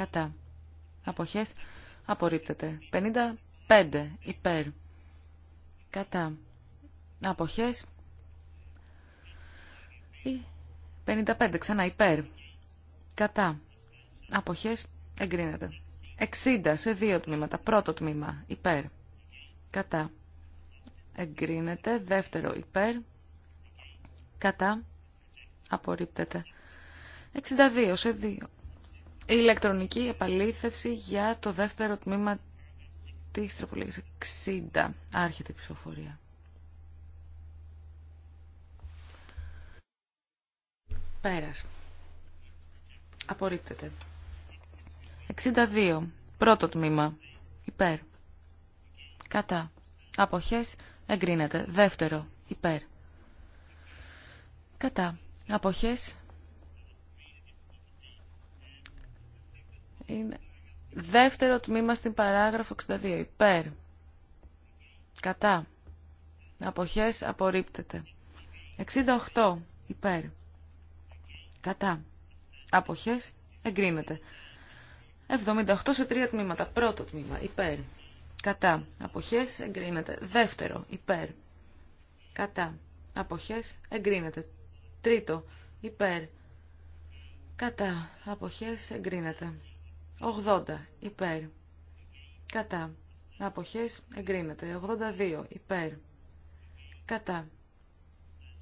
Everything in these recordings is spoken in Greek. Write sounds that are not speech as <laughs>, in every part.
κατά, αποχές, απορρίπτεται. 55 υπέρ, κατά, αποχές, 55 ξανά υπέρ, κατά, αποχές, εγκρίνεται. 60 σε δύο τμήματα, πρώτο τμήμα υπέρ, κατά, εγκρίνεται, δεύτερο υπέρ, κατά, απορρίπτεται. 62 σε δύο ηλεκτρονική επαλήθευση για το δεύτερο τμήμα της τροπολογίας 60. Άρχεται η ψηφοφορία. Πέρας. Απορρίπτεται. 62. Πρώτο τμήμα. Υπέρ. Κατά. Αποχές. Εγκρίνεται. Δεύτερο. Υπέρ. Κατά. Αποχές. είναι δεύτερο τμήμα στην παράγραφο 62. Υπέρ. Κατά. Αποχές απορρίπτεται. 68. Υπέρ. Κατά. Αποχές εγκρίνεται. 78 σε τρία τμήματα. Πρώτο τμήμα. Υπέρ. Κατά. Αποχές εγκρίνεται. Δεύτερο. Υπέρ. Κατά. Αποχές εγκρίνεται. Τρίτο. Υπέρ. Κατά. Αποχές εγκρίνεται. 80 υπέρ. Κατά. Αποχές εγκρίνεται. 82 υπέρ. Κατά.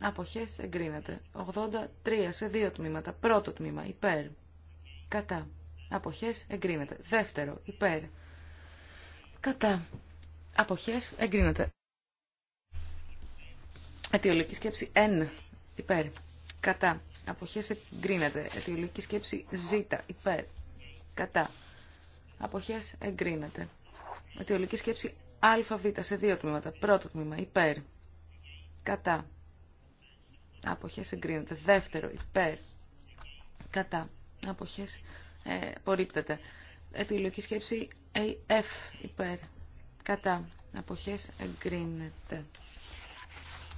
Αποχές εγκρίνεται. 83 σε δύο τμήματα. Πρώτο τμήμα υπέρ. Κατά. Αποχές εγκρίνεται. Δεύτερο υπέρ. Κατά. Αποχές εγκρίνεται. Αιτιολογική σκέψη εν. υπέρ. Κατά. Αποχές εγκρίνεται. Αιτιολογική σκέψη Z υπέρ. Κατά. Αποχές εγκρίνεται. Αιτιολογική σκέψη ΑΒ σε δύο τμήματα. Πρώτο τμήμα υπέρ. Κατά. Αποχές εγκρίνεται. Δεύτερο υπέρ. Κατά. Αποχές ε, απορρίπτεται. Αιτιολογική σκέψη ΑΕΦ, υπέρ. Κατά. Αποχές εγκρίνεται.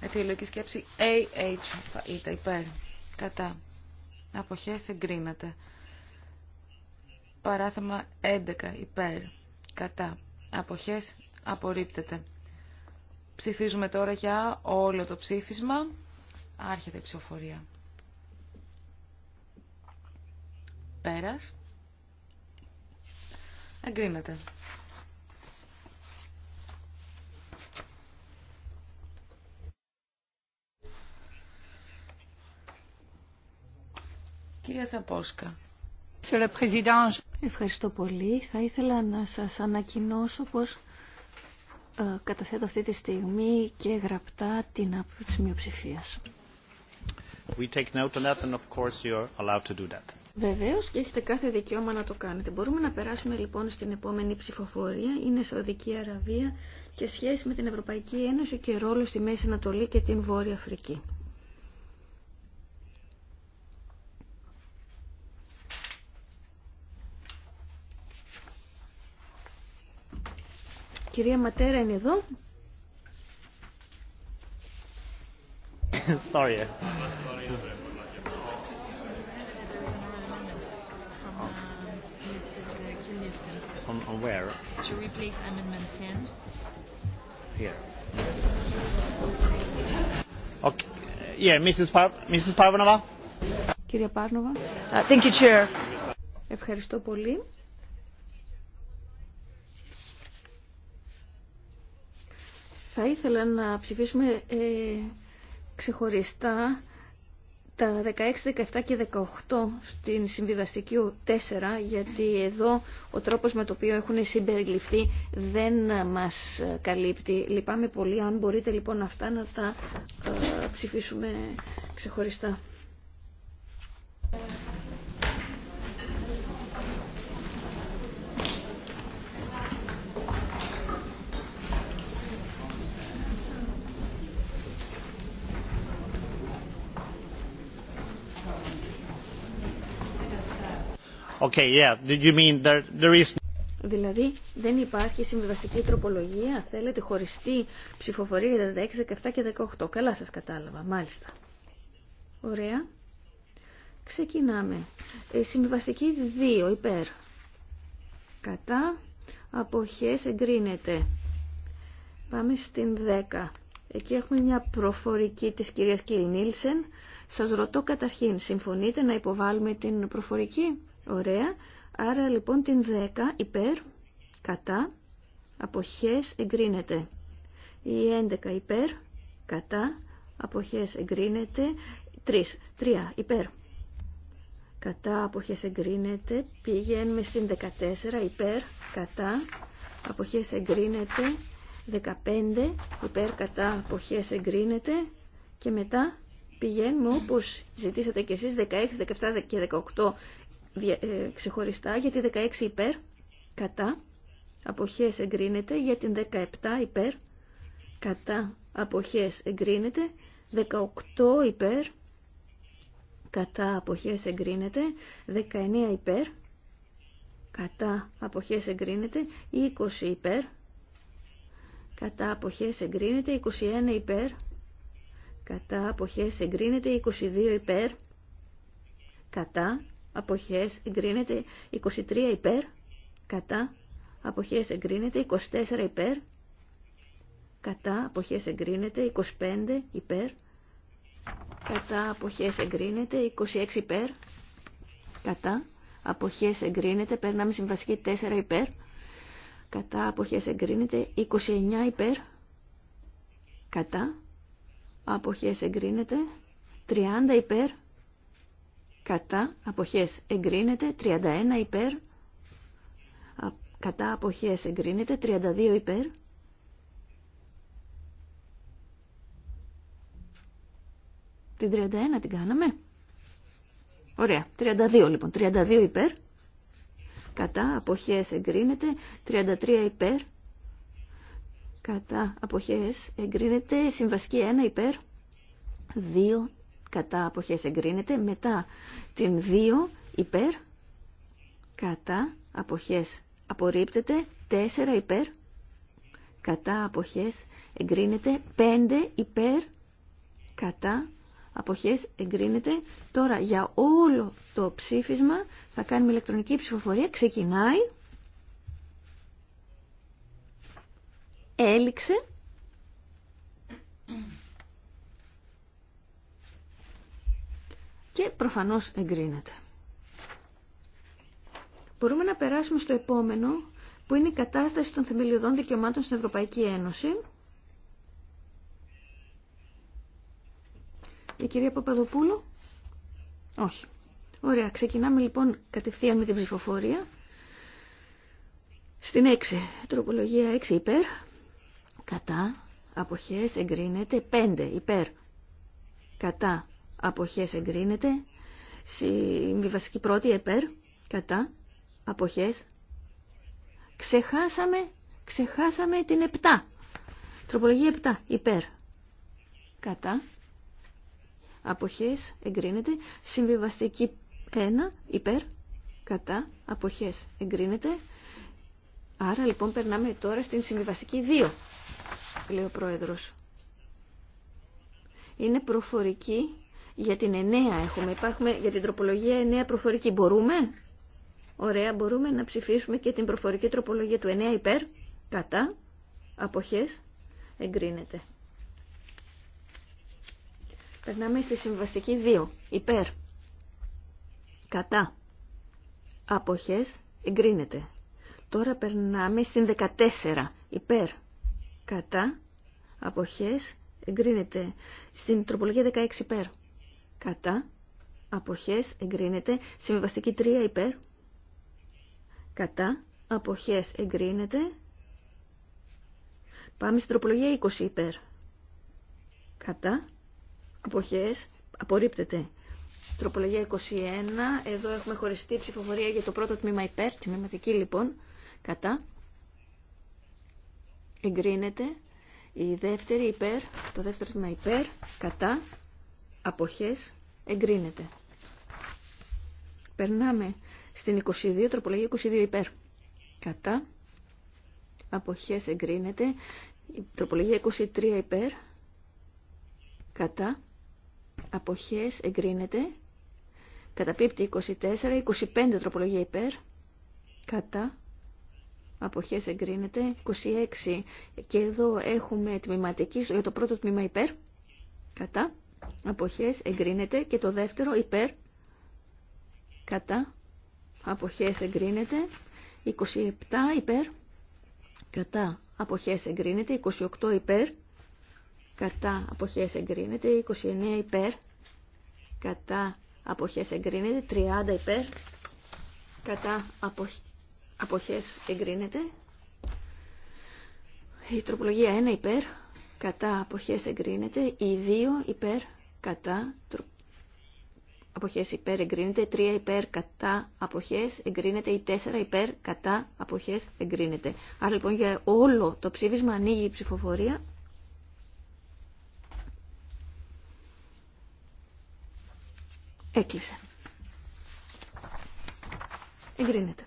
Αιτιολογική σκέψη AH υπέρ. Κατά. Αποχές εγκρίνεται. Παράθεμα 11 υπέρ. Κατά. Αποχές απορρίπτεται. Ψηφίζουμε τώρα για όλο το ψήφισμα. Άρχεται η ψηφοφορία. Πέρας. Εγκρίνεται. Κυρία Σαπόσκα. Σε le Ευχαριστώ πολύ. Θα ήθελα να σας ανακοινώσω πως ε, καταθέτω αυτή τη στιγμή και γραπτά την άποψη της μειοψηφίας. We take note that and of course allowed to do that. Βεβαίως και έχετε κάθε δικαίωμα να το κάνετε. Μπορούμε να περάσουμε λοιπόν στην επόμενη ψηφοφορία. Είναι Σαουδική Αραβία και σχέση με την Ευρωπαϊκή Ένωση και ρόλο στη Μέση Ανατολή και την Βόρεια Αφρική. κυρία Ματέρα είναι εδώ. Sorry. On, on where? To replace Amendment 10. Here. Okay. Yeah, Mrs. Par Mrs. Parvanova. Κυρία Πάρνοβα. Thank you, Chair. Ευχαριστώ πολύ. Θα ήθελα να ψηφίσουμε ε, ξεχωριστά τα 16, 17 και 18 στην συμβιβαστική 4, γιατί εδώ ο τρόπος με το οποίο έχουν συμπεριληφθεί δεν μας καλύπτει. Λυπάμαι πολύ, αν μπορείτε λοιπόν αυτά να τα ε, ψηφίσουμε ξεχωριστά. Δηλαδή δεν υπάρχει συμβιβαστική τροπολογία, θέλετε χωριστή ψηφοφορία για τα 16, 17 και 18. Καλά σας κατάλαβα, μάλιστα. Ωραία. Ξεκινάμε. Ε, συμβιβαστική 2, υπέρ. Κατά. Αποχές εγκρίνεται. Πάμε στην 10. Εκεί έχουμε μια προφορική της κυρίας Κιλ Νίλσεν. Σας ρωτώ καταρχήν, συμφωνείτε να υποβάλουμε την προφορική? Ωραία. Άρα λοιπόν την 10 υπέρ, κατά, αποχές εγκρίνεται. Η 11 υπέρ, κατά, αποχές εγκρίνεται. 3, 3 υπέρ, κατά, αποχές εγκρίνεται. Πηγαίνουμε στην 14 υπέρ, κατά, αποχές εγκρίνεται. 15 υπέρ, κατά, αποχές εγκρίνεται. Και μετά πηγαίνουμε όπως ζητήσατε και εσείς 16, 17 και 18 ε, ξεχωριστά για την 16 υπέρ, κατά, αποχές εγκρίνεται, για την 17 υπέρ, κατά, αποχές εγκρίνεται, 18 υπέρ, κατά, αποχές εγκρίνεται, 19 υπέρ, κατά, αποχές εγκρίνεται, 20 υπέρ, κατά, αποχές εγκρίνεται, 21 υπέρ, κατά, αποχές εγκρίνεται, 22 υπέρ, κατά, αποχές εγκρίνεται 23 υπέρ, κατά αποχές εγκρίνεται 24 υπέρ, κατά αποχές εγκρίνεται 25 υπέρ, κατά αποχές εγκρίνεται 26 υπέρ, κατά αποχές εγκρίνεται, περνάμε συμβαστική 4 υπέρ, κατά αποχές εγκρίνεται 29 υπέρ, κατά αποχές εγκρίνεται 30 υπέρ, κατά αποχές εγκρίνεται 31 λοιπόν. υπέρ κατά αποχές εγκρίνεται 32 υπέρ την 31 την κάναμε ωραία 32 λοιπόν 32 υπέρ κατά αποχές εγκρίνεται 33 υπέρ κατά αποχές εγκρίνεται συμβασική 1 υπέρ 2 κατά αποχές εγκρίνεται. Μετά την 2 υπέρ κατά αποχές απορρίπτεται. 4 υπέρ κατά αποχές εγκρίνεται. 5 υπέρ κατά αποχές εγκρίνεται. Τώρα για όλο το ψήφισμα θα κάνουμε ηλεκτρονική ψηφοφορία. Ξεκινάει. Έληξε. και προφανώς εγκρίνεται. Μπορούμε να περάσουμε στο επόμενο που είναι η κατάσταση των θεμελιωδών δικαιωμάτων στην Ευρωπαϊκή Ένωση. Η κυρία Παπαδοπούλου. Όχι. Ωραία. Ξεκινάμε λοιπόν κατευθείαν με την ψηφοφορία. Στην 6. Τροπολογία 6 υπέρ. Κατά. Αποχές εγκρίνεται. 5 υπέρ. Κατά αποχές εγκρίνεται. Συμβιβαστική πρώτη επέρ, κατά, αποχές. Ξεχάσαμε, ξεχάσαμε την 7. Τροπολογία 7, υπέρ, κατά, αποχές εγκρίνεται. Συμβιβαστική 1, υπέρ, κατά, αποχές εγκρίνεται. Άρα λοιπόν περνάμε τώρα στην συμβιβαστική 2, λέει ο Πρόεδρος. Είναι προφορική για την 9 έχουμε. Υπάρχουμε για την τροπολογία 9 προφορική. Μπορούμε. Ωραία, μπορούμε να ψηφίσουμε και την προφορική τροπολογία του 9 υπέρ. Κατά. Αποχές. Εγκρίνεται. Περνάμε στη συμβαστική 2. Υπέρ. Κατά. Αποχές. Εγκρίνεται. Τώρα περνάμε στην 14. Υπέρ. Κατά. Αποχές. Εγκρίνεται. Στην τροπολογία 16 υπέρ κατά, αποχές εγκρίνεται. Συμβιβαστική 3 υπέρ, κατά, αποχές εγκρίνεται. Πάμε στην τροπολογία 20 υπέρ, κατά, αποχές απορρίπτεται. Τροπολογία 21, εδώ έχουμε χωριστή ψηφοφορία για το πρώτο τμήμα υπέρ, τμήματική λοιπόν, κατά, εγκρίνεται. Η δεύτερη υπέρ, το δεύτερο τμήμα υπέρ, κατά, αποχές εγκρίνεται. Περνάμε στην 22, τροπολογία 22 υπέρ. Κατά, αποχές εγκρίνεται. τροπολογία 23 υπέρ. Κατά, αποχές εγκρίνεται. Καταπίπτει 24, 25 τροπολογία υπέρ. Κατά, αποχές εγκρίνεται. 26 και εδώ έχουμε τμηματική για το πρώτο τμήμα υπέρ. Κατά, αποχές εγκρίνεται και το δεύτερο υπέρ κατά αποχές εγκρίνεται 27 υπέρ κατά αποχές εγκρίνεται 28 υπέρ κατά αποχές εγκρίνεται 29 υπέρ κατά αποχές εγκρίνεται 30 υπέρ κατά αποχές εγκρίνεται η τροπολογία 1 υπέρ κατά αποχές εγκρίνεται, η δύο υπέρ κατά αποχές υπέρ εγκρίνεται, Τρία υπέρ κατά αποχές εγκρίνεται, η τέσσερα υπέρ κατά αποχές εγκρίνεται. Άρα λοιπόν για όλο το ψήφισμα ανοίγει η ψηφοφορία. Έκλεισε. Εγκρίνεται.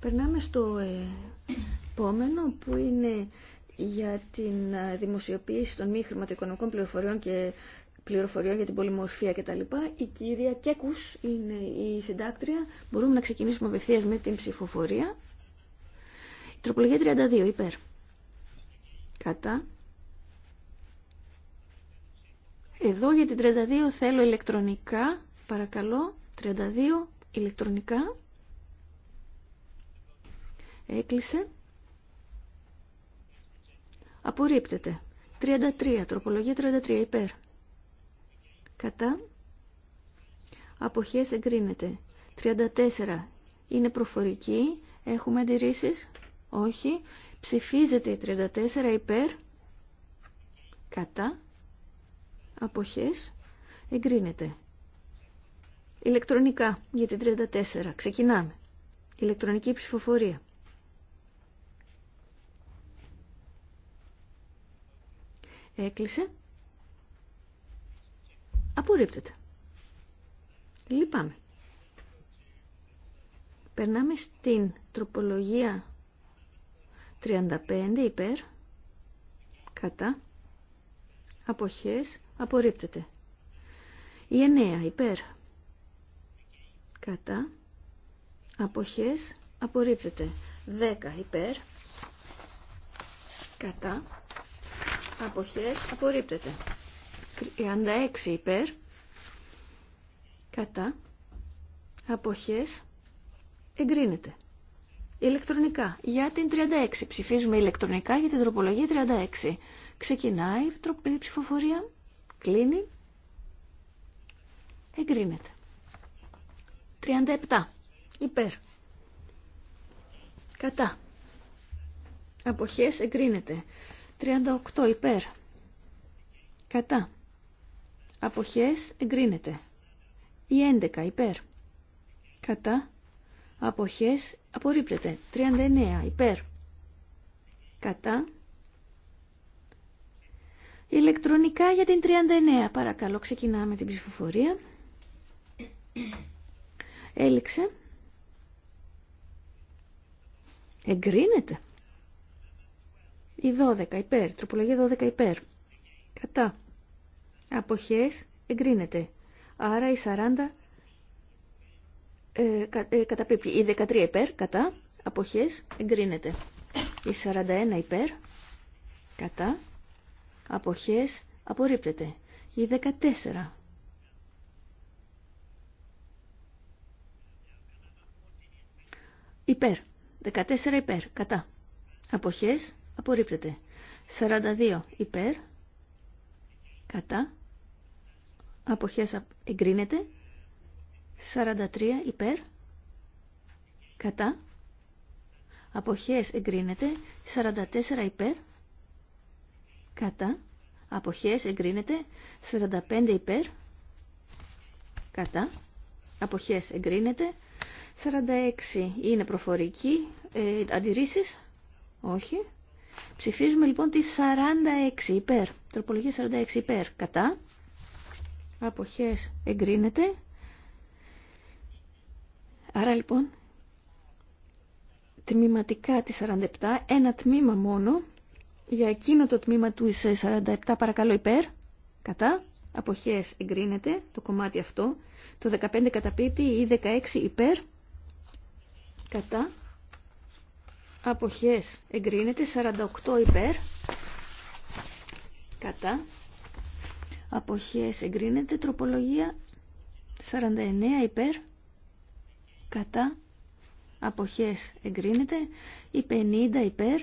Περνάμε στο ε, επόμενο που είναι για την ε, δημοσιοποίηση των μη χρηματοοικονομικών πληροφοριών και πληροφοριών για την πολυμορφία κτλ. Η κυρία Κέκους είναι η συντάκτρια. Μπορούμε να ξεκινήσουμε απευθείας με την ψηφοφορία. Η τροπολογία 32 υπέρ. Κατά. Εδώ για την 32 θέλω ηλεκτρονικά, παρακαλώ, 32 ηλεκτρονικά. Έκλεισε. Απορρίπτεται. 33. Τροπολογία 33. Υπέρ. Κατά. Αποχές εγκρίνεται. 34. Είναι προφορική. Έχουμε αντιρρήσεις. Όχι. Ψηφίζεται η 34 υπέρ. Κατά. Αποχές. Εγκρίνεται. Ηλεκτρονικά για 34. Ξεκινάμε. Ηλεκτρονική ψηφοφορία. Έκλεισε. Απορρίπτεται. Λυπάμαι. Περνάμε στην τροπολογία 35 υπέρ, κατά, αποχές, απορρίπτεται. Η 9 υπέρ, κατά, αποχές, απορρίπτεται. 10 υπέρ, κατά, αποχές απορρίπτεται. 36 υπέρ κατά αποχές εγκρίνεται. Ηλεκτρονικά. Για την 36. Ψηφίζουμε ηλεκτρονικά για την τροπολογία 36. Ξεκινάει η ψηφοφορία. Κλείνει. Εγκρίνεται. 37. Υπέρ. Κατά. Αποχές εγκρίνεται. 38 υπέρ. Κατά. Αποχές εγκρίνεται. Η 11 υπέρ. Κατά. Αποχές απορρίπτεται. 39 υπέρ. Κατά. Ηλεκτρονικά για την 39. Παρακαλώ ξεκινάμε την ψηφοφορία. Έληξε. Εγκρίνεται. Η 12 υπέρ. Τροπολογία 12 υπέρ. Κατά. Αποχές εγκρίνεται. Άρα η 40 ε, κα, ε, καταπίπτει. Η 13 υπέρ. Κατά. Αποχές εγκρίνεται. Η 41 υπέρ. Κατά. Αποχές απορρίπτεται. Η 14. Υπέρ. 14 υπέρ. Κατά. Αποχές απορρίπτεται. 42 υπέρ, κατά, αποχές εγκρίνεται. 43 υπέρ, κατά, αποχές εγκρίνεται. 44 υπέρ, κατά, αποχές εγκρίνεται. 45 υπέρ, κατά, αποχές εγκρίνεται. 46 είναι προφορική, ε, αντιρρήσεις, όχι. Ψηφίζουμε λοιπόν τη 46 υπέρ. Τροπολογία 46 υπέρ. Κατά. Αποχές εγκρίνεται. Άρα λοιπόν τμήματικά τη 47, ένα τμήμα μόνο. Για εκείνο το τμήμα του 47 παρακαλώ υπέρ. Κατά. Αποχές εγκρίνεται το κομμάτι αυτό. Το 15 καταπίτη ή 16 υπέρ. Κατά αποχές εγκρίνεται 48 υπέρ κατά αποχές εγκρίνεται τροπολογία 49 υπέρ κατά αποχές εγκρίνεται 50 υπέρ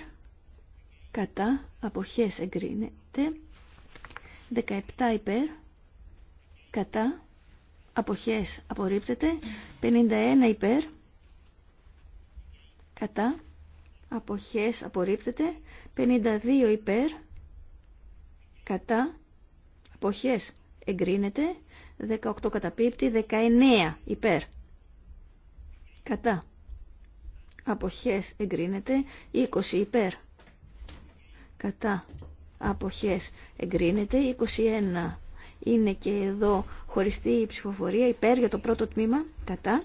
κατά αποχές εγκρίνεται 17 υπέρ κατά αποχές απορρίπτεται 51 υπέρ κατά αποχές απορρίπτεται 52 υπέρ κατά αποχές εγκρίνεται 18 καταπίπτει 19 υπέρ κατά αποχές εγκρίνεται 20 υπέρ κατά αποχές εγκρίνεται 21 είναι και εδώ χωριστή η ψηφοφορία υπέρ για το πρώτο τμήμα κατά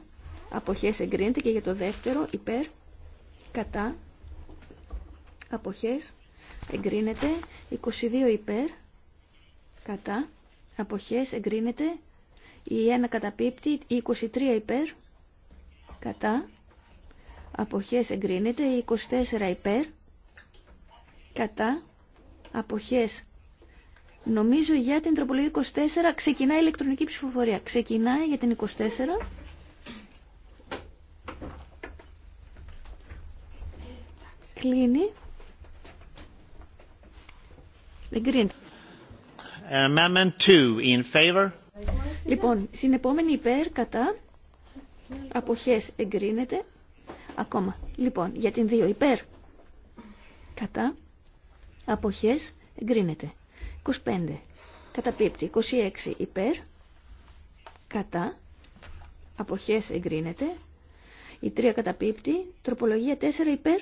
αποχές εγκρίνεται και για το δεύτερο υπέρ κατά αποχές εγκρίνεται 22 υπέρ κατά αποχές εγκρίνεται η 1 καταπίπτει 23 υπέρ κατά αποχές εγκρίνεται η 24 υπέρ κατά αποχές Νομίζω για την τροπολογία 24 ξεκινάει η ηλεκτρονική ψηφοφορία. Ξεκινάει για την 24. Κλείνει. Amendment 2 in favor. Λοιπόν, στην επόμενη υπέρ κατά αποχές εγκρίνεται. Ακόμα. Λοιπόν, για την 2 υπέρ κατά αποχές εγκρίνεται. 25. Καταπίπτει. 26 υπέρ κατά αποχές εγκρίνεται. Η 3 καταπίπτει. Τροπολογία 4 υπέρ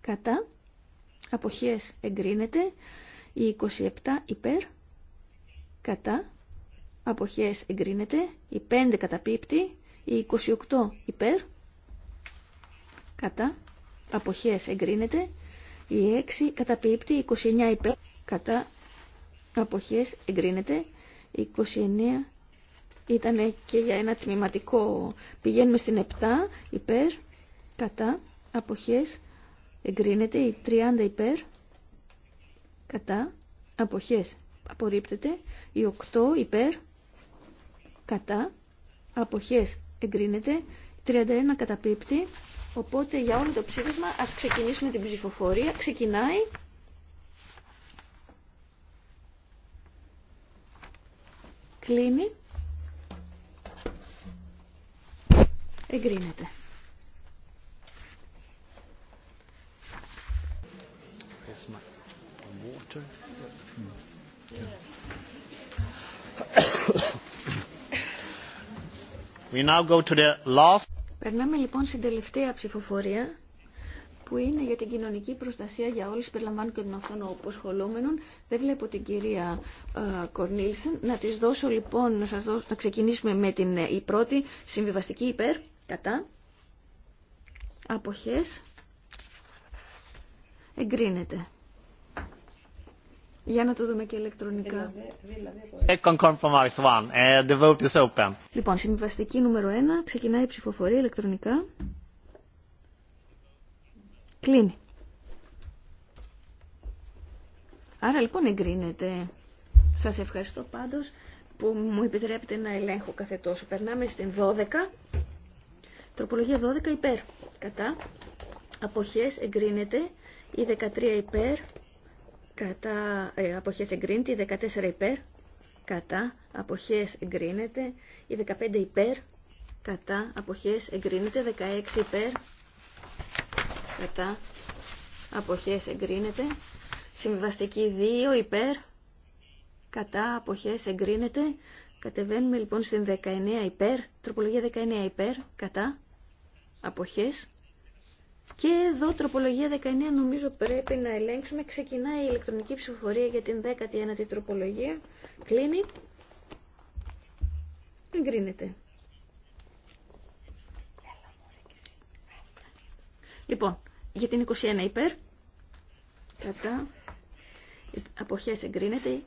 κατά αποχές εγκρίνεται, η 27 υπέρ, κατά, αποχές εγκρίνεται, η 5 καταπίπτει, η 28 υπέρ, κατά, αποχές εγκρίνεται, η 6 καταπίπτει, η 29 υπέρ, κατά, αποχές εγκρίνεται, η 29 ήταν και για ένα τμηματικό, πηγαίνουμε στην 7 υπέρ, κατά, αποχές εγκρίνεται η 30 υπέρ κατά αποχές απορρίπτεται η 8 υπέρ κατά αποχές εγκρίνεται 31 καταπίπτει οπότε για όλο το ψήφισμα ας ξεκινήσουμε την ψηφοφορία ξεκινάει κλείνει εγκρίνεται <coughs> Περνάμε λοιπόν στην τελευταία ψηφοφορία που είναι για την κοινωνική προστασία για όλους περιλαμβάνει και των αυτών αποσχολούμενων. Δεν βλέπω την κυρία ε, Κορνίλσεν. Να τις δώσω λοιπόν, να, σας δώσω, να ξεκινήσουμε με την ε, η πρώτη συμβιβαστική υπέρ, κατά, αποχές, εγκρίνεται. Για να το δούμε και ηλεκτρονικά. Uh, λοιπόν, συμβιβαστική νούμερο 1. Ξεκινάει η ψηφοφορία ηλεκτρονικά. Κλείνει. Άρα λοιπόν εγκρίνεται. Σας ευχαριστώ πάντως που μου επιτρέπετε να ελέγχω κάθε τόσο. Περνάμε στην 12. Τροπολογία 12 υπέρ. Κατά. Αποχές εγκρίνεται. Η 13 υπέρ κατά ε, αποχές εγκρίνεται, η 14 υπέρ, κατά αποχές εγκρίνεται, η 15 υπέρ, κατά αποχές εγκρίνεται, 16 υπέρ, κατά αποχές εγκρίνεται, συμβιβαστική 2 υπέρ, κατά αποχές εγκρίνεται, κατεβαίνουμε λοιπόν στην 19 υπέρ, τροπολογία 19 υπέρ, κατά αποχές και εδώ τροπολογία 19 νομίζω πρέπει να ελέγξουμε. Ξεκινάει η ηλεκτρονική ψηφοφορία για την 19η τροπολογία. Κλείνει. Εγκρίνεται. Λοιπόν, για την 21 υπέρ. Κατά. Αποχές εγκρίνεται.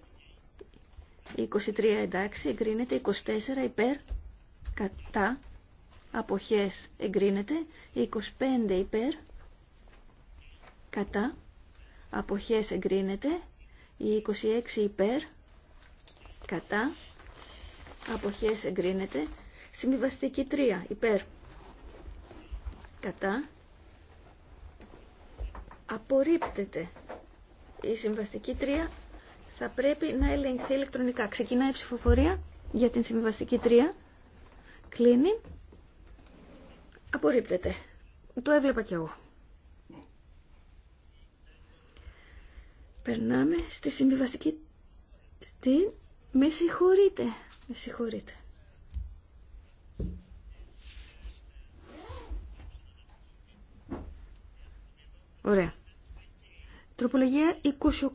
23 εντάξει. Εγκρίνεται. 24 υπέρ. Κατά αποχές εγκρίνεται 25 υπέρ κατά αποχές εγκρίνεται 26 υπέρ κατά αποχές εγκρίνεται συμβιβαστική 3 υπέρ κατά απορρίπτεται η συμβαστική 3 θα πρέπει να ελεγχθεί ηλεκτρονικά ξεκινάει η ψηφοφορία για την συμβιβαστική 3 κλείνει Απορρίπτεται. Το έβλεπα κι εγώ. Περνάμε στη συμβιβαστική... Στην... Με συγχωρείτε. Με συγχωρείτε. Ωραία. Τροπολογία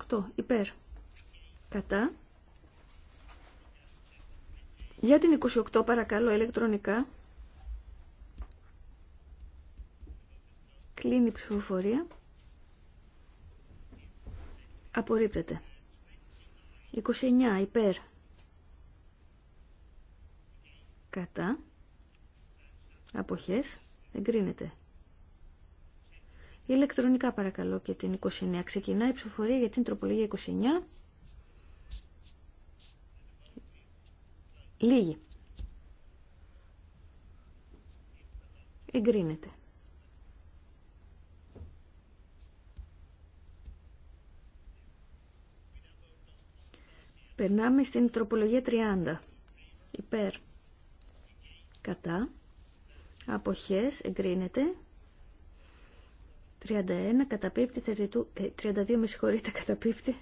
28. Υπέρ. Κατά. Για την 28 παρακαλώ ηλεκτρονικά. Κλείνει η ψηφοφορία. Απορρίπτεται. 29 υπέρ. Κατά. Αποχές. Εγκρίνεται. Ηλεκτρονικά παρακαλώ και την 29. Ξεκινάει η ψηφοφορία για την τροπολογία 29. Λίγη. Εγκρίνεται. Περνάμε στην τροπολογία 30. Υπέρ. Κατά. Αποχές εγκρίνεται. 31 καταπίπτει. 32 ε, με συγχωρείτε <laughs> καταπίπτει.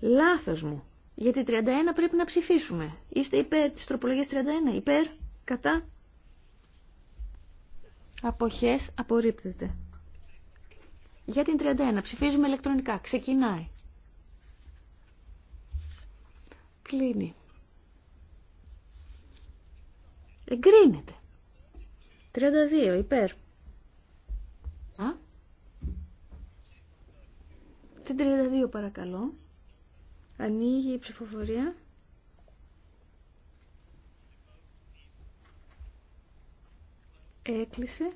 Λάθος μου. Γιατί 31 πρέπει να ψηφίσουμε. Είστε υπέρ της τροπολογίας 31. Υπέρ. Κατά. Αποχές απορρίπτεται. Για την 31 ψηφίζουμε ηλεκτρονικά. Ξεκινάει. Κλείνει. Εγκρίνεται. 32 υπέρ. Α. Την 32 παρακαλώ. Ανοίγει η ψηφοφορία. Έκλεισε.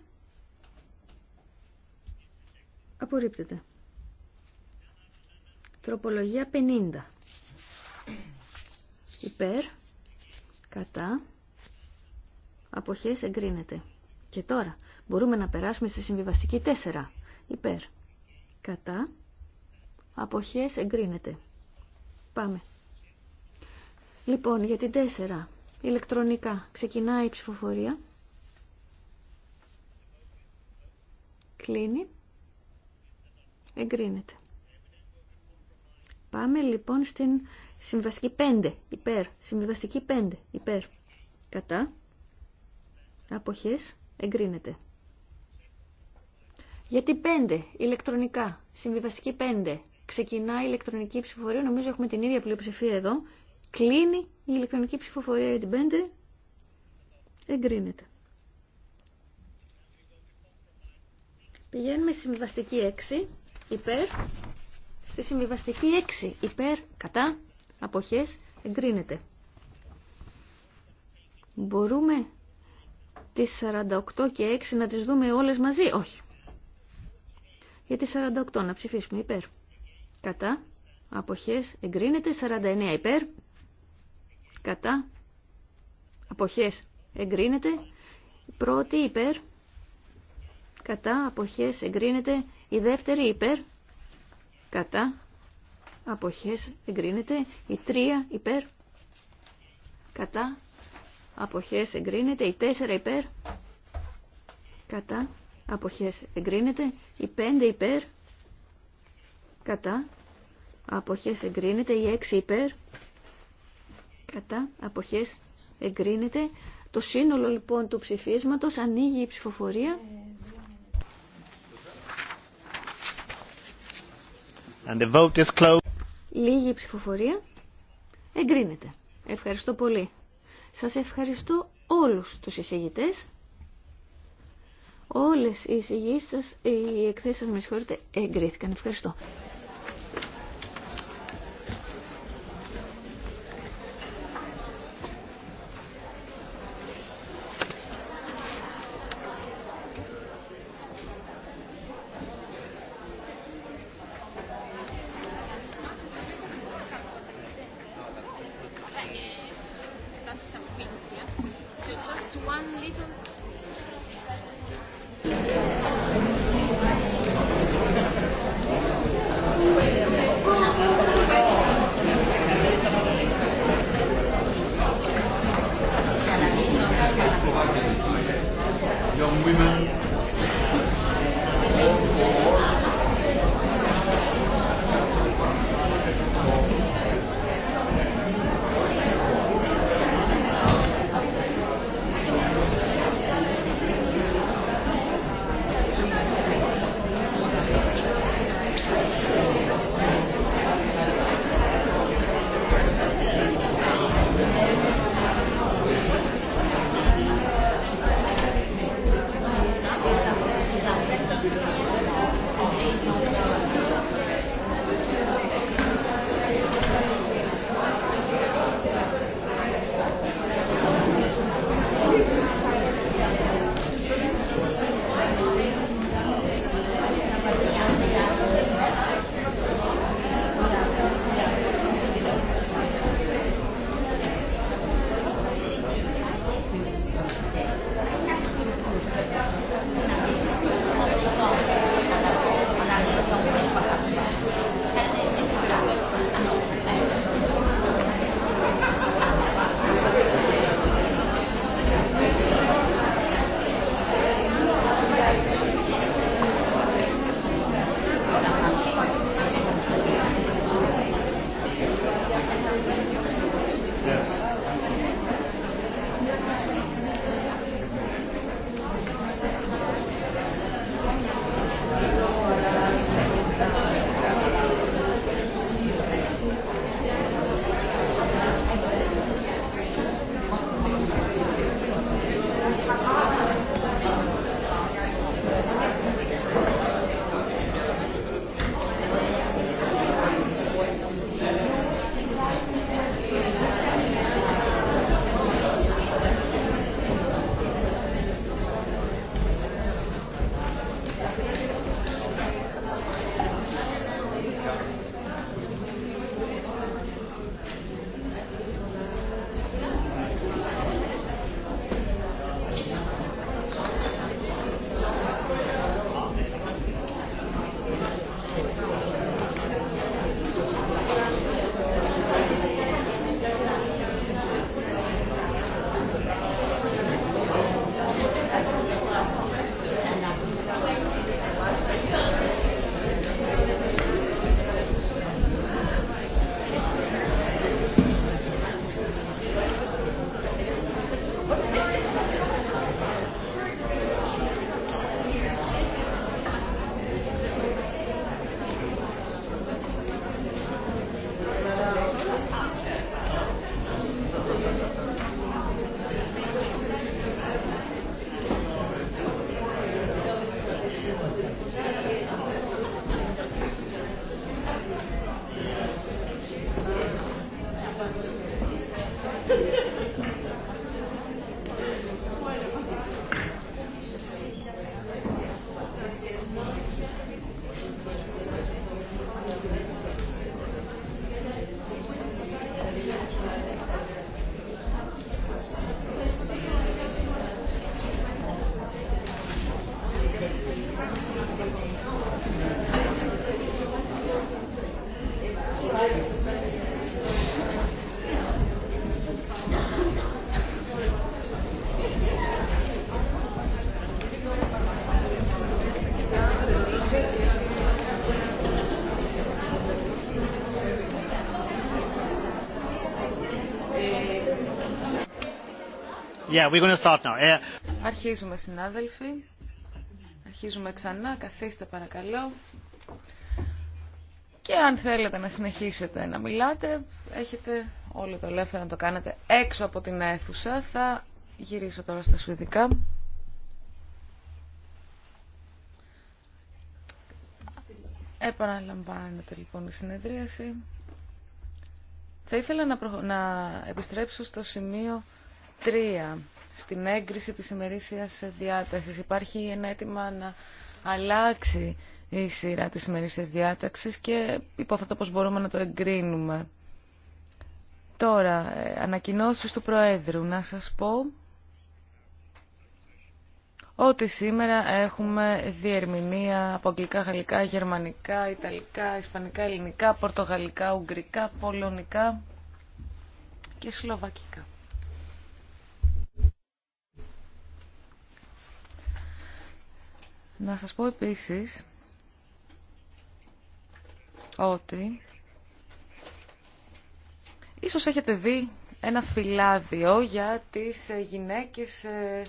Απορρίπτεται. Τροπολογία 50 υπέρ, κατά, αποχές εγκρίνεται. Και τώρα μπορούμε να περάσουμε στη συμβιβαστική 4. Υπέρ, κατά, αποχές εγκρίνεται. Πάμε. Λοιπόν, για την 4. Ηλεκτρονικά ξεκινάει η ψηφοφορία. Κλείνει. Εγκρίνεται. Πάμε λοιπόν στην συμβαστική 5 υπέρ. Συμβαστική 5 υπέρ. Κατά. Αποχές εγκρίνεται. Γιατί 5 ηλεκτρονικά. Συμβιβαστική 5. Ξεκινά η ηλεκτρονική ψηφοφορία. Νομίζω έχουμε την ίδια πλειοψηφία εδώ. Κλείνει η ηλεκτρονική ψηφοφορία για την 5. Εγκρίνεται. Πηγαίνουμε στη συμβαστική 6. Υπέρ στη συμβιβαστική 6 υπέρ κατά αποχές εγκρίνεται. Μπορούμε τις 48 και 6 να τις δούμε όλες μαζί. Όχι. Για τις 48 να ψηφίσουμε υπέρ. Κατά. Αποχές εγκρίνεται. 49 υπέρ. Κατά. Αποχές εγκρίνεται. Πρώτη υπέρ. Κατά. Αποχές εγκρίνεται. Η δεύτερη υπέρ κατά αποχές εγκρίνεται η 3 υπέρ κατά αποχές εγκρίνεται η 4 υπέρ κατά αποχές εγκρίνεται η 5 υπέρ κατά αποχές εγκρίνεται η 6 υπέρ κατά αποχές εγκρίνεται το σύνολο λοιπόν του ψηφίσματος ανοίγει η ψηφοφορία And the vote is closed. Λίγη ψηφοφορία. Εγκρίνεται. Ευχαριστώ πολύ. Σας ευχαριστώ όλους τους εισηγητές. Όλες οι εισηγήσεις σας, οι εκθέσεις σας, με συγχωρείτε, εγκρίθηκαν. Ευχαριστώ. Yeah, we're start now. Αρχίζουμε συνάδελφοι. Αρχίζουμε ξανά. Καθίστε παρακαλώ. Και αν θέλετε να συνεχίσετε να μιλάτε, έχετε όλο το ελεύθερο να το κάνετε έξω από την αίθουσα. Θα γυρίσω τώρα στα σουηδικά. Επαναλαμβάνεται λοιπόν η συνεδρίαση. Θα ήθελα να, να επιστρέψω στο σημείο 3. Στην έγκριση της ημερήσιας διάταξης υπάρχει ένα αίτημα να αλλάξει η σειρά της ημερήσιας διάταξης και υποθέτω πως μπορούμε να το εγκρίνουμε. Τώρα, ε, ανακοινώσεις του Προέδρου. Να σας πω ότι σήμερα έχουμε διερμηνία από αγγλικά, γαλλικά, γερμανικά, ιταλικά, ισπανικά, ελληνικά, πορτογαλικά, ουγγρικά, πολωνικά και σλοβακικά. Να σας πω επίσης ότι ίσως έχετε δει ένα φυλάδιο για τις γυναίκες ε,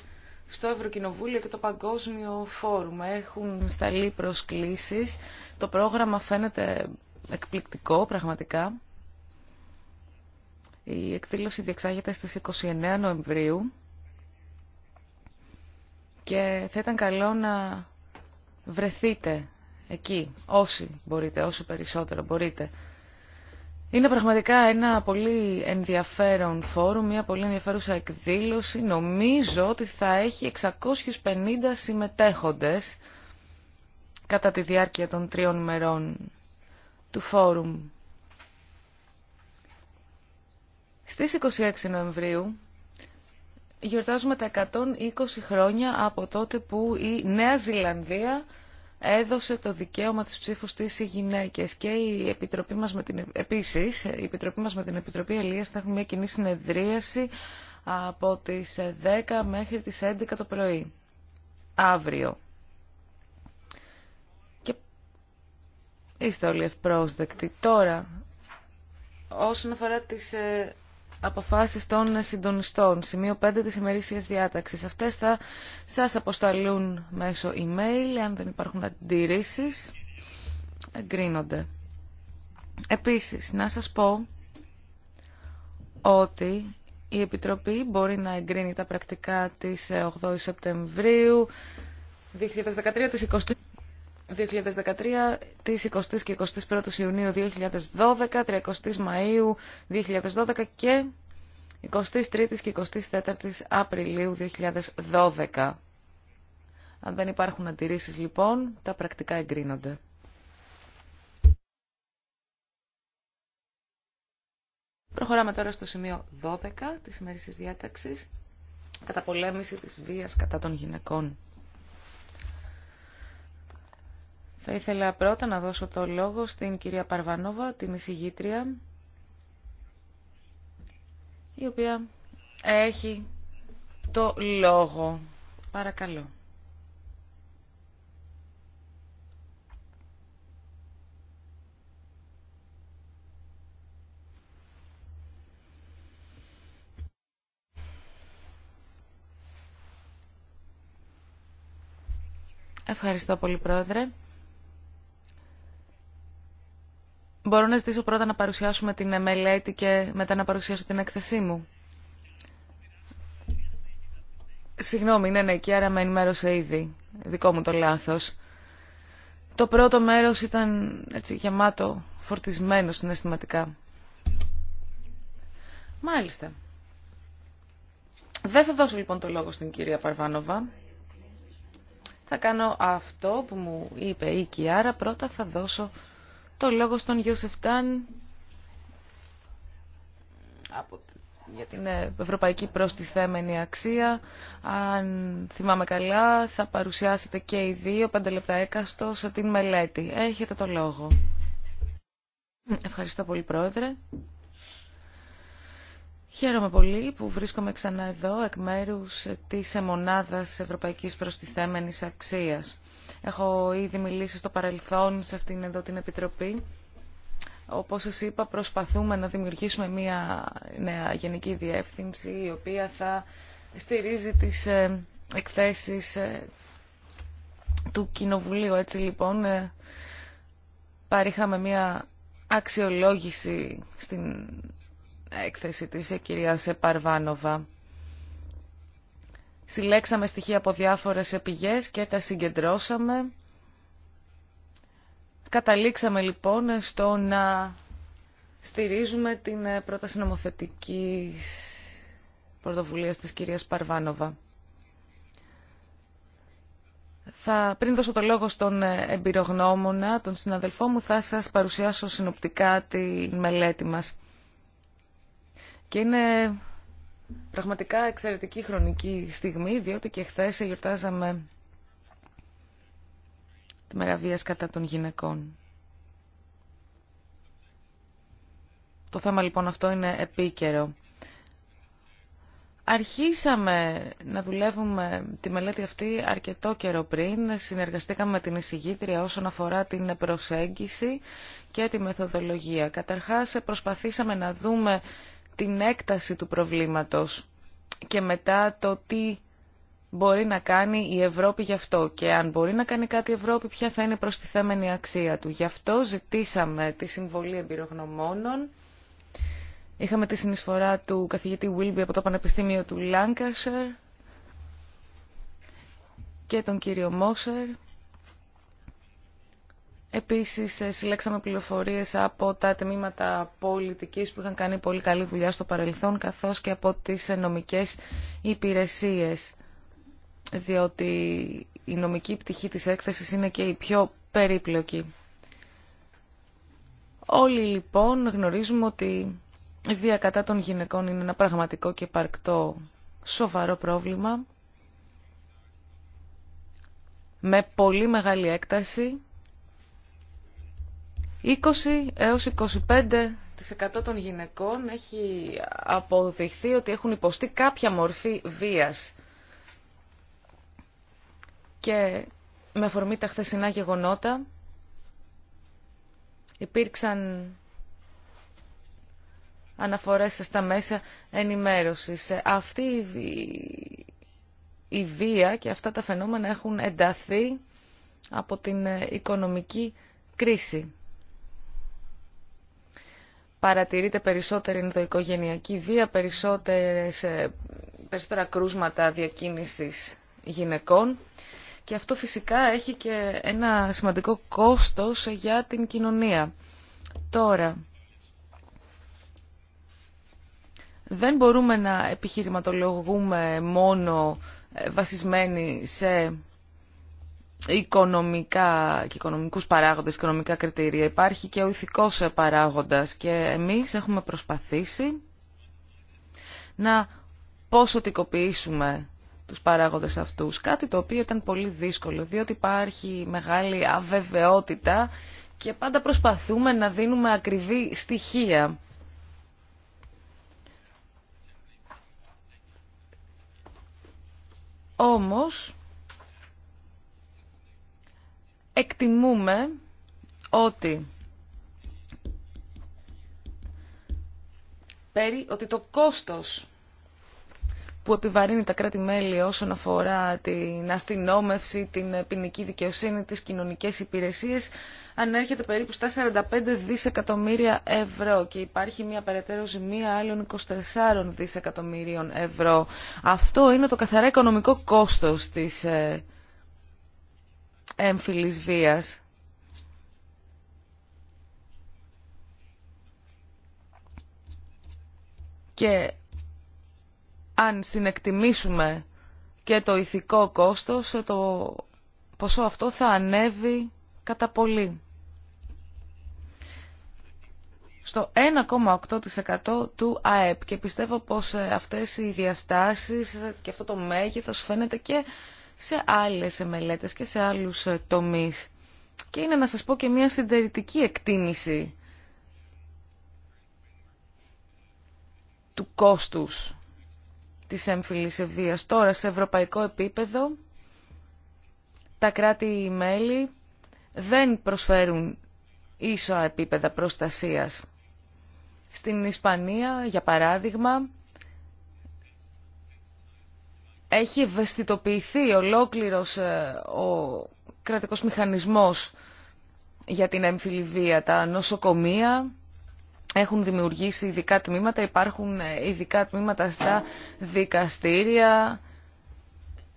στο Ευρωκοινοβούλιο και το Παγκόσμιο Φόρουμ. Έχουν σταλεί προσκλήσεις. Το πρόγραμμα φαίνεται εκπληκτικό πραγματικά. Η εκδήλωση διεξάγεται στις 29 Νοεμβρίου και θα ήταν καλό να βρεθείτε εκεί όσοι μπορείτε, όσο περισσότερο μπορείτε. Είναι πραγματικά ένα πολύ ενδιαφέρον φόρουμ, μια πολύ ενδιαφέρουσα εκδήλωση. Νομίζω ότι θα έχει 650 συμμετέχοντες κατά τη διάρκεια των τριών μερών του φόρουμ. Στις 26 Νοεμβρίου γιορτάζουμε τα 120 χρόνια από τότε που η Νέα Ζηλανδία έδωσε το δικαίωμα της ψήφου στις γυναίκες και η Επιτροπή μας με την, επίσης, η Επιτροπή μας με την Επιτροπή Ελίας θα έχουμε μια κοινή συνεδρίαση από τις 10 μέχρι τις 11 το πρωί, αύριο. Και είστε όλοι ευπρόσδεκτοι. Τώρα, όσον αφορά τις ε, αποφάσεις των συντονιστών, σημείο 5 της ημερήσιας διάταξης. Αυτές θα σας αποσταλούν μέσω email, αν δεν υπάρχουν αντιρρήσεις, εγκρίνονται. Επίσης, να σας πω ότι η Επιτροπή μπορεί να εγκρίνει τα πρακτικά της 8 Σεπτεμβρίου 2013 της 20... 2013 της 20ης και 21ης Ιουνίου 2012, 30ης Μαΐου 2012 και 23 η και 24 η Απριλίου 2012. Αν δεν υπάρχουν αντιρρήσεις λοιπόν, τα πρακτικά εγκρίνονται. Προχωράμε τώρα στο σημείο 12 της ημέρησης διάταξης, καταπολέμηση της βίας κατά των γυναικών. Θα ήθελα πρώτα να δώσω το λόγο στην κυρία Παρβανόβα, την εισηγήτρια, η οποία έχει το λόγο. Παρακαλώ. Ευχαριστώ πολύ, Πρόεδρε. Μπορώ να ζητήσω πρώτα να παρουσιάσουμε την ε, μελέτη και μετά να παρουσιάσω την έκθεσή μου. Συγγνώμη, ναι, ναι, και άρα με ενημέρωσε ήδη. Δικό μου το λάθος. Το πρώτο μέρος ήταν έτσι γεμάτο, φορτισμένο συναισθηματικά. Μάλιστα. Δεν θα δώσω λοιπόν το λόγο στην κυρία Παρβάνοβα. Θα κάνω αυτό που μου είπε η Κιάρα. Πρώτα θα δώσω το λόγο στον Τάν από για την ε, ευρωπαϊκή προστιθέμενη αξία. Αν θυμάμαι καλά, θα παρουσιάσετε και οι δύο, πέντε λεπτά έκαστο, σε την μελέτη. Έχετε το λόγο. Ευχαριστώ πολύ, Πρόεδρε. Χαίρομαι πολύ που βρίσκομαι ξανά εδώ εκ μέρους της Εμονάδας Ευρωπαϊκής Προστιθέμενης Αξίας. Έχω ήδη μιλήσει στο παρελθόν σε αυτήν εδώ την Επιτροπή. Όπως σα είπα, προσπαθούμε να δημιουργήσουμε μια νέα γενική διεύθυνση η οποία θα στηρίζει τι ε, εκθέσεις ε, του Κοινοβουλίου. Έτσι λοιπόν, ε, παρήχαμε μια αξιολόγηση στην έκθεση της ε, κυρίας Παρβάνοβα. Συλλέξαμε στοιχεία από διάφορες πηγές και τα συγκεντρώσαμε. Καταλήξαμε λοιπόν στο να στηρίζουμε την ε, πρόταση νομοθετική πρωτοβουλία της κυρίας Παρβάνοβα. Θα, πριν δώσω το λόγο στον ε, εμπειρογνώμονα, τον συναδελφό μου, θα σας παρουσιάσω συνοπτικά τη μελέτη μας. Και είναι πραγματικά εξαιρετική χρονική στιγμή, διότι και χθε γιορτάζαμε τη μεραβία κατά των γυναικών. Το θέμα λοιπόν αυτό είναι επίκαιρο. Αρχίσαμε να δουλεύουμε τη μελέτη αυτή αρκετό καιρό πριν. Συνεργαστήκαμε με την εισηγήτρια όσον αφορά την προσέγγιση και τη μεθοδολογία. Καταρχάς προσπαθήσαμε να δούμε την έκταση του προβλήματος και μετά το τι μπορεί να κάνει η Ευρώπη γι' αυτό και αν μπορεί να κάνει κάτι η Ευρώπη ποια θα είναι η προστιθέμενη αξία του. Γι' αυτό ζητήσαμε τη συμβολή εμπειρογνωμόνων. Είχαμε τη συνεισφορά του καθηγητή Βίλμπι από το Πανεπιστήμιο του Λάνκασερ και τον κύριο Μόσερ Επίσης, ε, συλλέξαμε πληροφορίες από τα τμήματα πολιτικής που είχαν κάνει πολύ καλή δουλειά στο παρελθόν, καθώς και από τις ε, νομικές υπηρεσίες, διότι η νομική πτυχή της έκθεσης είναι και η πιο περίπλοκη. Όλοι λοιπόν γνωρίζουμε ότι η βία κατά των γυναικών είναι ένα πραγματικό και παρκτό σοβαρό πρόβλημα με πολύ μεγάλη έκταση 20 έως 25% των γυναικών έχει αποδειχθεί ότι έχουν υποστεί κάποια μορφή βίας. Και με αφορμή τα χθεσινά γεγονότα υπήρξαν αναφορές στα μέσα ενημέρωσης. Αυτή η βία και αυτά τα φαινόμενα έχουν ενταθεί από την οικονομική κρίση παρατηρείται περισσότερη ενδοοικογενειακή βία, περισσότερες, ε, περισσότερα κρούσματα διακίνησης γυναικών και αυτό φυσικά έχει και ένα σημαντικό κόστος για την κοινωνία. Τώρα, δεν μπορούμε να επιχειρηματολογούμε μόνο ε, βασισμένοι σε οικονομικά και οικονομικούς παράγοντες, οικονομικά κριτήρια. Υπάρχει και ο ηθικός παράγοντας και εμείς έχουμε προσπαθήσει να ποσοτικοποιήσουμε τους παράγοντες αυτούς. Κάτι το οποίο ήταν πολύ δύσκολο, διότι υπάρχει μεγάλη αβεβαιότητα και πάντα προσπαθούμε να δίνουμε ακριβή στοιχεία. Όμως, εκτιμούμε ότι, περί, ότι το κόστος που επιβαρύνει τα κράτη-μέλη όσον αφορά την αστυνόμευση, την ποινική δικαιοσύνη, τις κοινωνικές υπηρεσίες, ανέρχεται περίπου στα 45 δισεκατομμύρια ευρώ και υπάρχει μια περαιτέρω ζημία άλλων 24 δισεκατομμύριων ευρώ. Αυτό είναι το καθαρά οικονομικό κόστος της ε, έμφυλης βίας. Και αν συνεκτιμήσουμε και το ηθικό κόστος, το ποσό αυτό θα ανέβει κατά πολύ. Στο 1,8% του ΑΕΠ και πιστεύω πως ε, αυτές οι διαστάσεις και αυτό το μέγεθος φαίνεται και σε άλλες μελέτες και σε άλλους ε, τομείς. Και είναι να σας πω και μια συντηρητική εκτίμηση του κόστους της έμφυλης ευβίας. Τώρα, σε ευρωπαϊκό επίπεδο, τα κράτη-μέλη δεν προσφέρουν ίσα επίπεδα προστασίας. Στην Ισπανία, για παράδειγμα, έχει ευαισθητοποιηθεί ολόκληρος ε, ο κρατικός μηχανισμός για την εμφυλιβία. Τα νοσοκομεία έχουν δημιουργήσει ειδικά τμήματα, υπάρχουν ε, ειδικά τμήματα στα δικαστήρια,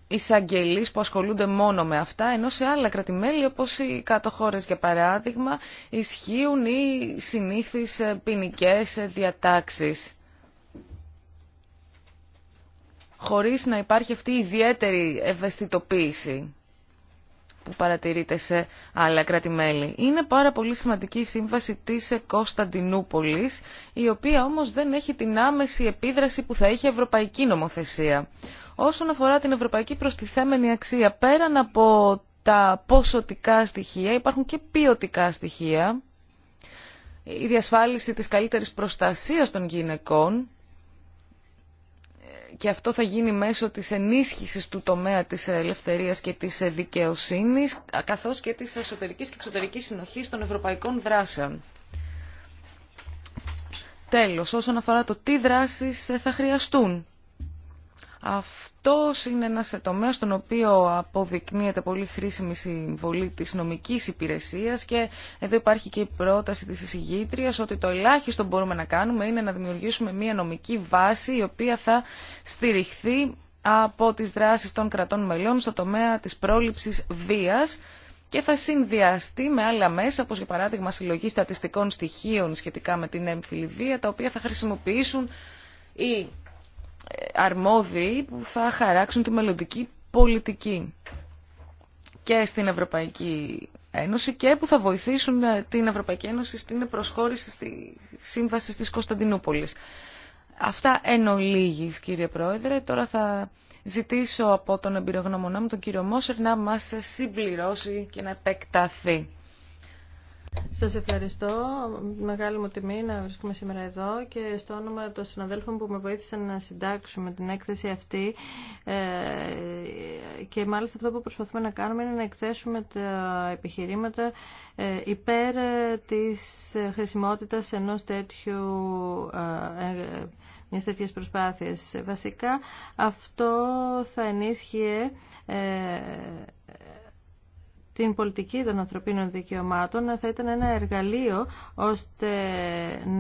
εισαγγελείς που ασχολούνται μόνο με αυτά, ενώ σε άλλα κρατημέλη, όπως οι κάτω χώρες για παράδειγμα, ισχύουν οι συνήθεις ε, ποινικέ διατάξεις χωρίς να υπάρχει αυτή η ιδιαίτερη ευαισθητοποίηση που παρατηρείται σε άλλα κράτη-μέλη. Είναι πάρα πολύ σημαντική η σύμβαση της Κωνσταντινούπολης, η οποία όμως δεν έχει την άμεση επίδραση που θα είχε ευρωπαϊκή νομοθεσία. Όσον αφορά την ευρωπαϊκή προστιθέμενη αξία, πέραν από τα ποσοτικά στοιχεία, υπάρχουν και ποιοτικά στοιχεία, η διασφάλιση της καλύτερης προστασίας των γυναικών, και αυτό θα γίνει μέσω της ενίσχυσης του τομέα της ελευθερίας και της δικαιοσύνης, καθώς και της εσωτερικής και εξωτερικής συνοχής των ευρωπαϊκών δράσεων. Τέλος, όσον αφορά το τι δράσεις θα χρειαστούν. Αυτό είναι ένα τομέα στον οποίο αποδεικνύεται πολύ χρήσιμη συμβολή τη νομική υπηρεσία και εδώ υπάρχει και η πρόταση τη εισηγήτρια ότι το ελάχιστο που μπορούμε να κάνουμε είναι να δημιουργήσουμε μια νομική βάση η οποία θα στηριχθεί από τις δράσεις των κρατών μελών στο τομέα της πρόληψης βίας και θα συνδυαστεί με άλλα μέσα, όπως για παράδειγμα συλλογή στατιστικών στοιχείων σχετικά με την έμφυλη βία, τα οποία θα χρησιμοποιήσουν οι αρμόδιοι που θα χαράξουν τη μελλοντική πολιτική και στην Ευρωπαϊκή Ένωση και που θα βοηθήσουν ε, την Ευρωπαϊκή Ένωση στην προσχώρηση στη σύμβαση της Κωνσταντινούπολης. Αυτά εν ολίγης, κύριε Πρόεδρε. Τώρα θα ζητήσω από τον εμπειρογνωμονά μου, τον κύριο Μόσερ, να μας συμπληρώσει και να επεκταθεί. Σας ευχαριστώ. Μεγάλη μου τιμή να βρίσκομαι σήμερα εδώ και στο όνομα των συναδέλφων που με βοήθησαν να συντάξουμε την έκθεση αυτή ε, και μάλιστα αυτό που προσπαθούμε να κάνουμε είναι να εκθέσουμε τα επιχειρήματα ε, υπέρ της χρησιμότητας ενός τέτοιου ε, μιας τέτοια προσπάθεια. Βασικά αυτό θα ενίσχυε την πολιτική των ανθρωπίνων δικαιωμάτων θα ήταν ένα εργαλείο ώστε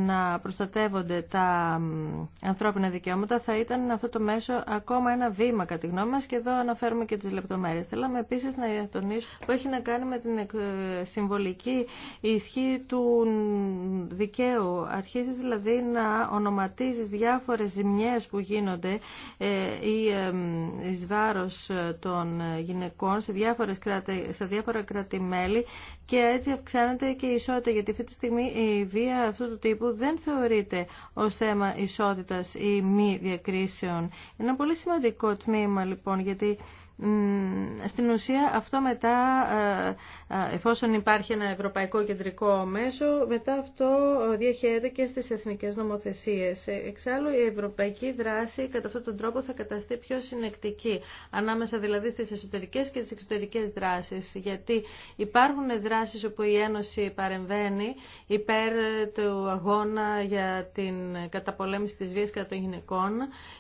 να προστατεύονται τα ανθρώπινα δικαιώματα θα ήταν αυτό το μέσο ακόμα ένα βήμα κατά τη γνώμη μας και εδώ αναφέρουμε και τις λεπτομέρειες. Θέλαμε επίσης να τονίσουμε που έχει να κάνει με την ε, συμβολική ισχύ του δικαίου. Αρχίζεις δηλαδή να ονοματίζεις διάφορες ζημιές που γίνονται ε, ή ε, εις των γυναικών σε διάφορες κράτη, σε διάφορα κρατημέλη και έτσι αυξάνεται και η ισότητα. Γιατί αυτή τη στιγμή η βία αυτού του τύπου δεν θεωρείται ω θέμα ισότητα ή μη διακρίσεων. Είναι ένα πολύ σημαντικό τμήμα λοιπόν, γιατί στην ουσία αυτό μετά, ε, ε, εφόσον υπάρχει ένα ευρωπαϊκό κεντρικό μέσο, μετά αυτό ε, διαχέεται και στις εθνικές νομοθεσίες. Εξάλλου η ευρωπαϊκή δράση κατά αυτόν τον τρόπο θα καταστεί πιο συνεκτική, ανάμεσα δηλαδή στις εσωτερικές και τις εξωτερικές δράσεις, γιατί υπάρχουν δράσεις όπου η Ένωση παρεμβαίνει υπέρ του αγώνα για την καταπολέμηση της βίας κατά των γυναικών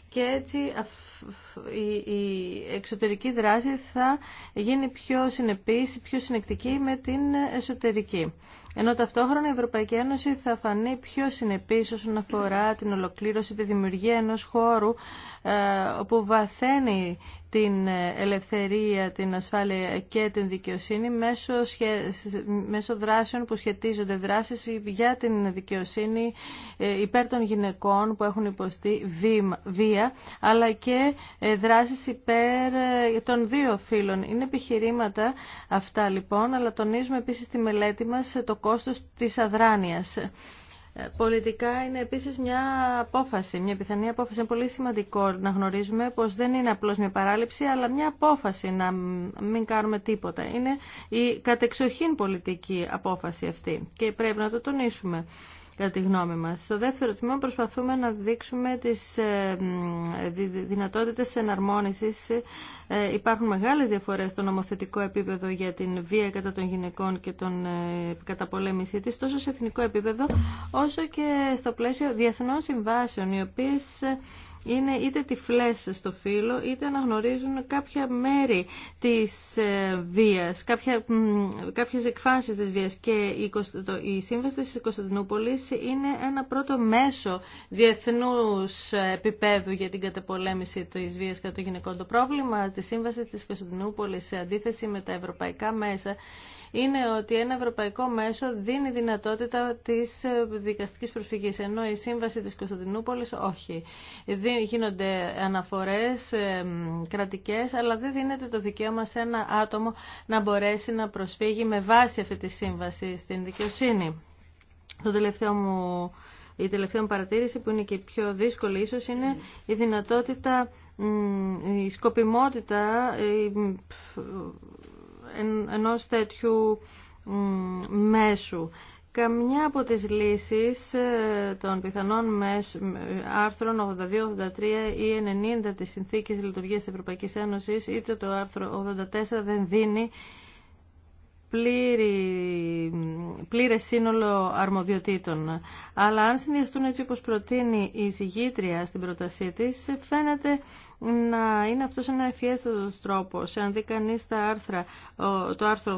και έτσι η εξωτερική δράση θα γίνει πιο συνεπής, πιο συνεκτική με την εσωτερική. Ενώ ταυτόχρονα η Ευρωπαϊκή Ένωση θα φανεί πιο συνεπής όσον αφορά την ολοκλήρωση, τη δημιουργία ενός χώρου ε, όπου βαθαίνει την ελευθερία, την ασφάλεια και την δικαιοσύνη μέσω, μέσω δράσεων που σχετίζονται δράσεις για την δικαιοσύνη ε, υπέρ των γυναικών που έχουν υποστεί βία αλλά και ε, δράσεις υπέρ των δύο φύλων. Είναι επιχειρήματα αυτά λοιπόν αλλά τονίζουμε επίσης στη μελέτη μας το κόστος της αδράνειας. Ε, πολιτικά είναι επίσης μια απόφαση, μια πιθανή απόφαση. Είναι πολύ σημαντικό να γνωρίζουμε πως δεν είναι απλώς μια παράληψη, αλλά μια απόφαση να μην κάνουμε τίποτα. Είναι η κατεξοχήν πολιτική απόφαση αυτή και πρέπει να το τονίσουμε κατά τη Στο δεύτερο τμήμα προσπαθούμε να δείξουμε τις ε, δυνατότητες εναρμόνισης. Ε, υπάρχουν μεγάλες διαφορές στο νομοθετικό επίπεδο για την βία κατά των γυναικών και τον ε, καταπολέμησή της, τόσο σε εθνικό επίπεδο, όσο και στο πλαίσιο διεθνών συμβάσεων, οι οποίες είναι είτε τυφλές στο φύλλο, είτε αναγνωρίζουν κάποια μέρη της βίας, κάποια, κάποιες εκφάνσεις της βίας. Και η, η Σύμβαση της Κωνσταντινούπολης είναι ένα πρώτο μέσο διεθνούς επίπεδου για την κατεπολέμηση της βίας κατά των γυναικών. Το πρόβλημα της Σύμβασης της Κωνσταντινούπολης σε αντίθεση με τα ευρωπαϊκά μέσα είναι ότι ένα ευρωπαϊκό μέσο δίνει δυνατότητα της δικαστικής προσφυγής, ενώ η σύμβαση της Κωνσταντινούπολης όχι. Γίνονται αναφορές ε, κρατικές, αλλά δεν δίνεται το δικαίωμα σε ένα άτομο να μπορέσει να προσφύγει με βάση αυτή τη σύμβαση στην δικαιοσύνη. Το τελευταίο μου, η τελευταία μου παρατήρηση που είναι και πιο δύσκολη ίσως είναι η δυνατότητα, η σκοπιμότητα ενός τέτοιου μέσου. Καμιά από τις λύσεις ε, των πιθανών άρθρων 82, 83 ή 90 της Συνθήκης Λειτουργίας Ευρωπαϊκής Ένωσης, είτε το άρθρο 84 δεν δίνει πλήρη, πλήρες σύνολο αρμοδιοτήτων. Αλλά αν συνδυαστούν έτσι όπως προτείνει η συγγήτρια στην πρότασή της, φαίνεται να είναι αυτός ένα ευφιέστατος τρόπος. Αν δει κανεί άρθρα, το άρθρο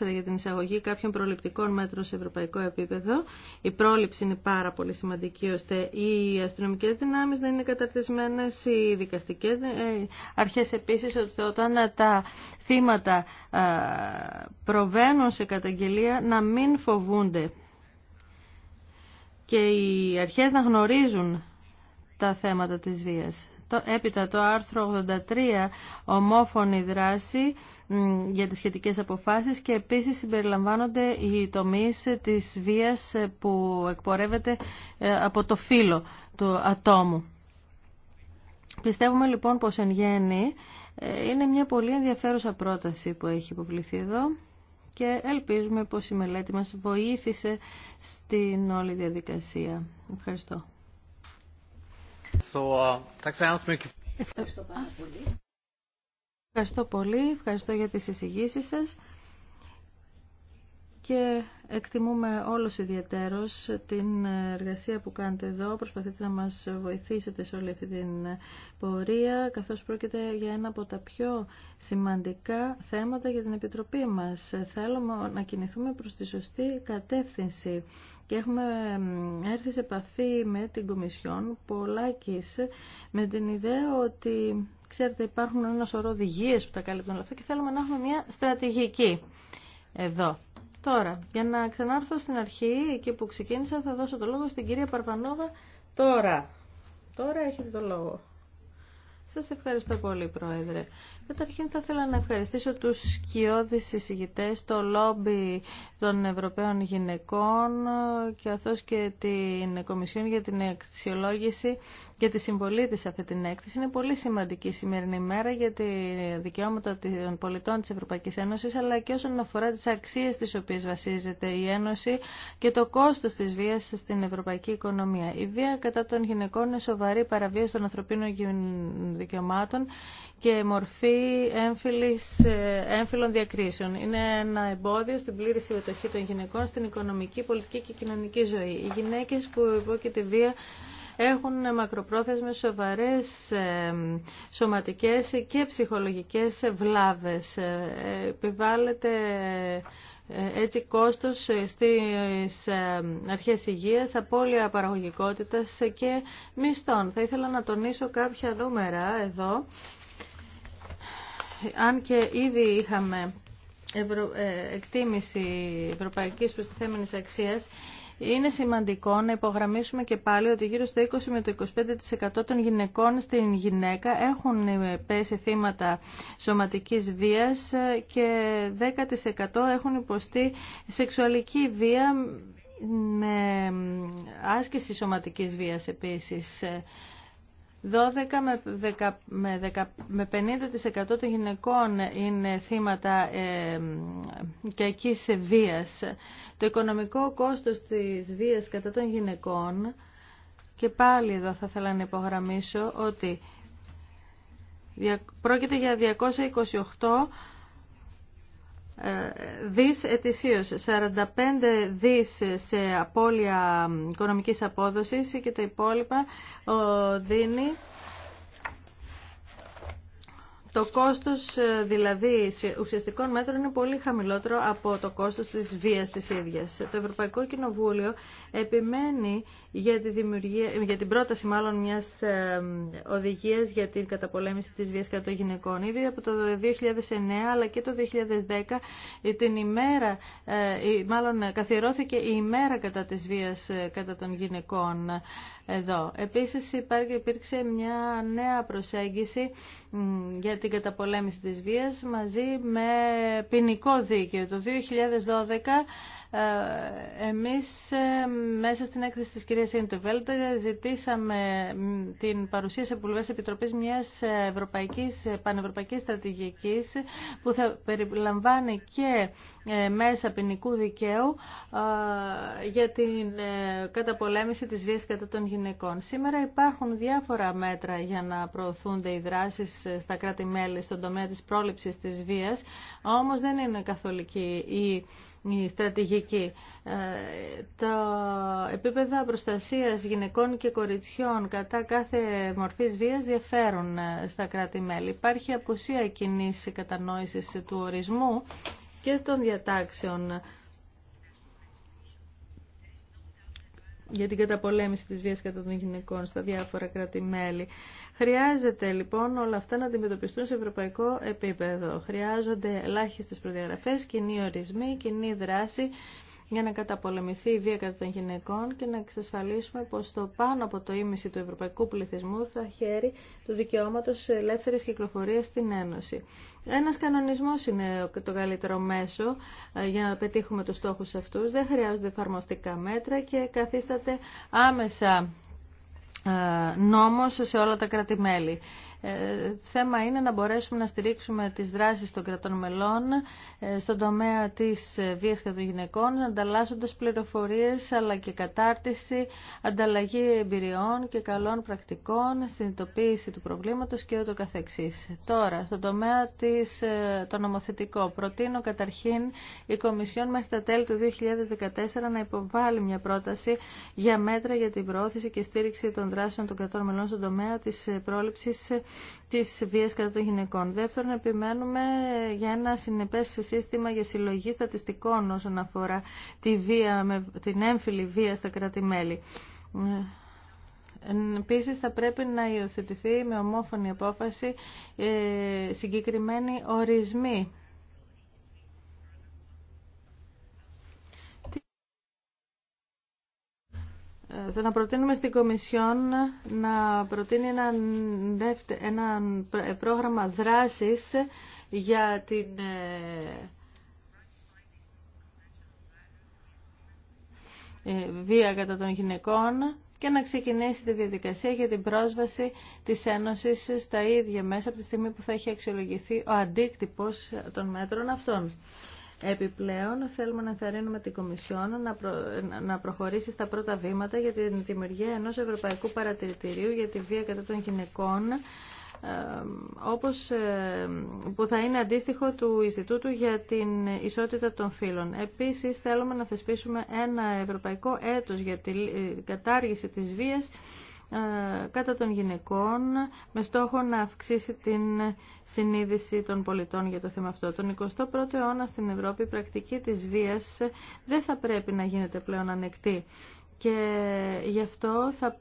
84 για την εισαγωγή κάποιων προληπτικών μέτρων σε ευρωπαϊκό επίπεδο, η πρόληψη είναι πάρα πολύ σημαντική, ώστε οι αστυνομικές δυνάμεις να είναι καταρτισμένες, οι δικαστικές ε, αρχές επίσης, όταν τα θύματα ε, προ προβαίνουν σε καταγγελία να μην φοβούνται και οι αρχές να γνωρίζουν τα θέματα της βίας. Το, έπειτα το άρθρο 83 ομόφωνη δράση για τις σχετικές αποφάσεις και επίσης συμπεριλαμβάνονται οι τομείς της βίας που εκπορεύεται ε, από το φύλλο του ατόμου. Πιστεύουμε λοιπόν πως εν γέννη ε, είναι μια πολύ ενδιαφέρουσα πρόταση που έχει υποβληθεί εδώ και ελπίζουμε πως η μελέτη μας βοήθησε στην όλη διαδικασία. Ευχαριστώ. Uh, Ευχαριστώ πολύ. Ευχαριστώ πολύ. Ευχαριστώ για τις εισηγήσεις σας και εκτιμούμε όλος ιδιαίτερος την εργασία που κάνετε εδώ. Προσπαθείτε να μας βοηθήσετε σε όλη αυτή την πορεία, καθώς πρόκειται για ένα από τα πιο σημαντικά θέματα για την Επιτροπή μας. Θέλουμε να κινηθούμε προς τη σωστή κατεύθυνση και έχουμε έρθει σε επαφή με την Κομισιόν Πολάκης με την ιδέα ότι... Ξέρετε, υπάρχουν ένα σωρό που τα καλύπτουν όλα αυτά και θέλουμε να έχουμε μια στρατηγική εδώ. Τώρα, για να ξανάρθω στην αρχή, εκεί που ξεκίνησα, θα δώσω το λόγο στην κυρία Παρπανόβα τώρα. Τώρα έχετε το λόγο. Σας ευχαριστώ πολύ, Πρόεδρε. Καταρχήν θα ήθελα να ευχαριστήσω τους σκιώδεις εισηγητές, το λόμπι των Ευρωπαίων Γυναικών και και την Κομισιόν για την αξιολόγηση και τη συμβολή σε αυτή την έκθεση. Είναι πολύ σημαντική η σημερινή ημέρα για τη δικαιώματα των πολιτών της Ευρωπαϊκής Ένωσης αλλά και όσον αφορά τις αξίες τις οποίες βασίζεται η Ένωση και το κόστος της βίας στην ευρωπαϊκή οικονομία. Η βία κατά των γυναικών είναι σοβαρή παραβίαση των ανθρωπίνων δικαιωμάτων και μορφή έμφυλης, ε, έμφυλων διακρίσεων. Είναι ένα εμπόδιο στην πλήρη συμμετοχή των γυναικών στην οικονομική, πολιτική και κοινωνική ζωή. Οι γυναίκες που υπόκειται βία έχουν μακροπρόθεσμες σοβαρέ ε, σωματικές και ψυχολογικές βλάβες. Ε, επιβάλλεται έτσι κόστος ε, στις ε, αρχές υγείας, απώλεια παραγωγικότητας και μισθών. Θα ήθελα να τονίσω κάποια νούμερα εδώ. Αν και ήδη είχαμε ε, εκτίμηση ευρωπαϊκής προστιθέμενης αξίας, είναι σημαντικό να υπογραμμίσουμε και πάλι ότι γύρω στο 20 με το 25% των γυναικών στην γυναίκα έχουν ε, πέσει θύματα σωματικής βίας και 10% έχουν υποστεί σεξουαλική βία με άσκηση σωματικής βίας επίσης. 12 με 50% των γυναικών είναι θύματα σε βίας. Το οικονομικό κόστος της βίας κατά των γυναικών, και πάλι εδώ θα ήθελα να υπογραμμίσω ότι πρόκειται για 228 δις ετησίως, 45 δις σε απώλεια οικονομικής απόδοσης και τα υπόλοιπα ε, δίνει το κόστος ε, δηλαδή ουσιαστικών μέτρων είναι πολύ χαμηλότερο από το κόστος της βίας της ίδιας. Το Ευρωπαϊκό Κοινοβούλιο επιμένει για, τη δημιουργία, για την πρόταση μάλλον μιας οδηγίας για την καταπολέμηση της βίας κατά των γυναικών. Ήδη από το 2009 αλλά και το 2010 την ημέρα, ε, μάλλον καθιερώθηκε η ημέρα κατά της βίας ε, κατά των γυναικών εδώ. Επίσης υπήρξε μια νέα προσέγγιση για την καταπολέμηση της βίας μαζί με ποινικό δίκαιο. Το 2012 ε, εμείς ε, μέσα στην έκθεση της κυρίας Ιντεβέλτα ε, ζητήσαμε την παρουσία σε πολλές επιτροπής μιας ευρωπαϊκής, πανευρωπαϊκής στρατηγικής που θα περιλαμβάνει και μέσα ποινικού δικαίου για την καταπολέμηση της βίας κατά των γυναικών. Σήμερα υπάρχουν διάφορα μέτρα για να προωθούνται οι δράσεις στα κράτη-μέλη στον τομέα της πρόληψης της βίας, όμως δεν είναι καθολική η η στρατηγική. Ε, Τα επίπεδα προστασίας γυναικών και κοριτσιών κατά κάθε μορφής βίας διαφέρουν ε, στα κράτη-μέλη. Υπάρχει απουσία κοινής κατανόησης του ορισμού και των διατάξεων για την καταπολέμηση της βίας κατά των γυναικών στα διάφορα κράτη-μέλη. Χρειάζεται λοιπόν όλα αυτά να αντιμετωπιστούν σε ευρωπαϊκό επίπεδο. Χρειάζονται ελάχιστες προδιαγραφές, κοινή ορισμή, κοινή δράση για να καταπολεμηθεί η βία κατά των γυναικών και να εξασφαλίσουμε πως το πάνω από το ίμιση του ευρωπαϊκού πληθυσμού θα χαίρει του δικαιώματος ελεύθερης κυκλοφορίας στην Ένωση. Ένας κανονισμός είναι το καλύτερο μέσο ε, για να πετύχουμε τους στόχους αυτούς. Δεν χρειάζονται εφαρμοστικά μέτρα και καθίσταται άμεσα ε, νόμος σε όλα τα κράτη-μέλη. Ε, θέμα είναι να μπορέσουμε να στηρίξουμε τις δράσεις των κρατών μελών ε, στον τομέα της ε, βίας κατά των γυναικών, ανταλλάσσοντας πληροφορίες αλλά και κατάρτιση, ανταλλαγή εμπειριών και καλών πρακτικών, συνειδητοποίηση του προβλήματος και ούτω καθεξής. Τώρα, στον τομέα της, το νομοθετικό, προτείνω καταρχήν η Κομισιόν μέχρι τα τέλη του 2014 να υποβάλει μια πρόταση για μέτρα για την προώθηση και στήριξη των δράσεων των κρατών μελών στον τομέα της πρόληψης της βίας κατά των γυναικών. Δεύτερον, επιμένουμε για ένα συνεπές σύστημα για συλλογή στατιστικών όσον αφορά τη βία, την έμφυλη βία στα κράτη-μέλη. Ε, επίσης θα πρέπει να υιοθετηθεί με ομόφωνη απόφαση ε, συγκεκριμένοι ορισμοί θα ε, να προτείνουμε στην Κομισιόν να προτείνει ένα, ε, πρόγραμμα δράσης για την ε, βία κατά των γυναικών και να ξεκινήσει τη διαδικασία για την πρόσβαση της Ένωσης στα ίδια μέσα από τη στιγμή που θα έχει αξιολογηθεί ο αντίκτυπος των μέτρων αυτών. Επιπλέον, θέλουμε να ενθαρρύνουμε την Κομισιόν να, να προχωρήσει στα πρώτα βήματα για τη δημιουργία ενός Ευρωπαϊκού Παρατηρητηρίου για τη βία κατά των γυναικών, όπως, που θα είναι αντίστοιχο του Ινστιτούτου για την ισότητα των φύλων. Επίσης, θέλουμε να θεσπίσουμε ένα ευρωπαϊκό έτος για την ε, κατάργηση της βίας ε, κατά των γυναικών με στόχο να αυξήσει την συνείδηση των πολιτών για το θέμα αυτό. Τον 21ο αιώνα στην Ευρώπη η πρακτική της βίας δεν θα πρέπει να γίνεται πλέον ανεκτή και γι' αυτό θα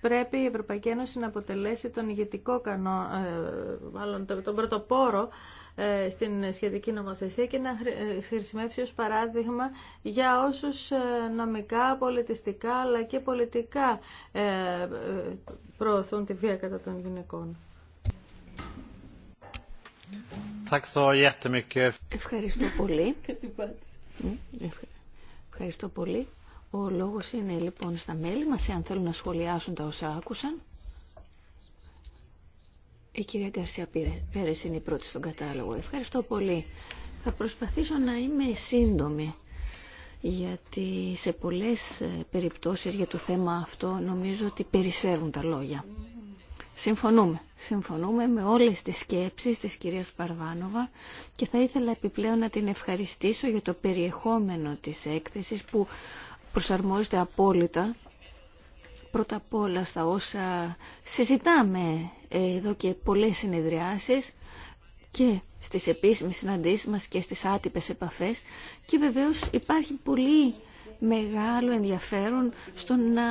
πρέπει η Ευρωπαϊκή Ένωση να αποτελέσει τον ηγετικό κανό, ε, μάλλον τον πρωτοπόρο ε, στην σχετική νομοθεσία και να ε, χρησιμεύσει ως παράδειγμα για όσους ε, νομικά, πολιτιστικά αλλά και πολιτικά προωθούν τη βία κατά των γυναικών. Ευχαριστώ πολύ. <laughs> Ευχαριστώ πολύ. Ο λόγος είναι λοιπόν στα μέλη μας, εάν θέλουν να σχολιάσουν τα όσα άκουσαν. Η κυρία Γκαρσία Πέρες είναι η πρώτη στον κατάλογο. Ευχαριστώ πολύ. Θα προσπαθήσω να είμαι σύντομη γιατί σε πολλές ε, περιπτώσεις για το θέμα αυτό νομίζω ότι περισσεύουν τα λόγια. Συμφωνούμε. Συμφωνούμε με όλες τις σκέψεις της κυρίας Παρβάνοβα και θα ήθελα επιπλέον να την ευχαριστήσω για το περιεχόμενο της έκθεσης που προσαρμόζεται απόλυτα πρώτα απ' όλα στα όσα συζητάμε εδώ και πολλές συνεδριάσεις και στις επίσημες συναντήσεις μας και στις άτυπες επαφές και βεβαίως υπάρχει πολύ μεγάλο ενδιαφέρον στο να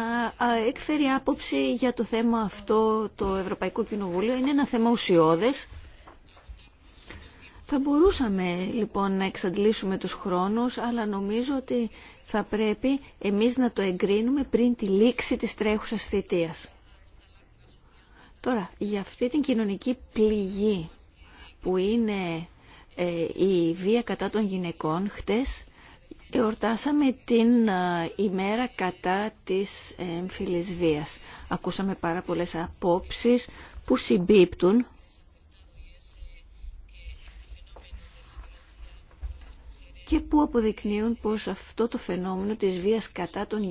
εκφέρει άποψη για το θέμα αυτό το Ευρωπαϊκό Κοινοβούλιο. Είναι ένα θέμα ουσιώδες. Θα μπορούσαμε λοιπόν να εξαντλήσουμε τους χρόνους, αλλά νομίζω ότι θα πρέπει εμείς να το εγκρίνουμε πριν τη λήξη της τρέχουσας θητείας. Τώρα, για αυτή την κοινωνική πληγή που είναι ε, η βία κατά των γυναικών, χτες εορτάσαμε την ε, ημέρα κατά της εμφυλής βίας. Ακούσαμε πάρα πολλές απόψεις που συμπίπτουν και που αποδεικνύουν πως αυτό το φαινόμενο της βίας κατά των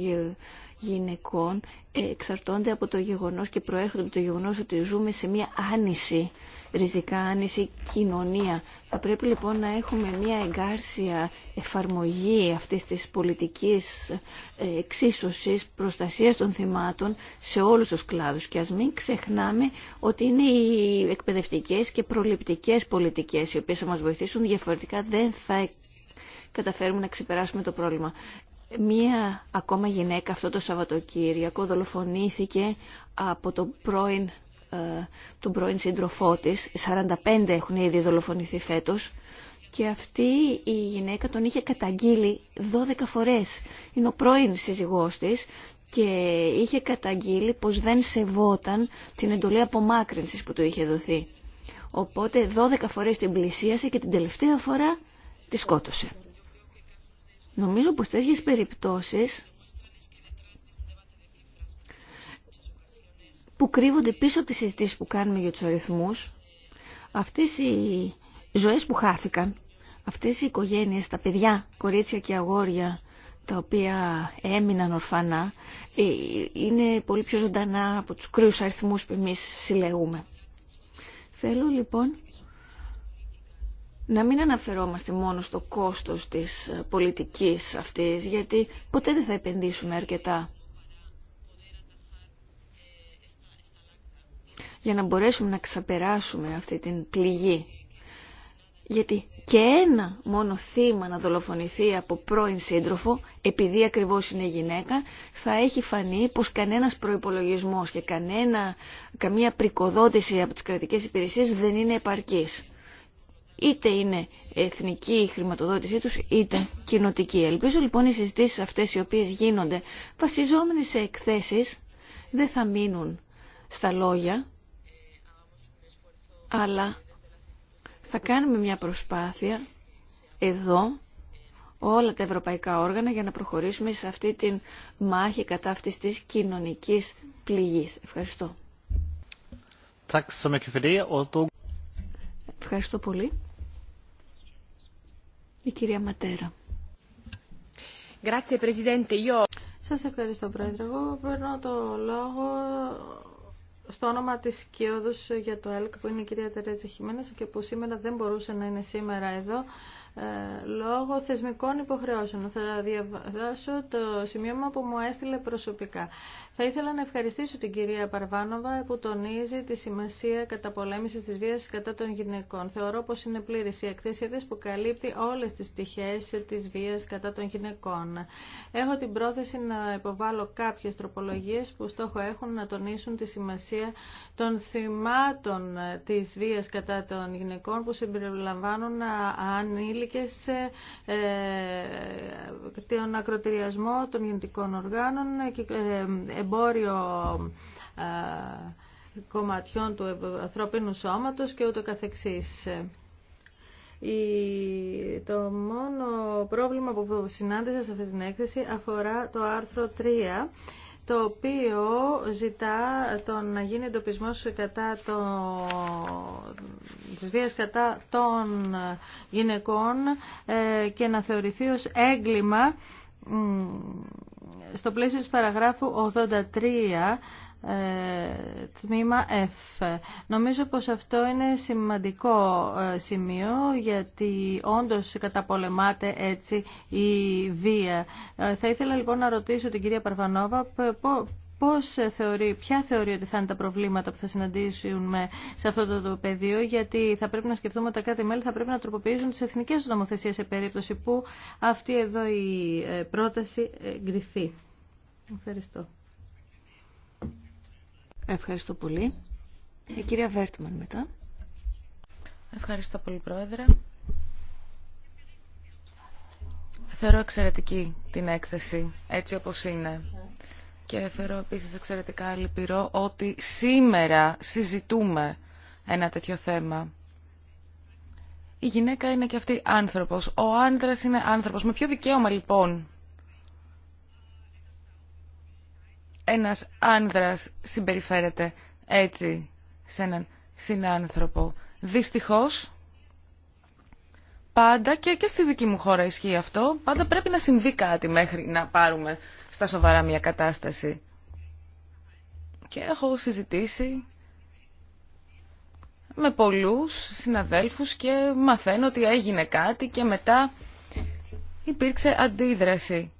γυναικών εξαρτώνται από το γεγονός και προέρχονται από το γεγονός ότι ζούμε σε μια άνηση, ριζικά άνηση κοινωνία. Θα πρέπει λοιπόν να έχουμε μια εγκάρσια εφαρμογή αυτής της πολιτικής εξίσωσης προστασίας των θυμάτων σε όλους τους κλάδους. Και ας μην ξεχνάμε ότι είναι οι εκπαιδευτικές και προληπτικές πολιτικές οι οποίες θα μας βοηθήσουν διαφορετικά δεν θα καταφέρουμε να ξεπεράσουμε το πρόβλημα. Μία ακόμα γυναίκα αυτό το Σαββατοκύριακο δολοφονήθηκε από ε, τον πρώην, πρώην σύντροφό της. 45 έχουν ήδη δολοφονηθεί φέτος. Και αυτή η γυναίκα τον είχε καταγγείλει 12 φορές. Είναι ο πρώην σύζυγός της και είχε καταγγείλει πως δεν σεβόταν την εντολή απομάκρυνσης που του είχε δοθεί. Οπότε 12 φορές την πλησίασε και την τελευταία φορά τη σκότωσε. Νομίζω πως τέτοιες περιπτώσεις που κρύβονται πίσω από τις συζητήσεις που κάνουμε για τους αριθμούς, αυτές οι ζωές που χάθηκαν, αυτές οι οικογένειες, τα παιδιά, κορίτσια και αγόρια, τα οποία έμειναν ορφανά, ε, είναι πολύ πιο ζωντανά από τους κρύους αριθμούς που εμείς συλλέγουμε. Θέλω λοιπόν να μην αναφερόμαστε μόνο στο κόστος της πολιτικής αυτής, γιατί ποτέ δεν θα επενδύσουμε αρκετά. για να μπορέσουμε να ξαπεράσουμε αυτή την πληγή. Γιατί και ένα μόνο θύμα να δολοφονηθεί από πρώην σύντροφο, επειδή ακριβώς είναι γυναίκα, θα έχει φανεί πως κανένας προϋπολογισμός και κανένα, καμία πρικοδότηση από τις κρατικές υπηρεσίες δεν είναι επαρκής είτε είναι εθνική η χρηματοδότησή τους είτε κοινοτική. Ελπίζω λοιπόν οι συζητήσεις αυτές οι οποίες γίνονται βασιζόμενες σε εκθέσεις δεν θα μείνουν στα λόγια αλλά θα κάνουμε μια προσπάθεια εδώ όλα τα ευρωπαϊκά όργανα για να προχωρήσουμε σε αυτή την μάχη κατά αυτής της κοινωνικής πληγής. Ευχαριστώ. Ευχαριστώ πολύ. Η κυρία Ματέρα. Σας ευχαριστώ πρόεδρε. Εγώ παίρνω το λόγο στο όνομα της Κιόδους για το ΕΛΚ που είναι η κυρία Τερέζα Χιμένας και που σήμερα δεν μπορούσε να είναι σήμερα εδώ ε, λόγω θεσμικών υποχρεώσεων. Θα διαβάσω το σημείωμα που μου έστειλε προσωπικά. Θα ήθελα να ευχαριστήσω την κυρία Παρβάνοβα που τονίζει τη σημασία καταπολέμησης τη βία κατά των γυναικών. Θεωρώ πως είναι πλήρης η εκθέση τη που καλύπτει όλες τις πτυχές τη βία κατά των γυναικών. Έχω την πρόθεση να υποβάλω κάποιες τροπολογίες που στόχο έχουν να τονίσουν τη σημασία των θυμάτων τη βία κατά των γυναικών που συμπεριλαμβάνουν ανήλικε ε, ε, τον ακροτηριασμό των γεννητικών οργάνων ε, εμπόριο ε, κομματιών του ανθρώπινου σώματος και ούτω καθεξής. Το μόνο πρόβλημα που συνάντησα σε αυτή την έκθεση αφορά το άρθρο 3 το οποίο ζητά τον να γίνει εντοπισμό κατά το, της κατά των γυναικών ε, και να θεωρηθεί ως έγκλημα στο πλαίσιο της παραγράφου 83 ε, τμήμα F. Νομίζω πως αυτό είναι σημαντικό ε, σημείο γιατί όντως καταπολεμάται έτσι η βία. Ε, θα ήθελα λοιπόν να ρωτήσω την κυρία Παρβανόβα πώς θεωρεί, ποια θεωρεί ότι θα είναι τα προβλήματα που θα συναντήσουμε σε αυτό το, πεδίο, γιατί θα πρέπει να σκεφτούμε ότι τα κράτη-μέλη θα πρέπει να τροποποιήσουν τις εθνικές νομοθεσίες σε περίπτωση που αυτή εδώ η ε, πρόταση γκριθεί. Ευχαριστώ. Ευχαριστώ πολύ. Η κυρία Βέρτμαν μετά. Ευχαριστώ πολύ, Πρόεδρε. Θεωρώ εξαιρετική την έκθεση, έτσι όπως είναι. Και θεωρώ επίσης εξαιρετικά λυπηρό ότι σήμερα συζητούμε ένα τέτοιο θέμα. Η γυναίκα είναι και αυτή άνθρωπος. Ο άνδρας είναι άνθρωπος. Με ποιο δικαίωμα λοιπόν ένας άνδρας συμπεριφέρεται έτσι σε έναν συνάνθρωπο. Δυστυχώς πάντα και, και στη δική μου χώρα ισχύει αυτό, πάντα πρέπει να συμβεί κάτι μέχρι να πάρουμε στα σοβαρά μια κατάσταση. Και έχω συζητήσει με πολλούς συναδέλφους και μαθαίνω ότι έγινε κάτι και μετά υπήρξε αντίδραση.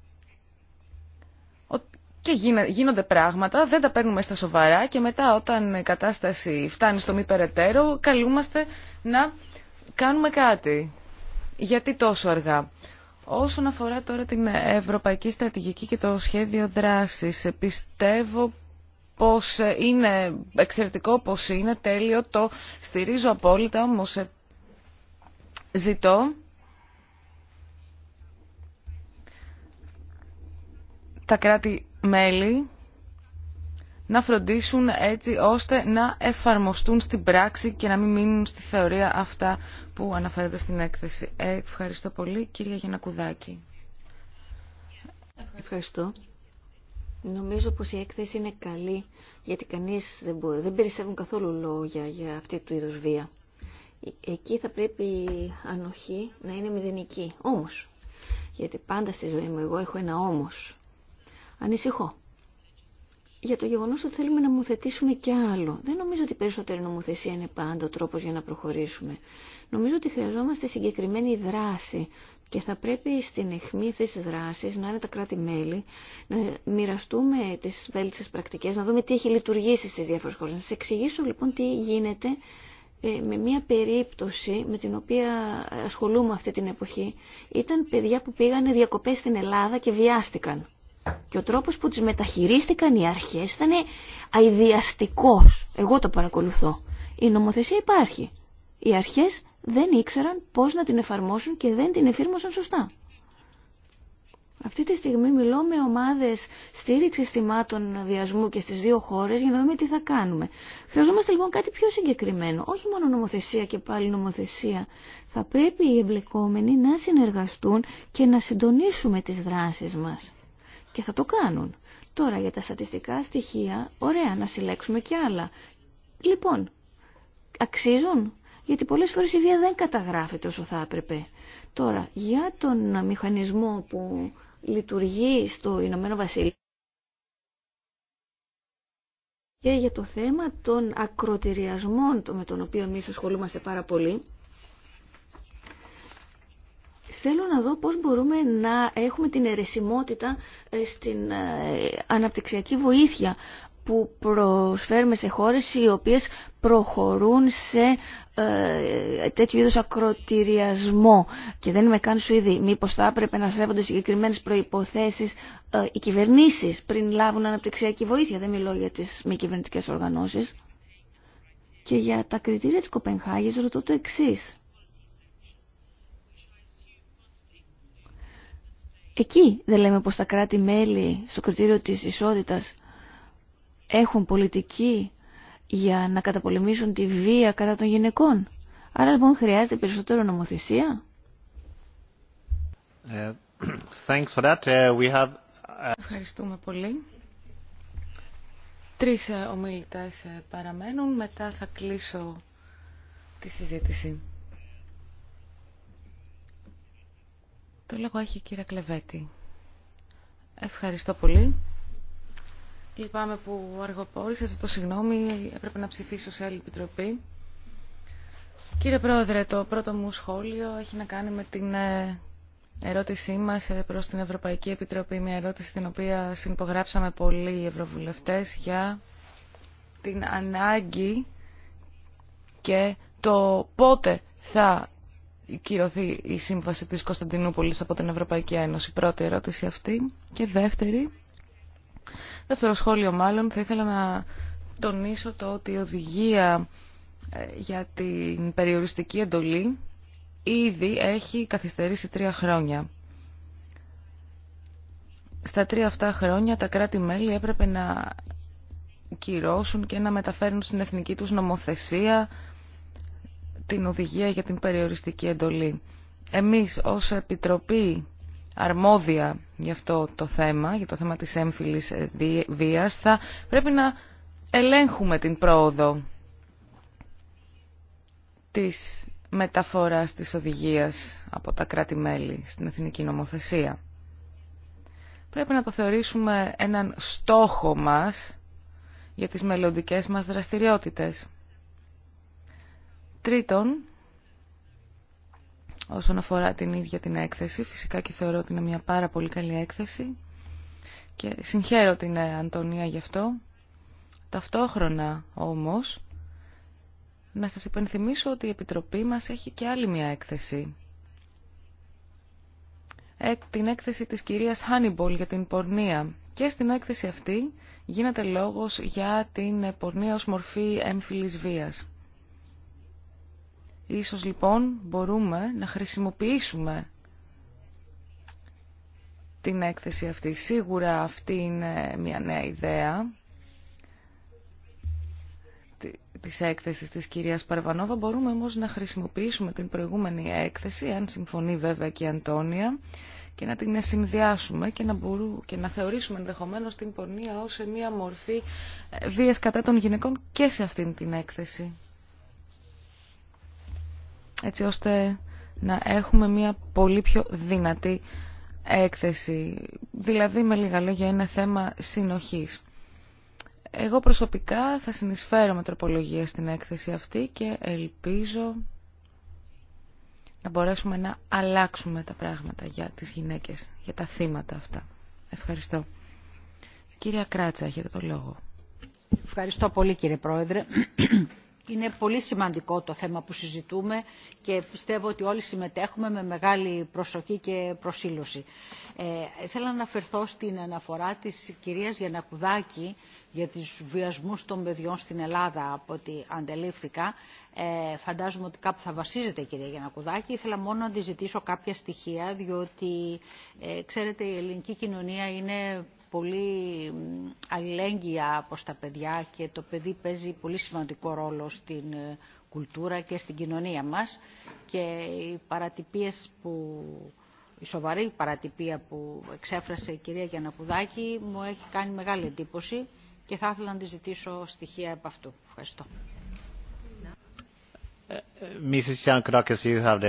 Και γίνονται πράγματα, δεν τα παίρνουμε στα σοβαρά και μετά όταν η κατάσταση φτάνει στο μη περαιτέρω καλούμαστε να κάνουμε κάτι. Γιατί τόσο αργά. Όσον αφορά τώρα την Ευρωπαϊκή Στρατηγική και το σχέδιο δράσης, πιστεύω πως είναι εξαιρετικό, πως είναι τέλειο, το στηρίζω απόλυτα, όμως ε, ζητώ τα κράτη-μέλη να φροντίσουν έτσι ώστε να εφαρμοστούν στην πράξη και να μην μείνουν στη θεωρία αυτά που αναφέρεται στην έκθεση. Ε, ευχαριστώ πολύ κύριε Γιανακουδάκη. Ευχαριστώ. Νομίζω πως η έκθεση είναι καλή γιατί κανείς δεν, μπορεί, δεν περισσεύουν καθόλου λόγια για αυτή του είδους βία. Εκεί θα πρέπει η ανοχή να είναι μηδενική. Όμως, γιατί πάντα στη ζωή μου εγώ έχω ένα όμως. Ανησυχώ για το γεγονός ότι θέλουμε να νομοθετήσουμε και άλλο. Δεν νομίζω ότι περισσότερη νομοθεσία είναι πάντα ο τρόπος για να προχωρήσουμε. Νομίζω ότι χρειαζόμαστε συγκεκριμένη δράση και θα πρέπει στην αιχμή αυτής της δράσης να είναι τα κράτη-μέλη, να μοιραστούμε τις βέλτιστες πρακτικές, να δούμε τι έχει λειτουργήσει στις διάφορες χώρες. Να σας εξηγήσω λοιπόν τι γίνεται ε, με μια περίπτωση με την οποία ασχολούμαι αυτή την εποχή. Ήταν παιδιά που πήγανε διακοπές στην Ελλάδα και βιάστηκαν και ο τρόπος που τις μεταχειρίστηκαν οι αρχές ήταν αειδιαστικός. Εγώ το παρακολουθώ. Η νομοθεσία υπάρχει. Οι αρχές δεν ήξεραν πώς να την εφαρμόσουν και δεν την εφήρμοσαν σωστά. Αυτή τη στιγμή μιλώ με ομάδες στήριξης θυμάτων βιασμού και στις δύο χώρες για να δούμε τι θα κάνουμε. Χρειαζόμαστε λοιπόν κάτι πιο συγκεκριμένο, όχι μόνο νομοθεσία και πάλι νομοθεσία. Θα πρέπει οι εμπλεκόμενοι να συνεργαστούν και να συντονίσουμε τις δράσεις μας και θα το κάνουν. Τώρα για τα στατιστικά στοιχεία, ωραία να συλλέξουμε και άλλα. Λοιπόν, αξίζουν, γιατί πολλές φορές η βία δεν καταγράφεται όσο θα έπρεπε. Τώρα, για τον μηχανισμό που λειτουργεί στο Ηνωμένο Βασίλειο, και για το θέμα των ακροτηριασμών με τον οποίο εμείς ασχολούμαστε πάρα πολύ, θέλω να δω πώς μπορούμε να έχουμε την αιρεσιμότητα ε, στην ε, αναπτυξιακή βοήθεια που προσφέρουμε σε χώρες οι οποίες προχωρούν σε ε, τέτοιου είδους ακροτηριασμό και δεν είμαι καν ήδη Μήπως θα έπρεπε να σέβονται συγκεκριμένες προϋποθέσεις ε, οι κυβερνήσεις πριν λάβουν αναπτυξιακή βοήθεια. Δεν μιλώ για τις μη κυβερνητικές οργανώσεις. Και για τα κριτήρια της Κοπενχάγης ρωτώ το εξής. Εκεί δεν λέμε πως τα κράτη-μέλη στο κριτήριο της ισότητας έχουν πολιτική για να καταπολεμήσουν τη βία κατά των γυναικών. Άρα λοιπόν χρειάζεται περισσότερο νομοθεσία. Ε, thanks for that. Ε, we have... Ε, Ευχαριστούμε πολύ. Τρεις ομιλητές παραμένουν. Μετά θα κλείσω τη συζήτηση. Το λόγο έχει η κυρία Κλεβέτη. Ευχαριστώ πολύ. Λυπάμαι που αργοπόρησα, ζητώ συγγνώμη, έπρεπε να ψηφίσω σε άλλη επιτροπή. Κύριε Πρόεδρε, το πρώτο μου σχόλιο έχει να κάνει με την ε, ερώτησή μας ε, προς την Ευρωπαϊκή Επιτροπή, μια ερώτηση την οποία συνυπογράψαμε πολλοί ευρωβουλευτές για την ανάγκη και το πότε θα κυρωθεί η σύμβαση της Κωνσταντινούπολης από την Ευρωπαϊκή Ένωση. Πρώτη ερώτηση αυτή. Και δεύτερη, δεύτερο σχόλιο μάλλον, θα ήθελα να τονίσω το ότι η οδηγία ε, για την περιοριστική εντολή ήδη έχει καθυστερήσει τρία χρόνια. Στα τρία αυτά χρόνια τα κράτη-μέλη έπρεπε να κυρώσουν και να μεταφέρουν στην εθνική τους νομοθεσία την οδηγία για την περιοριστική εντολή. Εμείς ως Επιτροπή αρμόδια για αυτό το θέμα, για το θέμα της έμφυλης ε, βίας, θα πρέπει να ελέγχουμε την πρόοδο της μεταφοράς της οδηγίας από τα κράτη-μέλη στην εθνική νομοθεσία. Πρέπει να το θεωρήσουμε έναν στόχο μας για τις μελλοντικές μας δραστηριότητες. Τρίτον, όσον αφορά την ίδια την έκθεση, φυσικά και θεωρώ ότι είναι μια πάρα πολύ καλή έκθεση και συγχαίρω την ε, Αντωνία γι' αυτό. Ταυτόχρονα όμως, να σας υπενθυμίσω ότι η Επιτροπή μας έχει και άλλη μια έκθεση. Ε, την έκθεση της κυρίας Χάνιμπολ για την πορνεία. Και στην έκθεση αυτή γίνεται λόγος για την ε, πορνεία ως μορφή έμφυλης βίας. Ίσως λοιπόν μπορούμε να χρησιμοποιήσουμε την έκθεση αυτή. Σίγουρα αυτή είναι μια νέα ιδέα της έκθεσης της κυρίας Παρβανόβα. Μπορούμε όμως να χρησιμοποιήσουμε την προηγούμενη έκθεση, αν συμφωνεί βέβαια και η Αντώνια, και να την συνδυάσουμε και να, μπορού, και να θεωρήσουμε ενδεχομένως την πορνεία ως μια μορφή ε, βίας κατά των γυναικών και σε αυτήν την έκθεση έτσι ώστε να έχουμε μια πολύ πιο δυνατή έκθεση. Δηλαδή, με λίγα λόγια, ένα θέμα συνοχής. Εγώ προσωπικά θα συνεισφέρω με τροπολογία στην έκθεση αυτή και ελπίζω να μπορέσουμε να αλλάξουμε τα πράγματα για τις γυναίκες, για τα θύματα αυτά. Ευχαριστώ. Κυρία Κράτσα, έχετε το λόγο. Ευχαριστώ πολύ κύριε Πρόεδρε. Είναι πολύ σημαντικό το θέμα που συζητούμε και πιστεύω ότι όλοι συμμετέχουμε με μεγάλη προσοχή και προσήλωση. Ε, θέλω να αναφερθώ στην αναφορά της κυρίας Γιανακουδάκη για τις βιασμούς των παιδιών στην Ελλάδα από ό,τι αντελήφθηκα. Ε, φαντάζομαι ότι κάπου θα βασίζεται η κυρία Γιανακουδάκη. Ήθελα μόνο να τη ζητήσω κάποια στοιχεία διότι ε, ξέρετε η ελληνική κοινωνία είναι πολύ αλληλέγγυα από τα παιδιά και το παιδί παίζει πολύ σημαντικό ρόλο στην ε, κουλτούρα και στην κοινωνία μας και οι παρατυπίες που η σοβαρή παρατυπία που εξέφρασε η κυρία Γιανακούδακη μου έχει κάνει μεγάλη εντύπωση και θα ήθελα να τη ζητήσω στοιχεία από αυτού. Ευχαριστώ. Ε,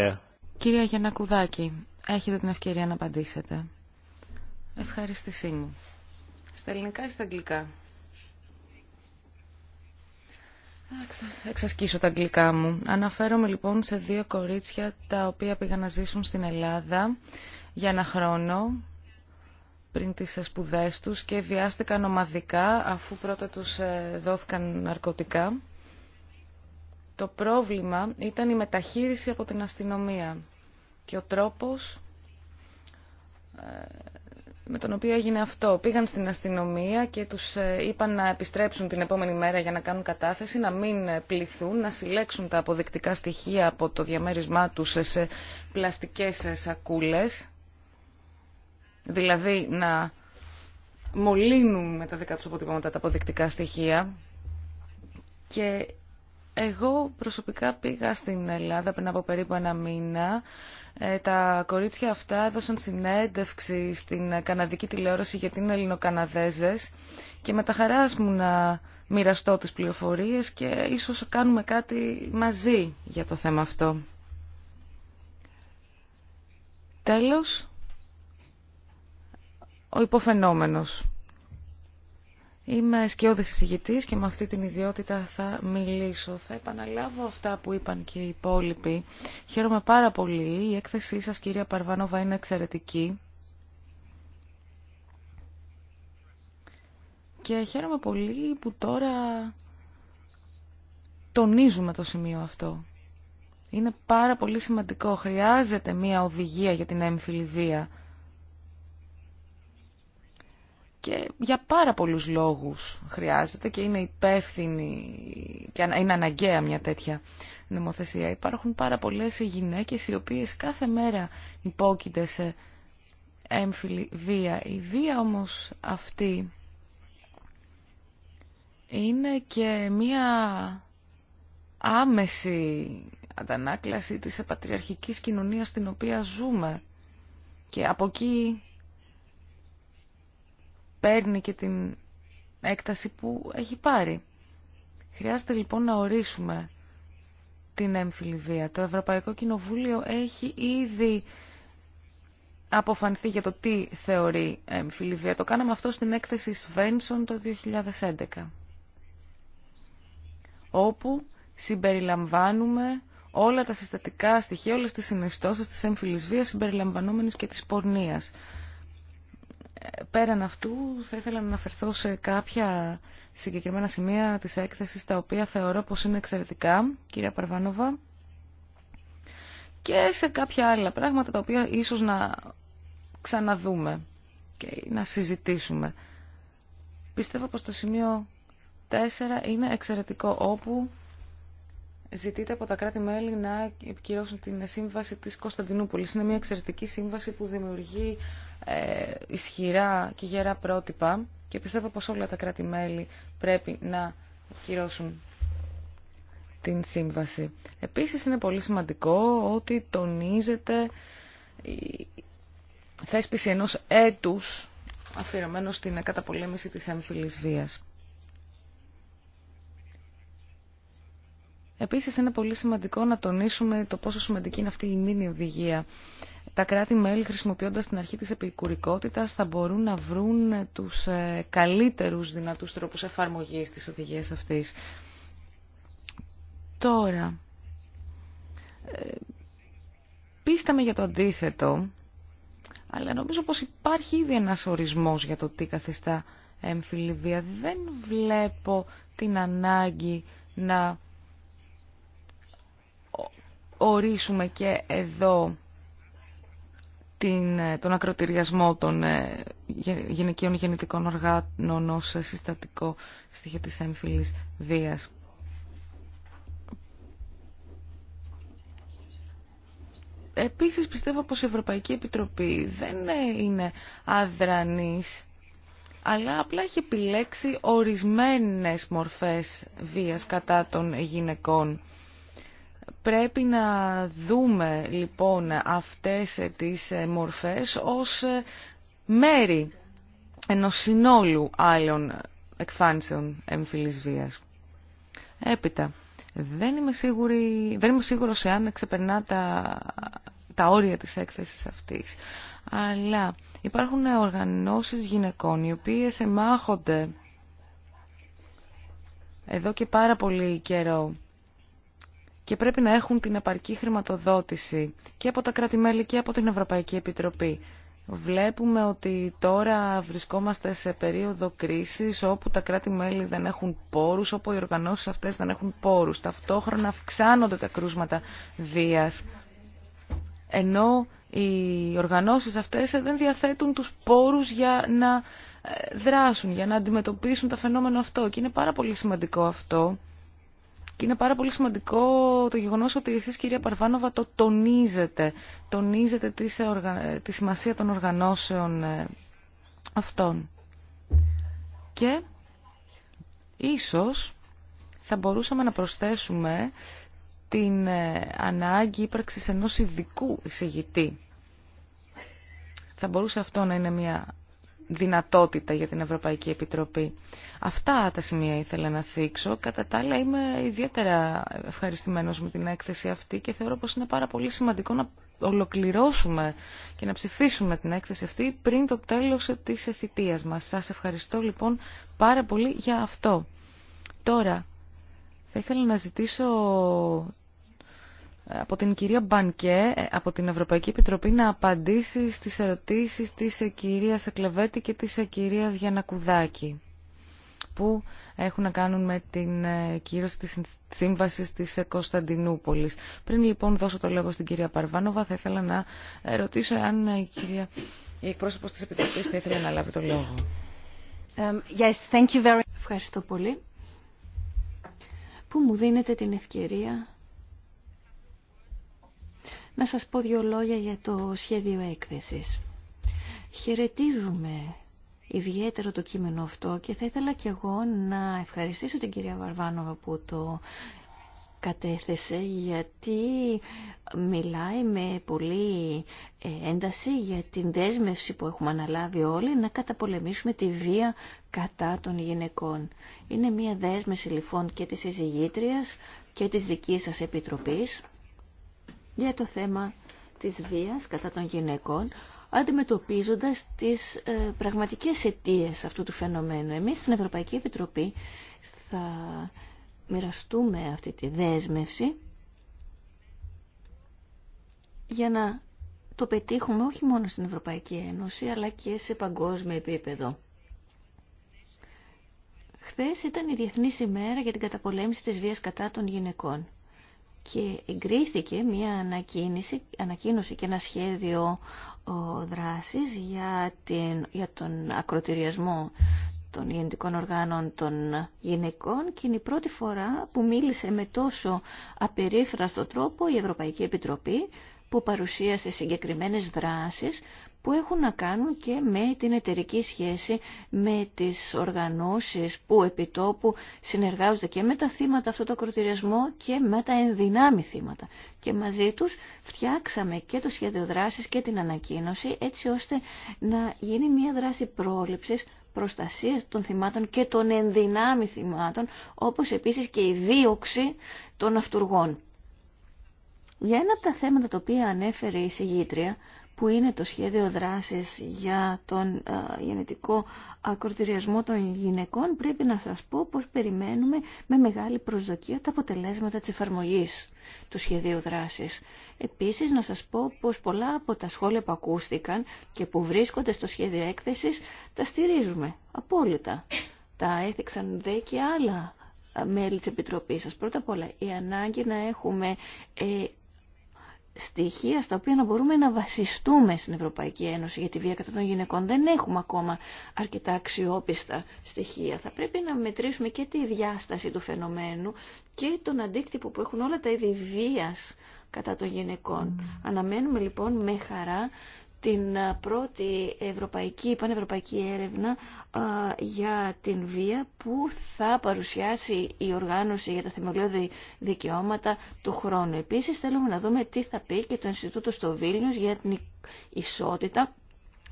ε, κυρία Γιανακουδάκη, έχετε την ευκαιρία να απαντήσετε. Ευχαριστησή μου. Στα ελληνικά ή στα αγγλικά. εξασκήσω τα αγγλικά μου. Αναφέρομαι λοιπόν σε δύο κορίτσια τα οποία πήγαν να ζήσουν στην Ελλάδα για ένα χρόνο πριν τις σπουδέ τους και βιάστηκαν ομαδικά αφού πρώτα τους ε, δόθηκαν ναρκωτικά. Το πρόβλημα ήταν η μεταχείριση από την αστυνομία και ο τρόπος ε, με τον οποίο έγινε αυτό. Πήγαν στην αστυνομία και τους ε, είπαν να επιστρέψουν την επόμενη μέρα για να κάνουν κατάθεση, να μην ε, πληθούν, να συλλέξουν τα αποδεικτικά στοιχεία από το διαμέρισμά τους σε πλαστικές ε, σακούλες, δηλαδή να μολύνουν με τα δικά τους αποτυπώματα τα αποδεικτικά στοιχεία και εγώ προσωπικά πήγα στην Ελλάδα πριν από περίπου ένα μήνα. Ε, τα κορίτσια αυτά έδωσαν συνέντευξη στην καναδική τηλεόραση γιατί είναι ελληνοκαναδέζες και με τα χαρά μου να μοιραστώ τις πληροφορίες και ίσως κάνουμε κάτι μαζί για το θέμα αυτό. Τέλος, ο υποφαινόμενος. Είμαι σκιώδης εισηγητής και με αυτή την ιδιότητα θα μιλήσω. Θα επαναλάβω αυτά που είπαν και οι υπόλοιποι. Χαίρομαι πάρα πολύ. Η έκθεσή σας, κυρία Παρβάνοβα, είναι εξαιρετική. Και χαίρομαι πολύ που τώρα τονίζουμε το σημείο αυτό. Είναι πάρα πολύ σημαντικό. Χρειάζεται μία οδηγία για την έμφυλη και για πάρα πολλούς λόγους χρειάζεται και είναι υπεύθυνη και είναι αναγκαία μια τέτοια νομοθεσία. Υπάρχουν πάρα πολλές γυναίκες οι οποίες κάθε μέρα υπόκεινται σε έμφυλη βία. Η βία όμως αυτή είναι και μια άμεση αντανάκλαση της πατριαρχικής κοινωνίας στην οποία ζούμε. Και από εκεί παίρνει και την έκταση που έχει πάρει. Χρειάζεται λοιπόν να ορίσουμε την έμφυλη βία. Το Ευρωπαϊκό Κοινοβούλιο έχει ήδη αποφανθεί για το τι θεωρεί έμφυλη βία. Το κάναμε αυτό στην έκθεση Σβένσον το 2011, όπου συμπεριλαμβάνουμε όλα τα συστατικά στοιχεία, όλες τις συνιστώσεις της έμφυλης βίας συμπεριλαμβανόμενης και της πορνείας. Πέραν αυτού, θα ήθελα να αναφερθώ σε κάποια συγκεκριμένα σημεία της έκθεσης, τα οποία θεωρώ πως είναι εξαιρετικά, κυρία Παρβάνοβα, και σε κάποια άλλα πράγματα, τα οποία ίσως να ξαναδούμε και να συζητήσουμε. Πιστεύω πως το σημείο 4 είναι εξαιρετικό, όπου ζητείται από τα κράτη-μέλη να επικυρώσουν την σύμβαση της Κωνσταντινούπολης. Είναι μια εξαιρετική σύμβαση που δημιουργεί ε, ισχυρά και γερά πρότυπα και πιστεύω πως όλα τα κράτη-μέλη πρέπει να κυρώσουν την σύμβαση. Επίσης είναι πολύ σημαντικό ότι τονίζεται η θέσπιση ενός έτους αφιερωμένο στην καταπολέμηση της έμφυλης βίας. Επίσης είναι πολύ σημαντικό να τονίσουμε το πόσο σημαντική είναι αυτή η μήνυ οδηγία. Τα κράτη-μέλη χρησιμοποιώντας την αρχή της επικουρικότητας θα μπορούν να βρουν τους ε, καλύτερους δυνατούς τρόπους εφαρμογής της οδηγίας αυτής. Τώρα, ε, με για το αντίθετο, αλλά νομίζω πως υπάρχει ήδη ένας ορισμός για το τι καθιστά εμφυλιβία. Δεν βλέπω την ανάγκη να ορίσουμε και εδώ την, τον ακροτηριασμό των ε, γυναικείων γεννητικών οργάνων ως συστατικό στοιχείο της έμφυλης βίας. Επίσης πιστεύω πως η Ευρωπαϊκή Επιτροπή δεν ε, είναι αδρανής, αλλά απλά έχει επιλέξει ορισμένες μορφές βίας κατά των γυναικών. Πρέπει να δούμε λοιπόν αυτές τις μορφές ως μέρη ενός συνόλου άλλων εκφάνσεων εμφυλής βίας. Έπειτα, δεν είμαι, σίγουρη, δεν είμαι σίγουρος εάν ξεπερνά τα, τα όρια της έκθεσης αυτής. Αλλά υπάρχουν οργανώσεις γυναικών οι οποίες εμάχονται εδώ και πάρα πολύ καιρό και πρέπει να έχουν την επαρκή χρηματοδότηση και από τα κράτη-μέλη και από την Ευρωπαϊκή Επιτροπή. Βλέπουμε ότι τώρα βρισκόμαστε σε περίοδο κρίσης όπου τα κράτη-μέλη δεν έχουν πόρους, όπου οι οργανώσεις αυτές δεν έχουν πόρους. Ταυτόχρονα αυξάνονται τα κρούσματα βίας, ενώ οι οργανώσεις αυτές δεν διαθέτουν τους πόρους για να ε, δράσουν, για να αντιμετωπίσουν τα φαινόμενο αυτό. Και είναι πάρα πολύ σημαντικό αυτό και είναι πάρα πολύ σημαντικό το γεγονός ότι εσείς κυρία Παρβάνοβα το τονίζετε. Τονίζετε τη σημασία των οργανώσεων ε, αυτών. Και ίσως θα μπορούσαμε να προσθέσουμε την ε, ανάγκη ύπαρξης ενός ειδικού εισηγητή. Θα μπορούσε αυτό να είναι μια δυνατότητα για την Ευρωπαϊκή Επιτροπή. Αυτά τα σημεία ήθελα να θίξω. Κατά τα άλλα είμαι ιδιαίτερα ευχαριστημένος με την έκθεση αυτή και θεωρώ πως είναι πάρα πολύ σημαντικό να ολοκληρώσουμε και να ψηφίσουμε την έκθεση αυτή πριν το τέλος της εθιτείας μας. Σας ευχαριστώ λοιπόν πάρα πολύ για αυτό. Τώρα, θα ήθελα να ζητήσω από την κυρία Μπανκέ ε, από την Ευρωπαϊκή Επιτροπή να απαντήσει στις ερωτήσεις της ε, κυρίας Εκλεβέτη και της ε, κυρίας Γιανακουδάκη που έχουν να κάνουν με την κύρωση της σύμβασης της Κωνσταντινούπολης. Πριν λοιπόν δώσω το λόγο στην κυρία Παρβάνοβα θα ήθελα να ρωτήσω αν η, κυρία, η εκπρόσωπος της Επιτροπής θα ήθελε να λάβει το λόγο. Um, yes, thank you very... Ευχαριστώ πολύ που μου δίνετε την ευκαιρία να σας πω δύο λόγια για το σχέδιο έκθεσης. Χαιρετίζουμε ιδιαίτερο το κείμενο αυτό και θα ήθελα και εγώ να ευχαριστήσω την κυρία Βαρβάνοβα που το κατέθεσε γιατί μιλάει με πολύ ε, ένταση για την δέσμευση που έχουμε αναλάβει όλοι να καταπολεμήσουμε τη βία κατά των γυναικών. Είναι μια δέσμευση λοιπόν και της εισηγήτριας και της δικής σας επιτροπής για το θέμα της βίας κατά των γυναικών αντιμετωπίζοντας τις ε, πραγματικές αιτίες αυτού του φαινομένου. Εμείς στην Ευρωπαϊκή Επιτροπή θα μοιραστούμε αυτή τη δέσμευση για να το πετύχουμε όχι μόνο στην Ευρωπαϊκή Ένωση αλλά και σε παγκόσμιο επίπεδο. Χθες ήταν η Διεθνής ημέρα για την καταπολέμηση της βίας κατά των γυναικών και εγκρίθηκε μια ανακοίνωση και ένα σχέδιο δράσης για, τον ακροτηριασμό των γεννητικών οργάνων των γυναικών και είναι η πρώτη φορά που μίλησε με τόσο απερίφραστο τρόπο η Ευρωπαϊκή Επιτροπή που παρουσίασε συγκεκριμένες δράσεις που έχουν να κάνουν και με την εταιρική σχέση με τις οργανώσεις που επιτόπου συνεργάζονται και με τα θύματα αυτό το ακροτηριασμού και με τα ενδυνάμει θύματα. Και μαζί τους φτιάξαμε και το σχέδιο δράσης και την ανακοίνωση έτσι ώστε να γίνει μια δράση πρόληψης προστασίας των θυμάτων και των ενδυνάμει θυμάτων όπως επίσης και η δίωξη των αυτούργων. Για ένα από τα θέματα τα οποία ανέφερε η συγγήτρια, που είναι το σχέδιο δράσης για τον ε, γενετικό ακροτηριασμό των γυναικών, πρέπει να σας πω πως περιμένουμε με μεγάλη προσδοκία τα αποτελέσματα της εφαρμογής του σχεδίου δράσης. Επίσης, να σας πω πως πολλά από τα σχόλια που ακούστηκαν και που βρίσκονται στο σχέδιο έκθεσης, τα στηρίζουμε απόλυτα. Τα έθιξαν δε και άλλα ε, μέλη της Επιτροπής σας. Πρώτα απ' όλα, η ανάγκη να έχουμε ε, στοιχεία στα οποία να μπορούμε να βασιστούμε στην Ευρωπαϊκή Ένωση για τη βία κατά των γυναικών. Δεν έχουμε ακόμα αρκετά αξιόπιστα στοιχεία. Θα πρέπει να μετρήσουμε και τη διάσταση του φαινομένου και τον αντίκτυπο που έχουν όλα τα είδη βίας κατά των γυναικών. Mm. Αναμένουμε λοιπόν με χαρά την πρώτη ευρωπαϊκή, πανευρωπαϊκή έρευνα για την βία που θα παρουσιάσει η οργάνωση για τα θεμελιώδη δικαιώματα του χρόνου. Επίσης θέλουμε να δούμε τι θα πει και το Ινστιτούτο στο Βίλνιος για την ισότητα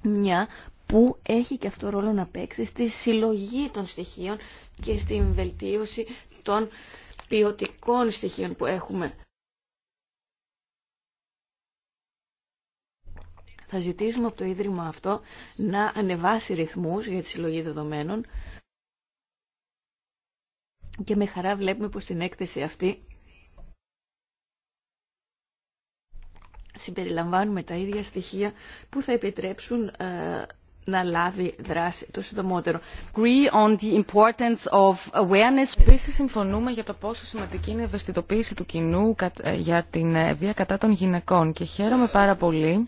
μια που έχει και αυτό ρόλο να παίξει στη συλλογή των στοιχείων και στην βελτίωση των ποιοτικών στοιχείων που έχουμε Θα ζητήσουμε από το Ίδρυμα αυτό να ανεβάσει ρυθμούς για τη συλλογή δεδομένων και με χαρά βλέπουμε πως την έκθεση αυτή συμπεριλαμβάνουμε τα ίδια στοιχεία που θα επιτρέψουν ε, να λάβει δράση το συντομότερο. On the importance of awareness. Επίσης συμφωνούμε για το πόσο σημαντική είναι η ευαισθητοποίηση του κοινού ε, για την ε, βία κατά των γυναικών και χαίρομαι πάρα πολύ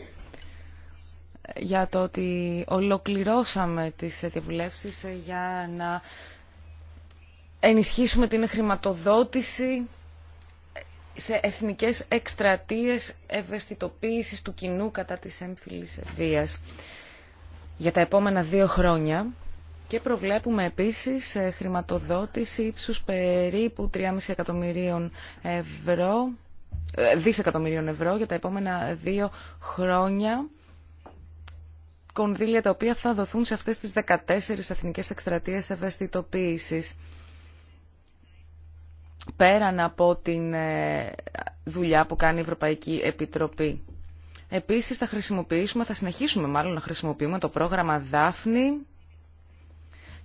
για το ότι ολοκληρώσαμε τις διαβουλεύσεις ε, για να ενισχύσουμε την χρηματοδότηση σε εθνικές εκστρατείες ευαισθητοποίησης του κοινού κατά της έμφυλης βίας για τα επόμενα δύο χρόνια και προβλέπουμε επίσης ε, χρηματοδότηση ύψους περίπου 3,5 εκατομμυρίων ευρώ, ε, δισεκατομμυρίων ευρώ για τα επόμενα δύο χρόνια κονδύλια τα οποία θα δοθούν σε αυτές τις 14 εθνικές εκστρατείες ευαισθητοποίησης. Πέραν από την ε, δουλειά που κάνει η Ευρωπαϊκή Επιτροπή. Επίσης θα χρησιμοποιήσουμε, θα συνεχίσουμε μάλλον να χρησιμοποιούμε το πρόγραμμα Δάφνη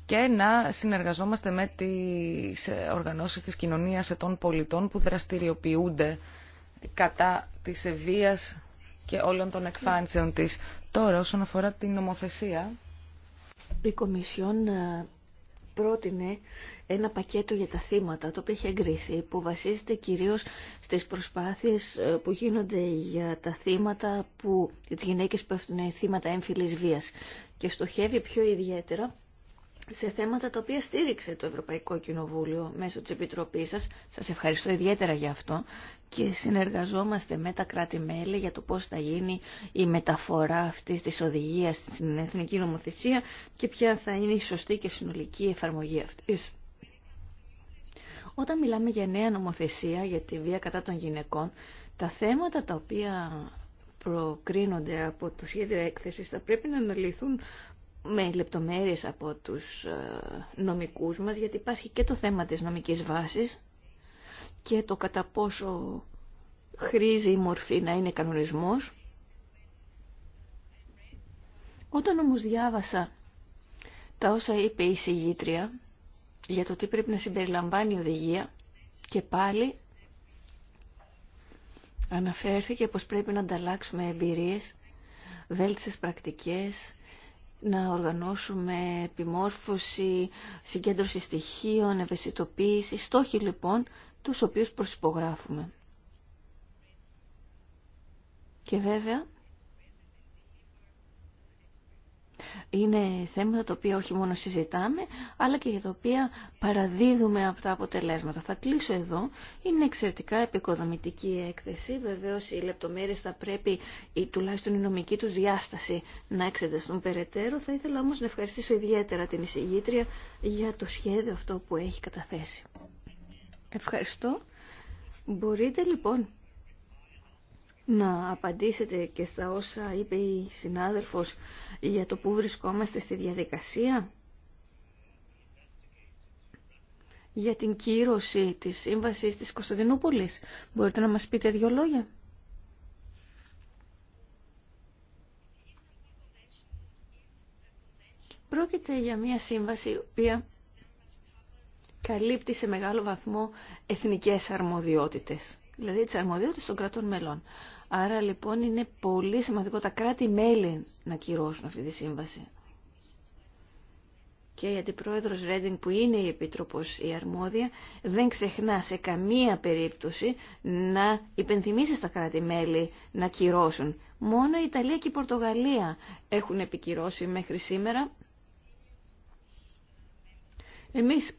και να συνεργαζόμαστε με τις οργανώσεις της κοινωνίας των πολιτών που δραστηριοποιούνται κατά της ευβίας και όλων των εκφάνσεων της. Τώρα, όσον αφορά την νομοθεσία... Η Κομισιόν ε, πρότεινε ένα πακέτο για τα θύματα, το οποίο έχει εγκρίθει, που βασίζεται κυρίως στις προσπάθειες ε, που γίνονται για τα θύματα, που, για τις γυναίκες που έφτουν θύματα έμφυλης βίας και στοχεύει πιο ιδιαίτερα σε θέματα τα οποία στήριξε το Ευρωπαϊκό Κοινοβούλιο μέσω της Επιτροπής σας. Σας ευχαριστώ ιδιαίτερα για αυτό και συνεργαζόμαστε με τα κράτη-μέλη για το πώς θα γίνει η μεταφορά αυτής της οδηγίας στην Εθνική Νομοθεσία και ποια θα είναι η σωστή και συνολική εφαρμογή αυτής. Όταν μιλάμε για νέα νομοθεσία για τη βία κατά των γυναικών, τα θέματα τα οποία προκρίνονται από το σχέδιο έκθεσης θα πρέπει να αναλυθούν με λεπτομέρειες από τους ε, νομικούς μας, γιατί υπάρχει και το θέμα της νομικής βάσης και το κατά πόσο χρήζει η μορφή να είναι κανονισμός. Όταν όμως διάβασα τα όσα είπε η συγγήτρια για το τι πρέπει να συμπεριλαμβάνει η οδηγία και πάλι αναφέρθηκε πως πρέπει να ανταλλάξουμε εμπειρίες, βέλτιστες πρακτικές, να οργανώσουμε επιμόρφωση, συγκέντρωση στοιχείων, ευαισθητοποίηση, στόχοι λοιπόν τους οποίους προσυπογράφουμε. Και βέβαια είναι θέματα τα οποία όχι μόνο συζητάμε, αλλά και για τα οποία παραδίδουμε από τα αποτελέσματα. Θα κλείσω εδώ. Είναι εξαιρετικά επικοδομητική έκθεση. Βεβαίως οι λεπτομέρειες θα πρέπει, ή τουλάχιστον η νομική τους διάσταση, να εξεταστούν περαιτέρω. Θα ήθελα όμως να ευχαριστήσω ιδιαίτερα την εισηγήτρια για το σχέδιο αυτό που έχει καταθέσει. Ευχαριστώ. Μπορείτε λοιπόν να απαντήσετε και στα όσα είπε η συνάδελφος για το που βρισκόμαστε στη διαδικασία για την κύρωση της σύμβασης της Κωνσταντινούπολης. Μπορείτε να μας πείτε δύο λόγια. Πρόκειται για μια σύμβαση η οποία καλύπτει σε μεγάλο βαθμό εθνικές αρμοδιότητες, δηλαδή τις αρμοδιότητες των κρατών μελών. Άρα λοιπόν είναι πολύ σημαντικό τα κράτη-μέλη να κυρώσουν αυτή τη σύμβαση. Και η Αντιπρόεδρος Ρέντινγκ που είναι η Επίτροπος η Αρμόδια δεν ξεχνά σε καμία περίπτωση να υπενθυμίσει στα κράτη-μέλη να κυρώσουν. Μόνο η Ιταλία και η Πορτογαλία έχουν επικυρώσει μέχρι σήμερα. Εμείς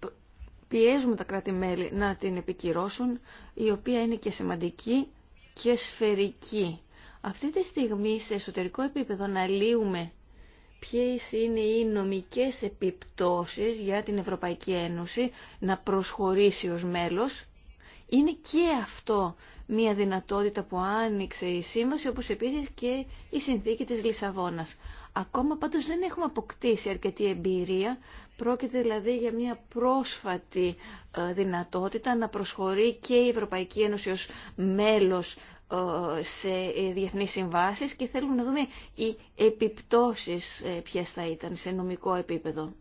πιέζουμε τα κράτη-μέλη να την επικυρώσουν, η οποία είναι και σημαντική και σφαιρική. Αυτή τη στιγμή σε εσωτερικό επίπεδο να λύουμε ποιες είναι οι νομικές επιπτώσεις για την Ευρωπαϊκή Ένωση να προσχωρήσει ως μέλος. Είναι και αυτό μια δυνατότητα που άνοιξε η Σύμβαση, όπως επίσης και η Συνθήκη της Λισαβόνας. Ακόμα πάντως δεν έχουμε αποκτήσει αρκετή εμπειρία. Πρόκειται δηλαδή για μια πρόσφατη ε, δυνατότητα να προσχωρεί και η Ευρωπαϊκή Ένωση ως μέλος ε, σε ε, διεθνείς συμβάσεις και θέλουμε να δούμε οι επιπτώσεις ποιες θα ήταν σε νομικό επίπεδο.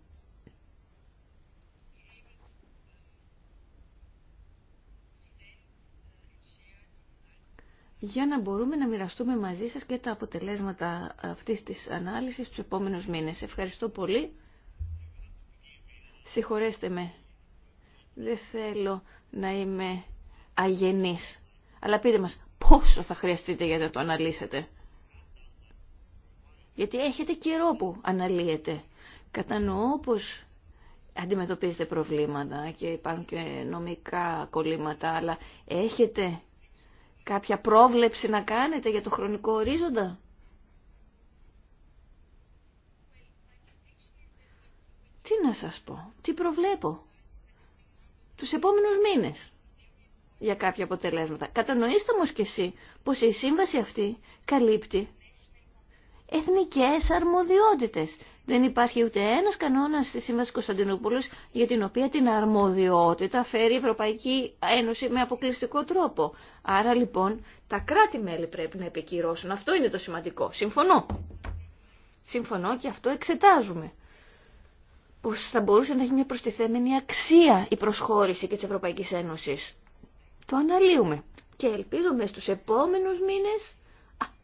για να μπορούμε να μοιραστούμε μαζί σας και τα αποτελέσματα αυτής της ανάλυσης του επόμενους μήνες. Ευχαριστώ πολύ. Συγχωρέστε με. Δεν θέλω να είμαι αγενής. Αλλά πείτε μας πόσο θα χρειαστείτε για να το αναλύσετε. Γιατί έχετε καιρό που αναλύετε. Κατανοώ πως αντιμετωπίζετε προβλήματα και υπάρχουν και νομικά κολλήματα, αλλά έχετε κάποια πρόβλεψη να κάνετε για το χρονικό ορίζοντα. Τι να σας πω, τι προβλέπω. Τους επόμενους μήνες για κάποια αποτελέσματα. Κατανοήστε όμως και εσύ πως η σύμβαση αυτή καλύπτει εθνικές αρμοδιότητες δεν υπάρχει ούτε ένας κανόνας στη Σύμβαση Κωνσταντινούπολης για την οποία την αρμοδιότητα φέρει η Ευρωπαϊκή Ένωση με αποκλειστικό τρόπο. Άρα λοιπόν τα κράτη-μέλη πρέπει να επικυρώσουν. Αυτό είναι το σημαντικό. Συμφωνώ. Συμφωνώ και αυτό εξετάζουμε. Πώς θα μπορούσε να έχει μια προστιθέμενη αξία η προσχώρηση και της Ευρωπαϊκής Ένωσης. Το αναλύουμε. Και ελπίζουμε στους επόμενους μήνες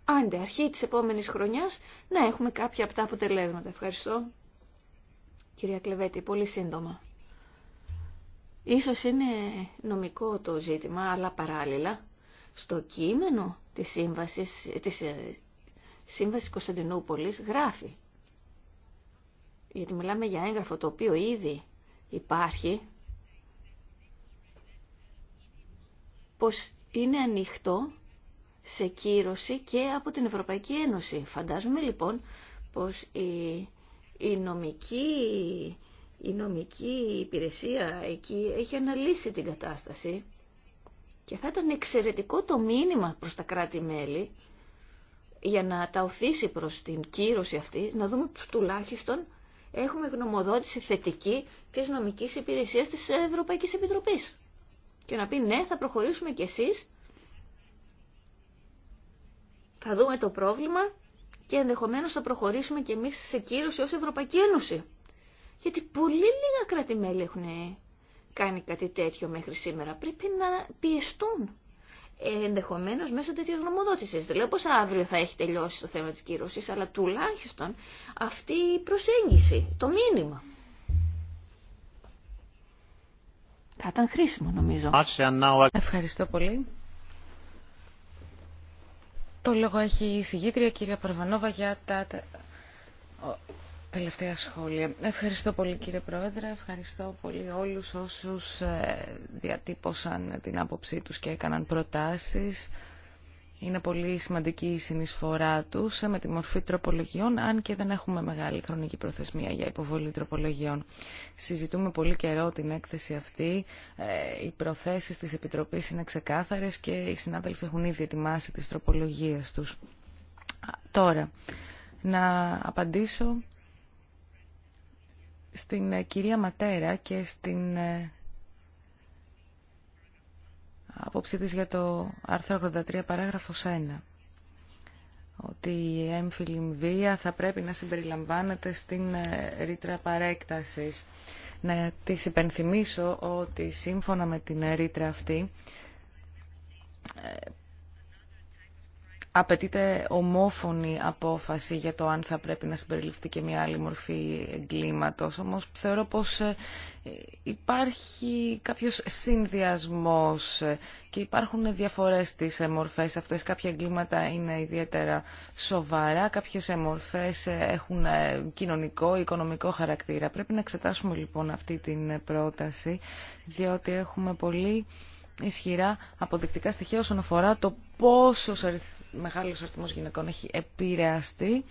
άντε αρχή της επόμενης χρονιάς να έχουμε κάποια από τα αποτελέσματα. Ευχαριστώ. Κυρία Κλεβέτη, πολύ σύντομα. Ίσως είναι νομικό το ζήτημα, αλλά παράλληλα στο κείμενο της σύμβασης, της ε, σύμβασης Κωνσταντινούπολης γράφει. Γιατί μιλάμε για έγγραφο το οποίο ήδη υπάρχει, πως είναι ανοιχτό σε κύρωση και από την Ευρωπαϊκή Ένωση. Φαντάζομαι λοιπόν πως η, νομική η νομική υπηρεσία εκεί έχει αναλύσει την κατάσταση και θα ήταν εξαιρετικό το μήνυμα προς τα κράτη-μέλη για να τα οθήσει προς την κύρωση αυτή, να δούμε πως τουλάχιστον έχουμε γνωμοδότηση θετική της νομικής υπηρεσίας της Ευρωπαϊκής Επιτροπής. Και να πει ναι, θα προχωρήσουμε κι εσείς θα δούμε το πρόβλημα και ενδεχομένως θα προχωρήσουμε και εμείς σε κύρωση ως Ευρωπαϊκή Ένωση. Γιατί πολύ λίγα κράτη-μέλη έχουν κάνει κάτι τέτοιο μέχρι σήμερα. Πρέπει να πιεστούν. Ε, ενδεχομένως μέσω τέτοιας γνωμοδότησης. Δεν λέω πως αύριο θα έχει τελειώσει το θέμα της κύρωσης, αλλά τουλάχιστον αυτή η προσέγγιση, το μήνυμα. Θα ήταν χρήσιμο νομίζω. Ευχαριστώ πολύ. Το λόγο έχει η συγγήτρια κυρία Παρβανόβα για τα τελευταία σχόλια. Ευχαριστώ πολύ κύριε Πρόεδρε, ευχαριστώ πολύ όλους όσους ε, διατύπωσαν την άποψή τους και έκαναν προτάσεις. Είναι πολύ σημαντική η συνεισφορά του με τη μορφή τροπολογιών, αν και δεν έχουμε μεγάλη χρονική προθεσμία για υποβολή τροπολογιών. Συζητούμε πολύ καιρό την έκθεση αυτή. Ε, οι προθέσεις τη επιτροπή είναι ξεκάθαρες και οι συνάδελφοι έχουν ήδη ετοιμάσει τις τροπολογίες τους. Τώρα, να απαντήσω στην ε, κυρία Ματέρα και στην ε, απόψη της για το άρθρο 83 παράγραφος 1 ότι η έμφυλη βία θα πρέπει να συμπεριλαμβάνεται στην ε, ρήτρα παρέκτασης. Να τη υπενθυμίσω ότι σύμφωνα με την ρήτρα αυτή ε, απαιτείται ομόφωνη απόφαση για το αν θα πρέπει να συμπεριληφθεί και μια άλλη μορφή εγκλήματος. Όμως θεωρώ πως ε, υπάρχει κάποιος συνδυασμός ε, και υπάρχουν διαφορές στις ε, μορφές αυτές. Κάποια εγκλήματα είναι ιδιαίτερα σοβαρά, κάποιες μορφές έχουν κοινωνικό, οικονομικό χαρακτήρα. Πρέπει να εξετάσουμε λοιπόν αυτή την πρόταση, διότι έχουμε πολύ ισχυρά αποδεικτικά στοιχεία όσον αφορά το πόσο αριθμό μεγάλος αριθμός γυναικών έχει επηρεαστεί.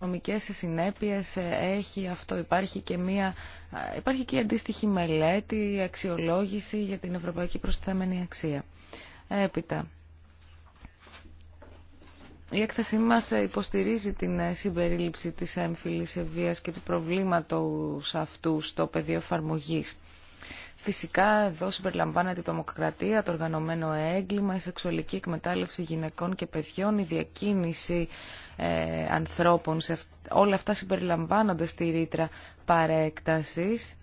Νομικές συνέπειες ε, έχει αυτό. Υπάρχει και, μια, υπάρχει και αντίστοιχη μελέτη, αξιολόγηση για την ευρωπαϊκή Προσθέμενη αξία. Έπειτα. Η έκθεσή μας ε, υποστηρίζει την ε, συμπερίληψη της έμφυλης βίας και του προβλήματος αυτού στο πεδίο εφαρμογή Φυσικά εδώ συμπεριλαμβάνεται η τομοκρατία, το οργανωμένο έγκλημα, η σεξουαλική εκμετάλλευση γυναικών και παιδιών, η διακίνηση ε, ανθρώπων. όλα αυτά συμπεριλαμβάνονται στη ρήτρα παρέκτασης.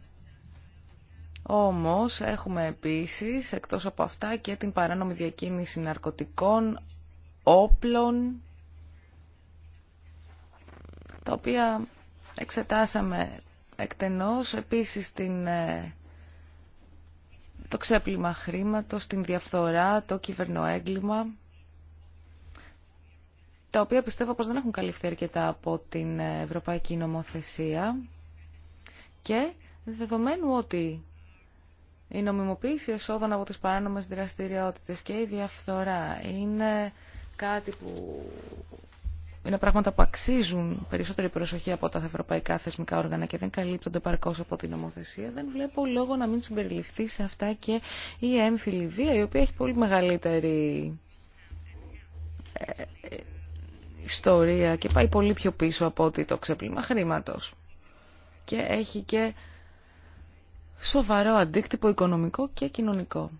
Όμως έχουμε επίσης εκτός από αυτά και την παράνομη διακίνηση ναρκωτικών, όπλων, τα οποία εξετάσαμε εκτενώς, επίσης την ε, το ξέπλυμα χρήματος, την διαφθορά, το κυβερνοέγκλημα, τα οποία πιστεύω πως δεν έχουν καλυφθεί αρκετά από την Ευρωπαϊκή Νομοθεσία και δεδομένου ότι η νομιμοποίηση εσόδων από τις παράνομες δραστηριότητες και η διαφθορά είναι κάτι που είναι πράγματα που αξίζουν περισσότερη προσοχή από τα ευρωπαϊκά θεσμικά όργανα και δεν καλύπτονται παρκώ από την νομοθεσία, δεν βλέπω λόγο να μην συμπεριληφθεί σε αυτά και η έμφυλη βία, η οποία έχει πολύ μεγαλύτερη ε, ε, ιστορία και πάει πολύ πιο πίσω από ότι το ξέπλυμα χρήματος. Και έχει και σοβαρό αντίκτυπο οικονομικό και κοινωνικό.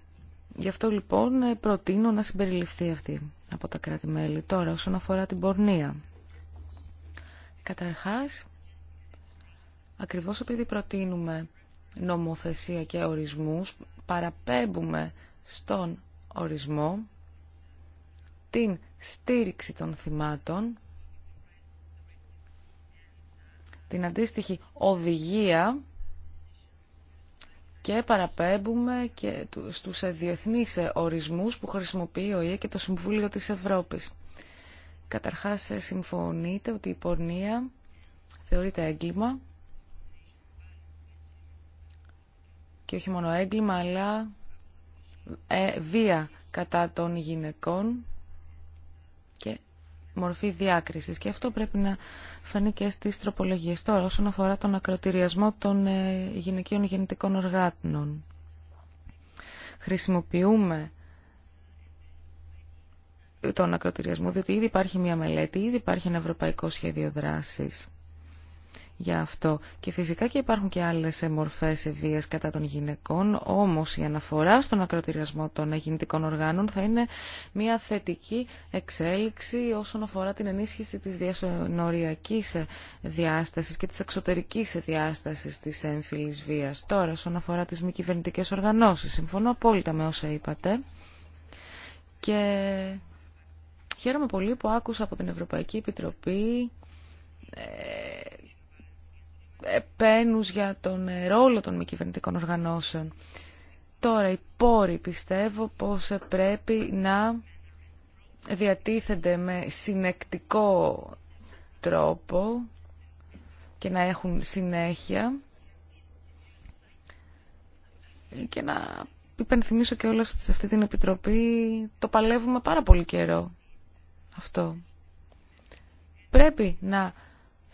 Γι' αυτό λοιπόν προτείνω να συμπεριληφθεί αυτή από τα κράτη-μέλη. Τώρα όσον αφορά την πορνεία. Καταρχάς, ακριβώς επειδή προτείνουμε νομοθεσία και ορισμούς, παραπέμπουμε στον ορισμό την στήριξη των θυμάτων, την αντίστοιχη οδηγία και παραπέμπουμε και στους διεθνείς ορισμούς που χρησιμοποιεί ο ΙΕ και το Συμβούλιο της Ευρώπης. Καταρχάς ε, συμφωνείτε ότι η πορνεία θεωρείται έγκλημα και όχι μόνο έγκλημα αλλά ε, βία κατά των γυναικών και μορφή διάκρισης και αυτό πρέπει να φανεί και στι τροπολογίε τώρα όσον αφορά τον ακροτηριασμό των ε, γυναικείων γεννητικών οργάνων. Χρησιμοποιούμε τον ακροτηριασμό διότι ήδη υπάρχει μια μελέτη, ήδη υπάρχει ένα ευρωπαϊκό σχέδιο δράση για αυτό. Και φυσικά και υπάρχουν και άλλες μορφές βίας κατά των γυναικών, όμως η αναφορά στον ακροτηριασμό των γεννητικών οργάνων θα είναι μια θετική εξέλιξη όσον αφορά την ενίσχυση της διασωνοριακής διάσταση και της εξωτερικής διάστασης της έμφυλης βίας. Τώρα, όσον αφορά τις μη κυβερνητικέ οργανώσεις, συμφωνώ απόλυτα με όσα είπατε. Και χαίρομαι πολύ που άκουσα από την Ευρωπαϊκή Επιτροπή ε, επένους για τον ε, ρόλο των μη κυβερνητικών οργανώσεων. Τώρα, οι πόροι πιστεύω πως ε, πρέπει να διατίθενται με συνεκτικό τρόπο και να έχουν συνέχεια και να υπενθυμίσω και ότι σε αυτή την επιτροπή το παλεύουμε πάρα πολύ καιρό αυτό. Πρέπει να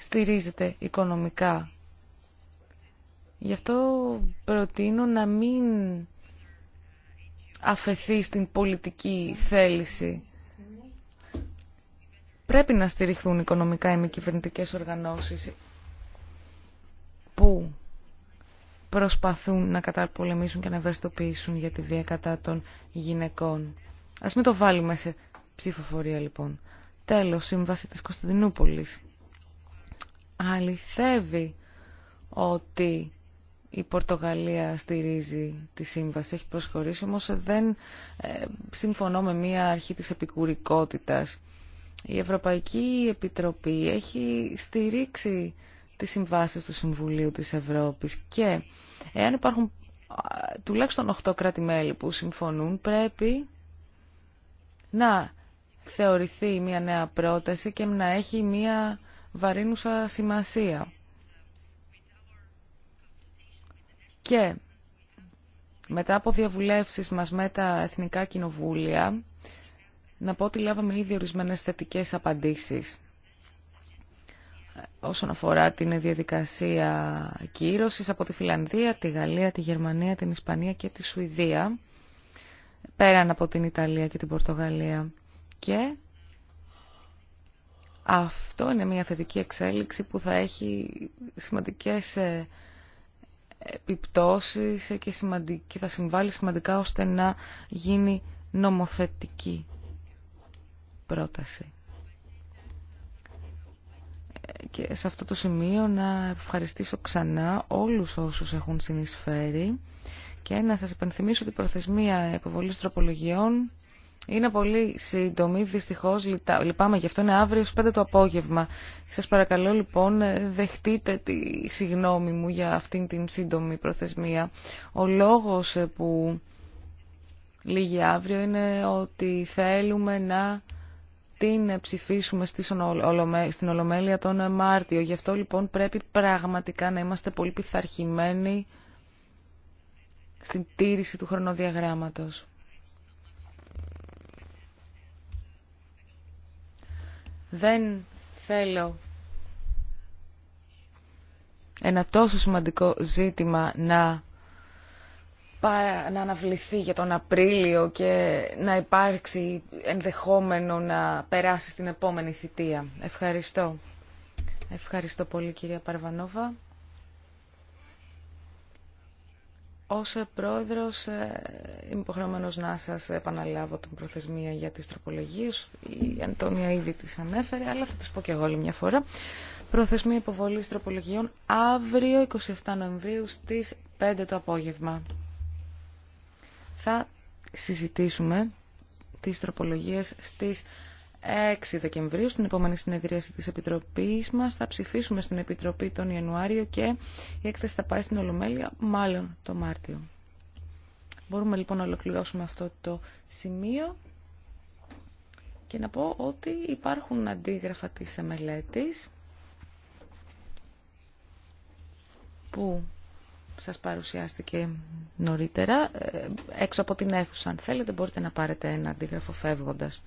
στηρίζεται οικονομικά. Γι' αυτό προτείνω να μην αφαιθεί στην πολιτική θέληση. Πρέπει να στηριχθούν οικονομικά οι μη κυβερνητικέ οργανώσεις που προσπαθούν να καταπολεμήσουν και να ευαισθητοποιήσουν για τη βία κατά των γυναικών. Ας μην το βάλουμε σε ψηφοφορία λοιπόν. Τέλος, Σύμβαση της Κωνσταντινούπολης αληθεύει ότι η Πορτογαλία στηρίζει τη σύμβαση, έχει προσχωρήσει, όμως δεν ε, συμφωνώ με μία αρχή της επικουρικότητας. Η Ευρωπαϊκή Επιτροπή έχει στηρίξει τις συμβάσεις του Συμβουλίου της Ευρώπης και εάν υπάρχουν τουλάχιστον 8 κράτη-μέλη που συμφωνούν, πρέπει να θεωρηθεί μια νέα πρόταση και να έχει μια βαρύνουσα σημασία. Και μετά από διαβουλεύσεις μας με τα Εθνικά Κοινοβούλια, να πω ότι λάβαμε ήδη ορισμένε θετικές απαντήσεις όσον αφορά την διαδικασία κύρωσης από τη Φιλανδία, τη Γαλλία, τη Γερμανία, την Ισπανία και τη Σουηδία, πέραν από την Ιταλία και την Πορτογαλία. Και αυτό είναι μια θετική εξέλιξη που θα έχει σημαντικές ε, επιπτώσεις και, θα συμβάλλει σημαντικά ώστε να γίνει νομοθετική πρόταση. Και σε αυτό το σημείο να ευχαριστήσω ξανά όλους όσους έχουν συνεισφέρει και να σας υπενθυμίσω ότι προθεσμία υποβολής τροπολογιών είναι πολύ σύντομη, Δυστυχώ, λυπάμαι γι' αυτό, είναι αύριο στι 5 το απόγευμα. Σας παρακαλώ λοιπόν ε, δεχτείτε τη συγγνώμη μου για αυτήν την σύντομη προθεσμία. Ο λόγος ε, που λίγη αύριο είναι ότι θέλουμε να την ψηφίσουμε στην Ολομέλεια τον Μάρτιο. Γι' αυτό λοιπόν πρέπει πραγματικά να είμαστε πολύ πειθαρχημένοι στην τήρηση του χρονοδιαγράμματος. Δεν θέλω ένα τόσο σημαντικό ζήτημα να, να αναβληθεί για τον Απρίλιο και να υπάρξει ενδεχόμενο να περάσει στην επόμενη θητεία. Ευχαριστώ. Ευχαριστώ πολύ κυρία Παρβανόβα. Ως πρόεδρος ε, είμαι υποχρεωμένος να σας επαναλάβω την προθεσμία για τις τροπολογίες. Η Αντώνια ήδη τις ανέφερε, αλλά θα τις πω και εγώ άλλη μια φορά. Προθεσμία υποβολής τροπολογιών αύριο 27 Νοεμβρίου στις 5 το απόγευμα. Θα συζητήσουμε τις τροπολογίες στις 6 Δεκεμβρίου, στην επόμενη συνεδρίαση της Επιτροπής μας. Θα ψηφίσουμε στην Επιτροπή τον Ιανουάριο και η έκθεση θα πάει στην Ολομέλεια μάλλον το Μάρτιο. Μπορούμε λοιπόν να ολοκληρώσουμε αυτό το σημείο και να πω ότι υπάρχουν αντίγραφα της μελέτης που σας παρουσιάστηκε νωρίτερα ε, έξω από την αίθουσα. Αν θέλετε μπορείτε να πάρετε ένα αντίγραφο φεύγοντας.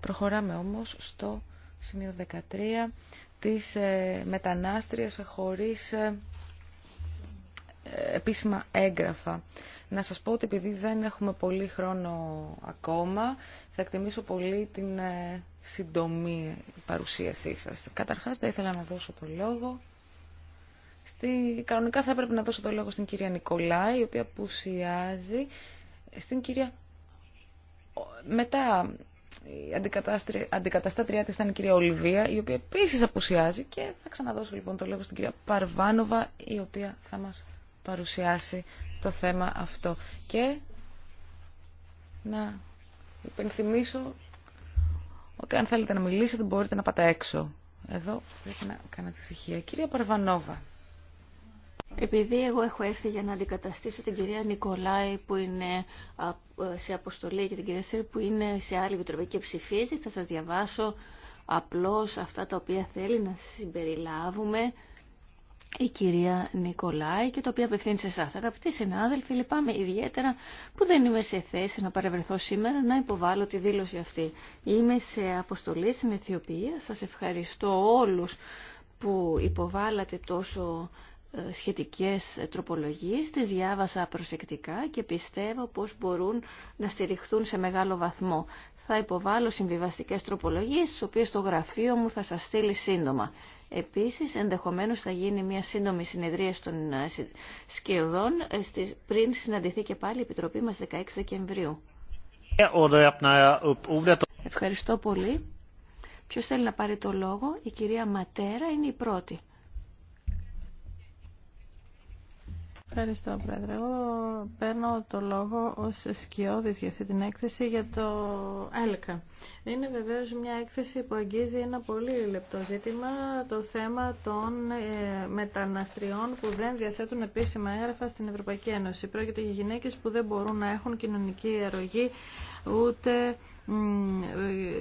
Προχωράμε όμως στο σημείο 13 της ε, μετανάστριας χωρίς ε, ε, επίσημα έγγραφα. Να σας πω ότι επειδή δεν έχουμε πολύ χρόνο ακόμα, θα εκτιμήσω πολύ την συντομή παρουσίασή σας. Καταρχάς θα ήθελα να δώσω το λόγο. Στη... Κανονικά θα έπρεπε να δώσω το λόγο στην κυρία Νικολάη, η οποία πουσιάζει στην κυρία... Μετά η αντικαταστάτριά της ήταν η κυρία Ολυβία, η οποία επίσης απουσιάζει και θα ξαναδώσω λοιπόν το λόγο στην κυρία Παρβάνοβα, η οποία θα μας παρουσιάσει το θέμα αυτό. Και να υπενθυμίσω ότι αν θέλετε να μιλήσετε μπορείτε να πάτε έξω. Εδώ πρέπει να κάνετε ησυχία. Κυρία Παρβανόβα. Επειδή εγώ έχω έρθει για να αντικαταστήσω την κυρία Νικολάη που είναι σε αποστολή και την κυρία Σέρ που είναι σε άλλη βιτροπή και ψηφίζει, θα σας διαβάσω απλώς αυτά τα οποία θέλει να συμπεριλάβουμε η κυρία Νικολάη και το οποίο απευθύνει σε εσά. Αγαπητοί συνάδελφοι, λυπάμαι ιδιαίτερα που δεν είμαι σε θέση να παρευρεθώ σήμερα να υποβάλω τη δήλωση αυτή. Είμαι σε αποστολή στην Αιθιοπία. Σας ευχαριστώ όλους που υποβάλατε τόσο ε, σχετικές ε, τροπολογίες, τις διάβασα προσεκτικά και πιστεύω πως μπορούν να στηριχθούν σε μεγάλο βαθμό. Θα υποβάλω συμβιβαστικές τροπολογίες, τις οποίες το γραφείο μου θα σας στείλει σύντομα. Επίσης, ενδεχομένως θα γίνει μια σύντομη συνεδρία των ε, σκιωδών πριν συναντηθεί και πάλι η Επιτροπή μας 16 Δεκεμβρίου. Ευχαριστώ πολύ. Ποιος θέλει να πάρει το λόγο, η κυρία Ματέρα είναι η πρώτη. Ευχαριστώ, Πρόεδρε. Εγώ παίρνω το λόγο ως σκιώδης για αυτή την έκθεση για το ΕΛΚΑ. Είναι βεβαίως μια έκθεση που αγγίζει ένα πολύ λεπτό ζήτημα, το θέμα των ε, μεταναστριών που δεν διαθέτουν επίσημα έγγραφα στην Ευρωπαϊκή Ένωση. Πρόκειται για γυναίκες που δεν μπορούν να έχουν κοινωνική αρρωγή ούτε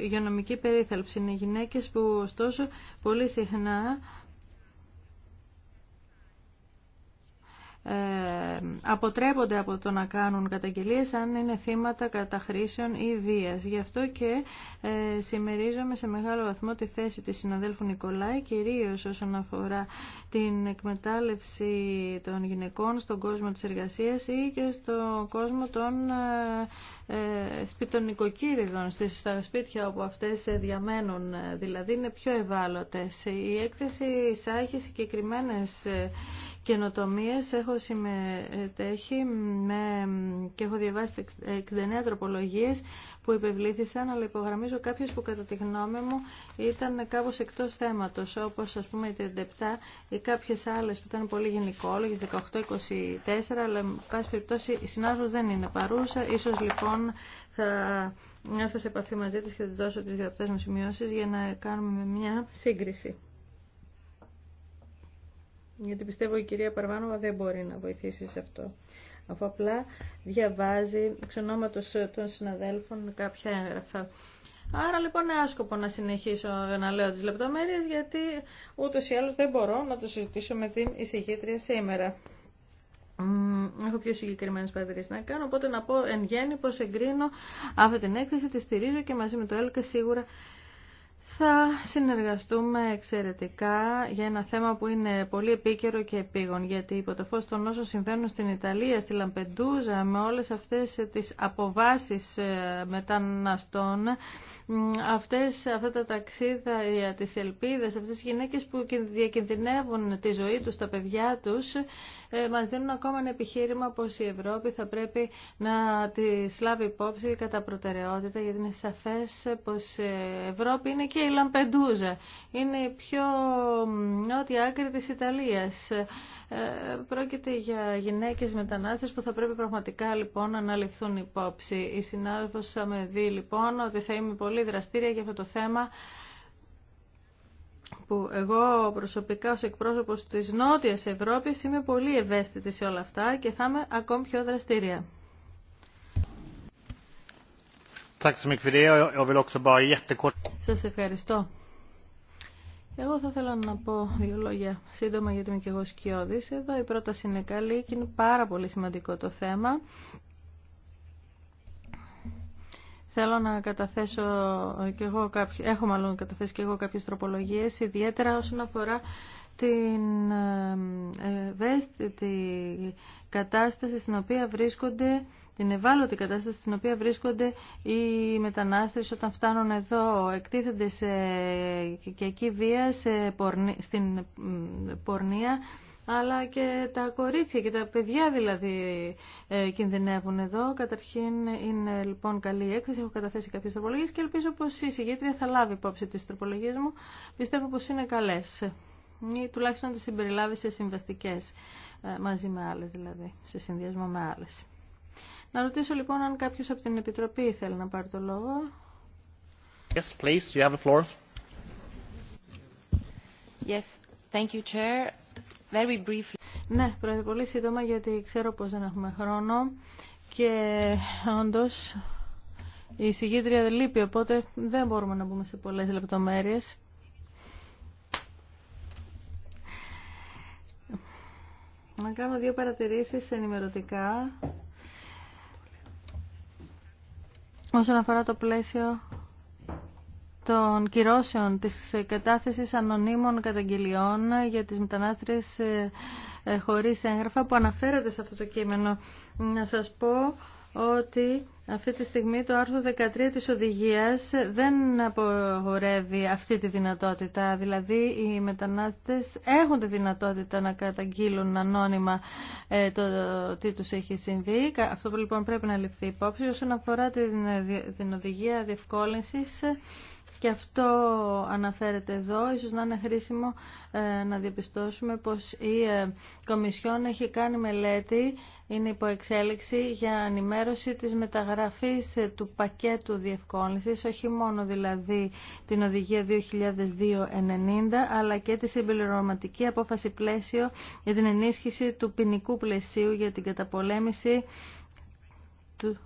υγειονομική περίθαλψη. Είναι γυναίκες που ωστόσο πολύ συχνά Ε, αποτρέπονται από το να κάνουν καταγγελίες αν είναι θύματα καταχρήσεων ή βίας. Γι' αυτό και ε, συμμερίζομαι σε μεγάλο βαθμό τη θέση της συναδέλφου Νικολάη, κυρίως όσον αφορά την εκμετάλλευση των γυναικών στον κόσμο της εργασίας ή και στον κόσμο των ε, ε στις στα σπίτια όπου αυτές διαμένουν, δηλαδή είναι πιο ευάλωτες. Η έκθεση εισάγει συγκεκριμένες ε, καινοτομίε Έχω συμμετέχει με, και έχω διαβάσει 69 τροπολογίε που υπευλήθησαν, αλλά υπογραμμίζω κάποιε που κατά τη γνώμη μου ήταν κάπως εκτό θέματο. Όπω α πούμε οι 37 ή κάποιες άλλες που ήταν πολύ γενικόλογες, 18-24, αλλά με πάση περιπτώσει η κάποιε άλλε που ηταν πολυ γενικολογες 18 24 αλλα με παση περιπτωσει η συναδελφο δεν είναι παρούσα. Ίσως λοιπόν θα έρθω σε επαφή μαζί τη και θα τη δώσω τι γραπτέ μου σημειώσει για να κάνουμε μια σύγκριση γιατί πιστεύω η κυρία Παρβάνοβα δεν μπορεί να βοηθήσει σε αυτό αφού απλά διαβάζει εξ ονόματος των συναδέλφων κάποια έγγραφα. Άρα λοιπόν είναι άσκοπο να συνεχίσω να λέω τις λεπτομέρειες γιατί ούτως ή άλλως δεν μπορώ να το συζητήσω με την εισηγήτρια σήμερα. Έχω πιο συγκεκριμένε παρατηρήσει να κάνω, οπότε να πω εν γέννη πω εγκρίνω αυτή την έκθεση, τη στηρίζω και μαζί με το ΕΛΚΑ σίγουρα θα συνεργαστούμε εξαιρετικά για ένα θέμα που είναι πολύ επίκαιρο και επίγον, γιατί υπό το φως των όσων συμβαίνουν στην Ιταλία, στη Λαμπεντούζα, με όλες αυτές τις αποβάσεις ε, μεταναστών, αυτές, αυτά τα ταξίδια, τις ελπίδες, αυτές οι γυναίκες που διακινδυνεύουν τη ζωή τους, τα παιδιά τους, ε, μας δίνουν ακόμα ένα επιχείρημα πως η Ευρώπη θα πρέπει να τη λάβει υπόψη κατά προτεραιότητα, γιατί είναι σαφές πως η ε, Ευρώπη είναι και η Λαμπεντούζα. Είναι η πιο νότια άκρη της Ιταλίας. Ε, πρόκειται για γυναίκες μετανάστες που θα πρέπει πραγματικά λοιπόν να αναλυφθούν υπόψη. Η συνάδελφος με δει λοιπόν ότι θα είμαι πολύ δραστήρια για αυτό το θέμα που εγώ προσωπικά ως εκπρόσωπος της Νότιας Ευρώπης είμαι πολύ ευαίσθητη σε όλα αυτά και θα είμαι ακόμη πιο δραστήρια. Σας ευχαριστώ. Εγώ θα ήθελα να πω δύο λόγια σύντομα γιατί είμαι και εγώ σκιώδης. Εδώ η πρόταση είναι καλή και είναι πάρα πολύ σημαντικό το θέμα. Θέλω να καταθέσω και εγώ έχω μάλλον καταθέσει και εγώ κάποιες τροπολογίες, ιδιαίτερα όσον αφορά την ε, ε, ευαίσθητη κατάσταση στην οποία βρίσκονται την ευάλωτη κατάσταση στην οποία βρίσκονται οι μετανάστες όταν φτάνουν εδώ. Εκτίθενται σε εκεί βία, σε στην πορνεία, αλλά και τα κορίτσια και τα παιδιά δηλαδή ε, κινδυνεύουν εδώ. Καταρχήν είναι λοιπόν καλή η έκθεση, έχω καταθέσει κάποιες τροπολογίες και ελπίζω πως η συγγήτρια θα λάβει υπόψη τις τροπολογίες μου. Πιστεύω πως είναι καλές ή τουλάχιστον τις συμπεριλάβει σε συμβαστικές ε, μαζί με άλλες δηλαδή, σε συνδυασμό με άλλες. Να ρωτήσω λοιπόν αν κάποιος από την Επιτροπή θέλει να πάρει το λόγο. Yes, please, you have the floor. Yes, thank you, Chair. Very briefly. Ναι, πρόεδρε, πολύ σύντομα γιατί ξέρω πως δεν έχουμε χρόνο και όντως η συγκίτρια λείπει, οπότε δεν μπορούμε να μπούμε σε πολλές λεπτομέρειες. Να κάνω δύο παρατηρήσεις ενημερωτικά όσον αφορά το πλαίσιο των κυρώσεων της κατάθεσης ανωνύμων καταγγελιών για τις μετανάστρες ε, ε, χωρίς έγγραφα που αναφέρεται σε αυτό το κείμενο. Να σας πω ότι αυτή τη στιγμή το άρθρο 13 της οδηγίας δεν απογορεύει αυτή τη δυνατότητα. Δηλαδή οι μετανάστες έχουν τη δυνατότητα να καταγγείλουν ανώνυμα ε, το τι τους έχει συμβεί. Αυτό που λοιπόν πρέπει να ληφθεί υπόψη όσον αφορά την ε, οδηγία διευκόλυνσης και αυτό αναφέρεται εδώ. Ίσως να είναι χρήσιμο ε, να διαπιστώσουμε πως η ε, Κομισιόν έχει κάνει μελέτη, είναι υπό εξέλιξη για ανημέρωση της μεταγραφής ε, του πακέτου διευκόλυνσης, όχι μόνο δηλαδή την Οδηγία 2002-90, αλλά και τη συμπληρωματική απόφαση πλαίσιο για την ενίσχυση του ποινικού πλαισίου για την καταπολέμηση του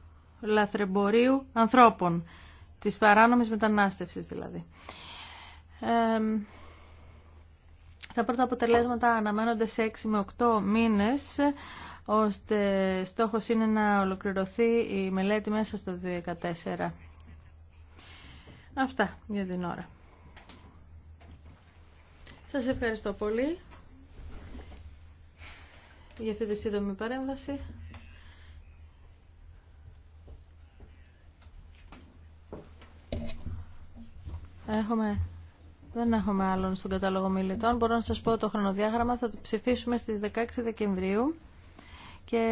λαθρεμπορίου ανθρώπων της παράνομης μετανάστευσης δηλαδή. Ε, τα πρώτα αποτελέσματα αναμένονται σε 6 με 8 μήνες, ώστε στόχος είναι να ολοκληρωθεί η μελέτη μέσα στο 2014. Αυτά για την ώρα. Σας ευχαριστώ πολύ για αυτή τη σύντομη παρέμβαση. Έχουμε... Δεν έχουμε άλλον στον κατάλογο μιλητών. Μπορώ να σας πω το χρονοδιάγραμμα. Θα το ψηφίσουμε στις 16 Δεκεμβρίου και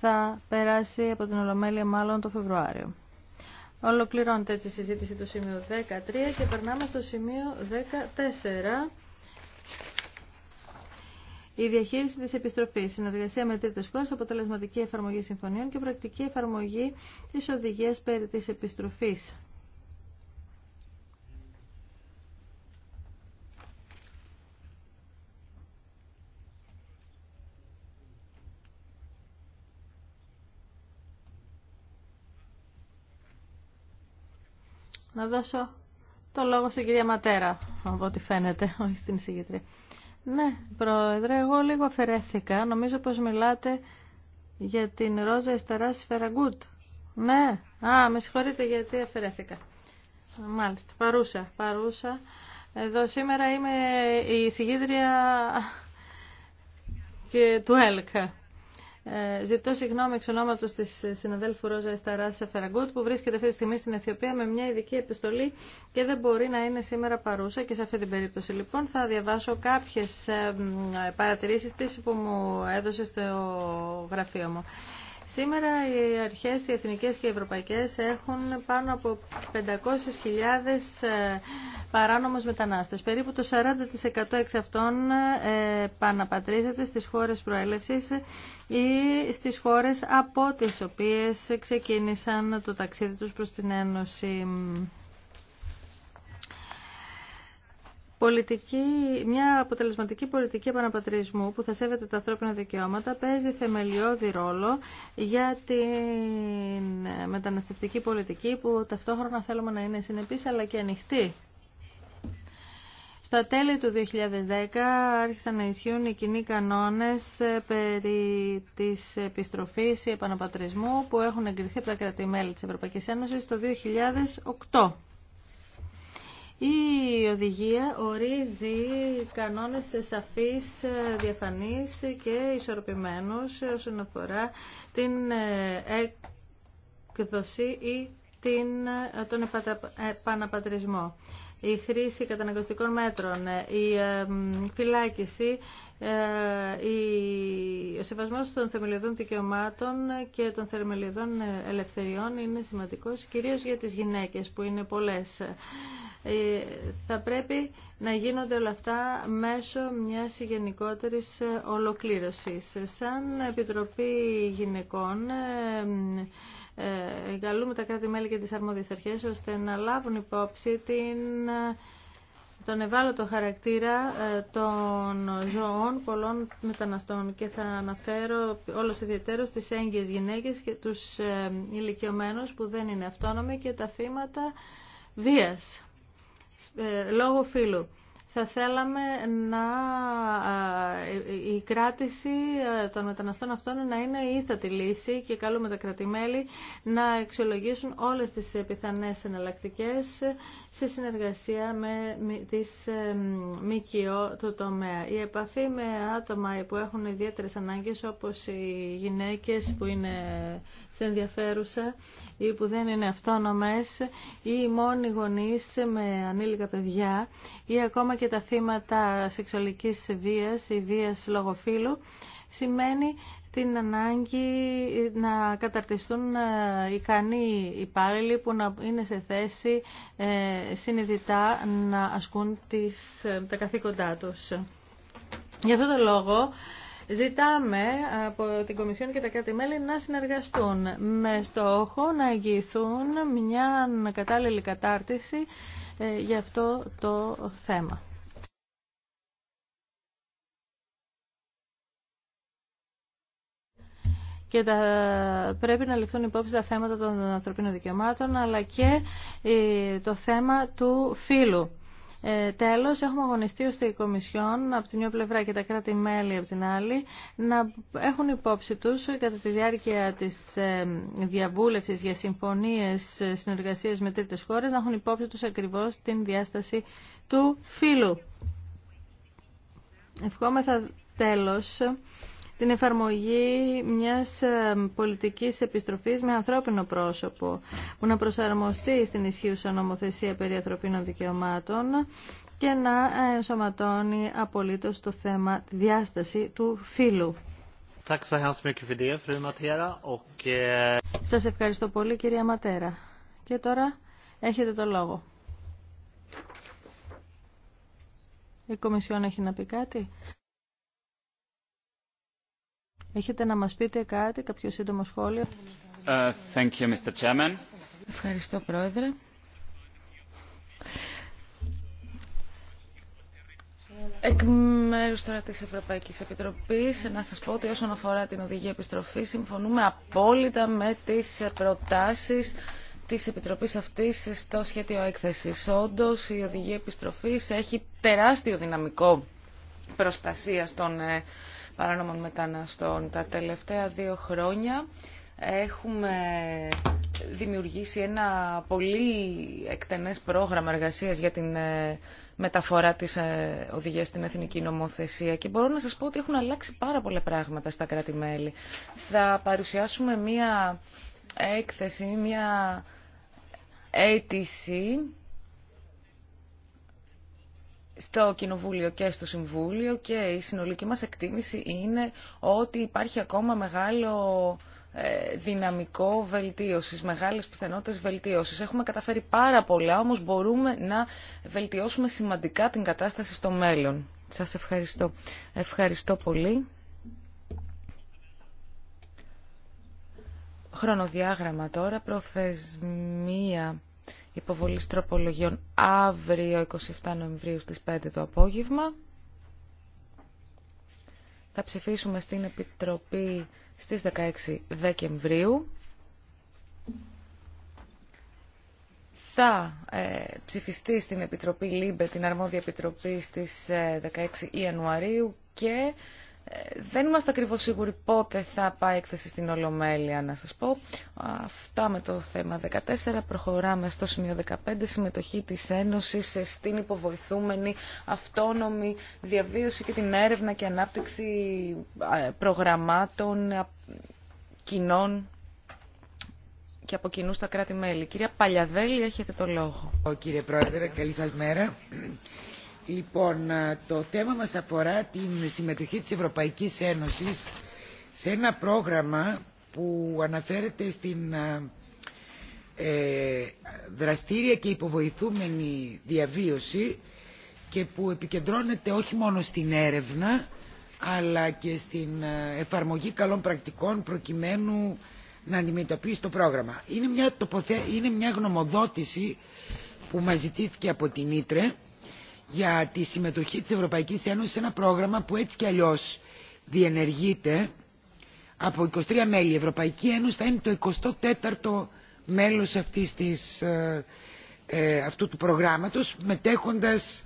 θα περάσει από την Ολομέλεια μάλλον το Φεβρουάριο. Ολοκληρώνεται έτσι η συζήτηση του σημείου 13 και περνάμε στο σημείο 14. Η διαχείριση της επιστροφής, συνεργασία με τρίτες χώρες, αποτελεσματική εφαρμογή συμφωνιών και πρακτική εφαρμογή της οδηγίας περί της επιστροφής. να δώσω το λόγο στην κυρία Ματέρα, από ό,τι φαίνεται, <laughs> όχι στην εισηγήτρια. Ναι, Πρόεδρε, εγώ λίγο αφαιρέθηκα. Νομίζω πως μιλάτε για την Ρόζα Εσταράς Φεραγκούτ. Ναι, α, με συγχωρείτε γιατί αφαιρέθηκα. Μάλιστα, παρούσα, παρούσα. Εδώ σήμερα είμαι η εισηγήτρια <laughs> και του ΕΛΚΑ. Ε, ζητώ συγγνώμη εξ ονόματο της συναδέλφου Ρόζα Εσταράς Σεφεραγκούτ που βρίσκεται αυτή τη στιγμή στην Αιθιοπία με μια ειδική επιστολή και δεν μπορεί να είναι σήμερα παρούσα και σε αυτή την περίπτωση λοιπόν θα διαβάσω κάποιες ε, παρατηρήσεις τη που μου έδωσε στο γραφείο μου. Σήμερα οι αρχές, οι εθνικές και οι ευρωπαϊκές έχουν πάνω από 500.000 ε, παράνομους μετανάστες. Περίπου το 40% εξ αυτών ε, παναπατρίζεται στις χώρες προέλευσης ή στις χώρες από τις οποίες ξεκίνησαν το ταξίδι τους προς την Ένωση. πολιτική, μια αποτελεσματική πολιτική επαναπατρισμού που θα σέβεται τα ανθρώπινα δικαιώματα παίζει θεμελιώδη ρόλο για την μεταναστευτική πολιτική που ταυτόχρονα θέλουμε να είναι συνεπής αλλά και ανοιχτή. Στα τέλη του 2010 άρχισαν να ισχύουν οι κοινοί κανόνες ε, περί της επιστροφής ή επαναπατρισμού που έχουν εγκριθεί από τα κράτη-μέλη της Ευρωπαϊκής Ένωσης το 2008. Η οδηγία ορίζει κανόνες σαφής διαφανείς και ισορροπημένους όσον αφορά την ε, έκδοση ή την, ε, τον ε, επαναπατρισμό η χρήση καταναγκαστικών μέτρων, ε, η φυλάκιση, ε, ο σεβασμός των θεμελιωδών δικαιωμάτων και των θεμελιωδών ε, ελευθεριών είναι σημαντικός, κυρίως για τις γυναίκες που είναι πολλές. Θα πρέπει να γίνονται όλα αυτά μέσω μιας γενικότερης ολοκλήρωσης. Σαν Επιτροπή Γυναικών ε, εγκαλούμε τα κράτη-μέλη και τις αρμόδιες αρχές ώστε να λάβουν υπόψη την, τον ευάλωτο χαρακτήρα ε, των ζωών πολλών μεταναστών και θα αναφέρω όλος ιδιαίτερος τις έγκυες γυναίκες και τους ε, ηλικιωμένους που δεν είναι αυτόνομοι και τα θύματα βίας λόγω φύλου θα θέλαμε να η κράτηση των μεταναστών αυτών να είναι η ίστατη λύση και καλούμε τα κρατημέλη να αξιολογήσουν όλες τις πιθανές εναλλακτικέ σε συνεργασία με τις ΜΚΟ του τομέα. Η επαφή με άτομα που έχουν ιδιαίτερες ανάγκες όπως οι γυναίκες που είναι σε ενδιαφέρουσα ή που δεν είναι αυτόνομες ή μόνοι γονείς με ανήλικα παιδιά ή ακόμα και και τα θύματα σεξουαλικής βίας ή βίας λογοφύλου σημαίνει την ανάγκη ε, να καταρτιστούν ε, ικανοί υπάλληλοι που να είναι σε θέση ε, συνειδητά να ασκούν τις, τα καθήκοντά τους. Γι' αυτό το λόγο ζητάμε από την Κομισιόν και τα Κάτι μελη να συνεργαστούν με στόχο να εγγυηθούν μια κατάλληλη κατάρτιση για αυτό το θέμα. και τα, πρέπει να ληφθούν υπόψη τα θέματα των ανθρωπίνων δικαιωμάτων αλλά και ε, το θέμα του φύλου. Ε, τέλος, έχουμε αγωνιστεί ώστε οι Κομισιόν από τη μια πλευρά και τα κράτη-μέλη από την άλλη να έχουν υπόψη τους ε, κατά τη διάρκεια της ε, διαβούλευσης για συμφωνίες ε, συνεργασίες με τρίτες χώρες να έχουν υπόψη τους ακριβώς την διάσταση του φύλου. Ευχόμεθα τέλος την εφαρμογή μιας ε, πολιτικής επιστροφής με ανθρώπινο πρόσωπο που να προσαρμοστεί στην ισχύουσα νομοθεσία περί ανθρωπίνων δικαιωμάτων και να ε, ενσωματώνει απολύτως το θέμα, τη διάσταση του φύλου. Σας ευχαριστώ πολύ κυρία Ματέρα. Και τώρα έχετε το λόγο. Η Κομισιόν έχει να πει κάτι. Έχετε να μας πείτε κάτι, κάποιο σύντομο σχόλιο. Ε, thank you, Mr. Chairman. Ευχαριστώ, Πρόεδρε. Εκ μέρους τώρα της Ευρωπαϊκής Επιτροπής, να σας πω ότι όσον αφορά την οδηγία επιστροφής, συμφωνούμε απόλυτα με τις προτάσεις της Επιτροπής αυτής στο σχέδιο έκθεση, Όντως, η οδηγία επιστροφής έχει τεράστιο δυναμικό προστασίας των ε, παράνομων μεταναστών. Τα τελευταία δύο χρόνια έχουμε δημιουργήσει ένα πολύ εκτενές πρόγραμμα εργασίας για την ε, μεταφορά της ε, οδηγίας στην εθνική νομοθεσία και μπορώ να σας πω ότι έχουν αλλάξει πάρα πολλά πράγματα στα κράτη-μέλη. Θα παρουσιάσουμε μία έκθεση, μία αίτηση στο Κοινοβούλιο και στο Συμβούλιο και η συνολική μας εκτίμηση είναι ότι υπάρχει ακόμα μεγάλο ε, δυναμικό βελτίωσης, μεγάλες πιθανότητες βελτίωσης. Έχουμε καταφέρει πάρα πολλά, όμως μπορούμε να βελτιώσουμε σημαντικά την κατάσταση στο μέλλον. Σας ευχαριστώ. Ευχαριστώ πολύ. Χρονοδιάγραμμα τώρα, προθεσμία Υποβολή τροπολογιών αύριο 27 Νοεμβρίου στις 5 το απόγευμα. Θα ψηφίσουμε στην Επιτροπή στις 16 Δεκεμβρίου. Θα ε, ψηφιστεί στην Επιτροπή ΛΥΜΠΕ, την αρμόδια Επιτροπή, στις 16 ε, Ιανουαρίου και δεν είμαστε ακριβώς σίγουροι πότε θα πάει έκθεση στην Ολομέλεια, να σας πω. Αυτά με το θέμα 14. Προχωράμε στο σημείο 15, συμμετοχή της Ένωσης στην υποβοηθούμενη αυτόνομη διαβίωση και την έρευνα και ανάπτυξη ε, προγραμμάτων κοινών και από κοινού στα κράτη-μέλη. Κυρία Παλιαδέλη, έχετε το λόγο. Κύριε Πρόεδρε, καλή σας μέρα. Λοιπόν, το θέμα μας αφορά την συμμετοχή της Ευρωπαϊκής Ένωσης σε ένα πρόγραμμα που αναφέρεται στην ε, δραστήρια και υποβοηθούμενη διαβίωση και που επικεντρώνεται όχι μόνο στην έρευνα αλλά και στην εφαρμογή καλών πρακτικών προκειμένου να αντιμετωπίσει το πρόγραμμα. Είναι μια, Είναι μια γνωμοδότηση που μας ζητήθηκε από την Ήτρε για τη συμμετοχή της Ευρωπαϊκής Ένωσης σε ένα πρόγραμμα που έτσι κι αλλιώς διενεργείται από 23 μέλη. Η Ευρωπαϊκή Ένωση θα είναι το 24ο μέλος αυτής της, ε, ε, αυτού του προγράμματος μετέχοντας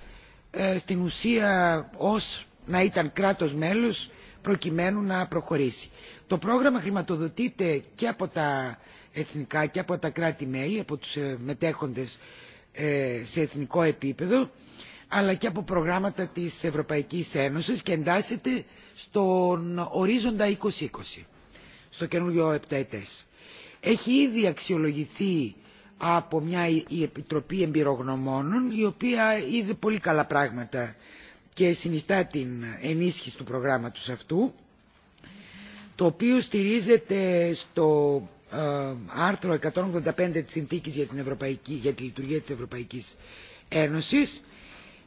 ε, στην ουσία ως να ήταν κράτος μέλος προκειμένου να προχωρήσει. Το πρόγραμμα χρηματοδοτείται και από τα εθνικά και από τα κράτη-μέλη, από τους μετέχοντες σε εθνικό επίπεδο αλλά και από προγράμματα της Ευρωπαϊκής Ένωσης και εντάσσεται στον ορίζοντα 2020, στο καινούριο επταετές. Έχει ήδη αξιολογηθεί από μια η Επιτροπή Εμπειρογνωμόνων, η οποία είδε πολύ καλά πράγματα και συνιστά την ενίσχυση του προγράμματος αυτού, το οποίο στηρίζεται στο ε, άρθρο 185 της Συνθήκης για, την για τη λειτουργία της Ευρωπαϊκής Ένωσης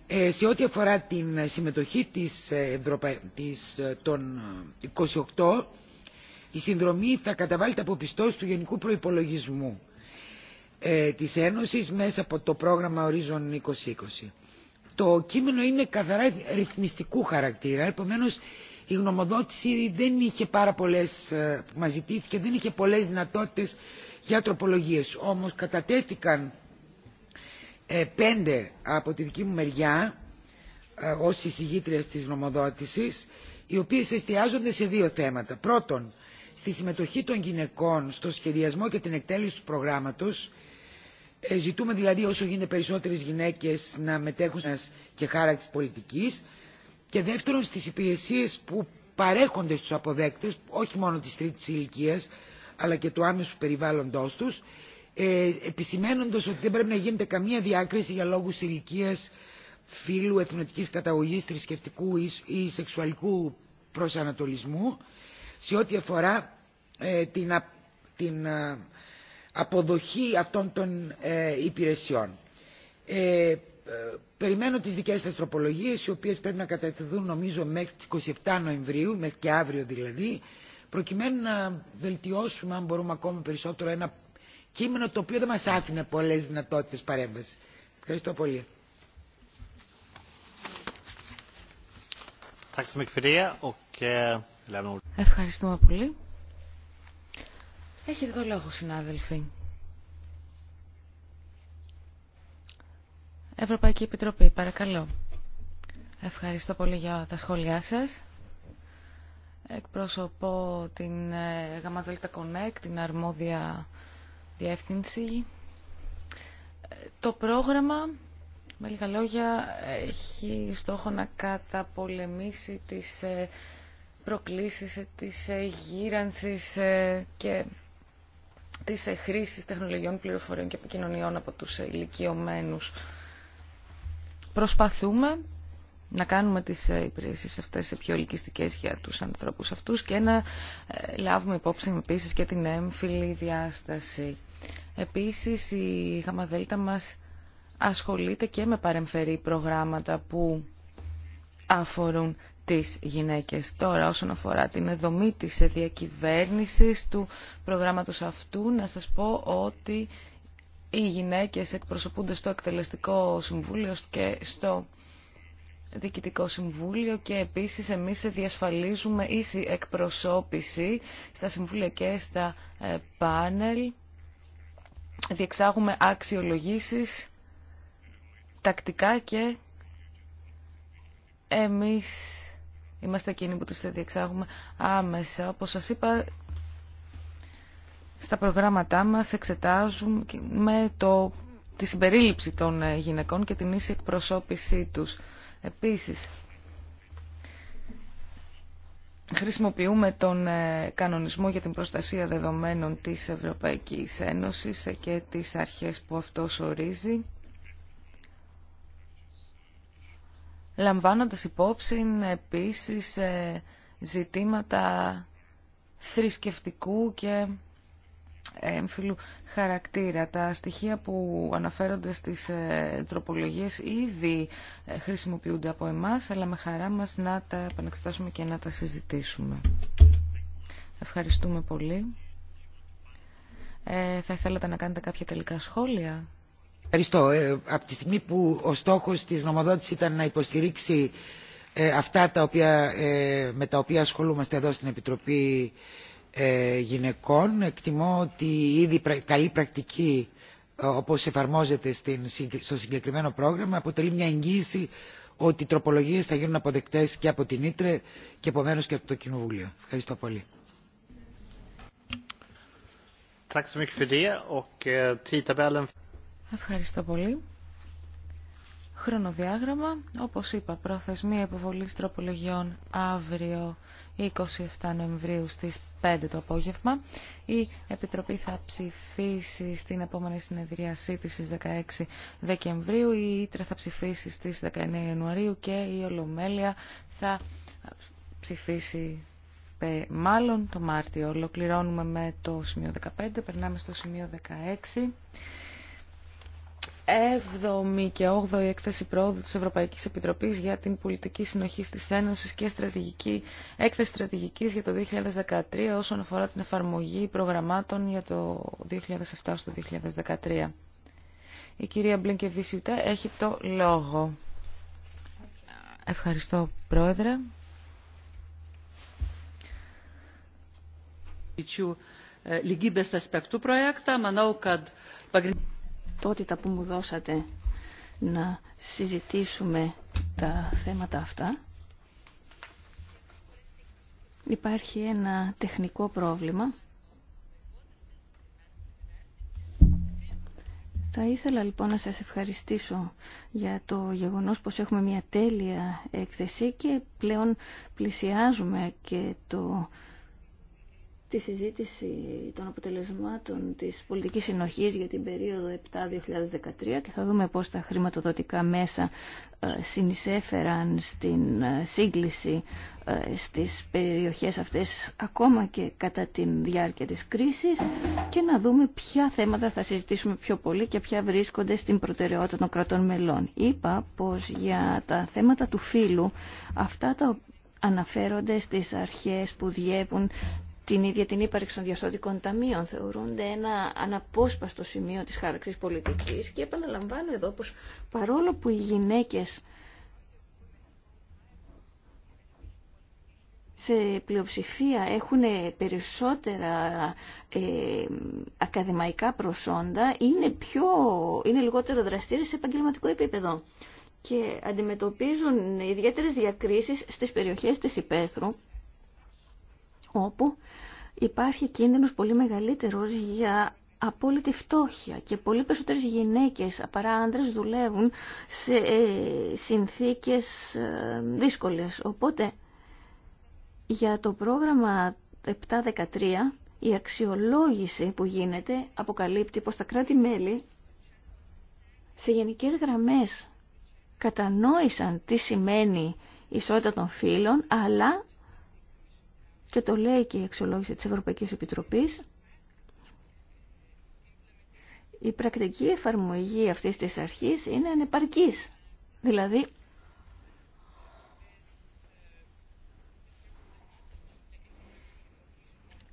ε, σε ό,τι αφορά την συμμετοχή της ε, ε, των 28, η συνδρομή θα καταβάλλεται από πιστώσεις του Γενικού Προϋπολογισμού ε, της Ένωσης μέσα από το πρόγραμμα Horizon 2020. Το κείμενο είναι καθαρά ρυθμιστικού χαρακτήρα, επομένως η γνωμοδότηση δεν είχε πάρα πολλές, που και δεν είχε πολλές δυνατότητες για τροπολογίες. Όμως κατατέθηκαν ε, πέντε από τη δική μου μεριά ε, ως εισηγήτριας της νομοδότησης, οι οποίες εστιάζονται σε δύο θέματα. Πρώτον, στη συμμετοχή των γυναικών στο σχεδιασμό και την εκτέλεση του προγράμματος ε, ζητούμε δηλαδή όσο γίνεται περισσότερες γυναίκες να μετέχουν και χάραξη πολιτικής και δεύτερον στις υπηρεσίες που παρέχονται στους αποδέκτες όχι μόνο της τρίτης ηλικίας αλλά και του άμεσου περιβάλλοντός τους ε, επισημένοντας ότι δεν πρέπει να γίνεται καμία διάκριση για λόγους ηλικίας, φύλου, εθνοτικής καταγωγής, θρησκευτικού ή σεξουαλικού προσανατολισμού σε ό,τι αφορά ε, την ε, αποδοχή αυτών των υπηρεσιών. Περιμένω τις δικές σας τροπολογίες, οι οποίες πρέπει να κατατεθούν νομίζω μέχρι τις 27 Νοεμβρίου, μέχρι και αύριο δηλαδή, προκειμένου να βελτιώσουμε, αν μπορούμε ακόμα περισσότερο, ένα κείμενο το οποίο δεν μας άφηνε πολλές δυνατότητες παρέμβασης. Ευχαριστώ πολύ. Eh, Ευχαριστούμε πολύ. Έχετε το λόγο, συνάδελφοι. Ευρωπαϊκή Επιτροπή, παρακαλώ. Ευχαριστώ πολύ για τα σχόλιά σας. Εκπρόσωπω την ε, Γαμαδέλτα Connect, την αρμόδια διεύθυνση. Το πρόγραμμα, με λίγα λόγια, έχει στόχο να καταπολεμήσει τις ε, προκλήσεις ε, της ε, γύρανσης και της χρήσης τεχνολογιών πληροφοριών και επικοινωνιών από τους ηλικιωμένους. Προσπαθούμε να κάνουμε τις υπηρεσίες αυτές πιο ελκυστικές για τους ανθρώπους αυτούς και να λάβουμε υπόψη επίσης και την έμφυλη διάσταση. Επίσης η Γαμαδέλτα μας ασχολείται και με παρεμφερή προγράμματα που αφορούν τις γυναίκες. Τώρα όσον αφορά την δομή της διακυβέρνησης του προγράμματος αυτού, να σας πω ότι οι γυναίκες εκπροσωπούνται στο εκτελεστικό συμβούλιο και στο Διοικητικό Συμβούλιο και επίσης εμείς διασφαλίζουμε ίση εκπροσώπηση στα συμβούλια και στα ε, πάνελ διεξάγουμε αξιολογήσεις τακτικά και εμείς είμαστε εκείνοι που τους διεξάγουμε άμεσα. Όπως σας είπα, στα προγράμματά μας εξετάζουμε το, τη συμπερίληψη των γυναικών και την ίση εκπροσώπησή τους. Επίσης, χρησιμοποιούμε τον ε, κανονισμό για την προστασία δεδομένων της Ευρωπαϊκής Ένωσης και τις αρχές που αυτό ορίζει, λαμβάνοντας υπόψη επίσης ε, ζητήματα θρησκευτικού και έμφυλου χαρακτήρα. Τα στοιχεία που αναφέρονται στις ε, τροπολογίες ήδη ε, χρησιμοποιούνται από εμάς, αλλά με χαρά μας να τα επανεξετάσουμε και να τα συζητήσουμε. Ευχαριστούμε πολύ. Ε, θα ήθελατε να κάνετε κάποια τελικά σχόλια. Ευχαριστώ. Ε, από τη στιγμή που ο στόχος της νομοδότησης ήταν να υποστηρίξει αυτά τα οποία, με τα οποία ασχολούμαστε εδώ στην Επιτροπή ε, γυναικών. Εκτιμώ ότι η ήδη καλή πρακτική ε, όπως εφαρμόζεται στο συγκεκριμένο πρόγραμμα αποτελεί μια εγγύηση ότι οι τροπολογίες θα γίνουν αποδεκτές και από την Ήτρε και επομένω και από το Κοινοβούλιο. Ευχαριστώ πολύ. Eh, Ευχαριστώ πολύ. Χρονοδιάγραμμα, όπως είπα, προθεσμία υποβολής τροπολογιών αύριο 27 Νοεμβρίου στις 5 το απόγευμα. Η Επιτροπή θα ψηφίσει στην επόμενη συνεδρίασή της στις 16 Δεκεμβρίου, η Ήτρα θα ψηφίσει στις 19 Ιανουαρίου και η Ολομέλεια θα ψηφίσει μάλλον το Μάρτιο. Ολοκληρώνουμε με το σημείο 15, περνάμε στο σημείο 16. 7η και 8η έκθεση πρόοδου της Ευρωπαϊκής Επιτροπής για την πολιτική συνοχή της Ένωσης και στρατηγική, έκθεση στρατηγικής για το 2013 όσον αφορά την εφαρμογή προγραμμάτων για το 2007 στο 2013. Η κυρία Μπλενκεβίσιουτα έχει το λόγο. Ευχαριστώ Πρόεδρε. Ευχαριστώ δυνατότητα που μου δώσατε να συζητήσουμε τα θέματα αυτά. Υπάρχει ένα τεχνικό πρόβλημα. Θα ήθελα λοιπόν να σας ευχαριστήσω για το γεγονός πως έχουμε μια τέλεια έκθεση και πλέον πλησιάζουμε και το τη συζήτηση των αποτελεσμάτων της πολιτικής συνοχής για την περίοδο 7-2013 και θα δούμε πώς τα χρηματοδοτικά μέσα ε, συνεισέφεραν στην ε, σύγκληση ε, στις περιοχές αυτές ακόμα και κατά τη διάρκεια της κρίσης και να δούμε ποια θέματα θα συζητήσουμε πιο πολύ και ποια βρίσκονται στην προτεραιότητα των κρατών μελών. Είπα πως για τα θέματα του φύλου αυτά τα αναφέρονται στις αρχές που διέπουν την ίδια την ύπαρξη των διαστατικών ταμείων. Θεωρούνται ένα αναπόσπαστο σημείο της χάραξης πολιτικής και επαναλαμβάνω εδώ πως παρόλο που οι γυναίκες σε πλειοψηφία έχουν περισσότερα ε, ακαδημαϊκά προσόντα, είναι, πιο, είναι λιγότερο δραστήριες σε επαγγελματικό επίπεδο και αντιμετωπίζουν ιδιαίτερες διακρίσεις στις περιοχές της υπαίθρου όπου υπάρχει κίνδυνος πολύ μεγαλύτερος για απόλυτη φτώχεια και πολύ περισσότερες γυναίκες παρά άντρες δουλεύουν σε ε, συνθήκες ε, δύσκολες. Οπότε για το πρόγραμμα 713 η αξιολόγηση που γίνεται αποκαλύπτει πως τα κράτη-μέλη σε γενικές γραμμές κατανόησαν τι σημαίνει ισότητα των φύλων, αλλά και το λέει και η αξιολόγηση της Ευρωπαϊκής Επιτροπής, η πρακτική εφαρμογή αυτής της αρχής είναι ανεπαρκής. Δηλαδή,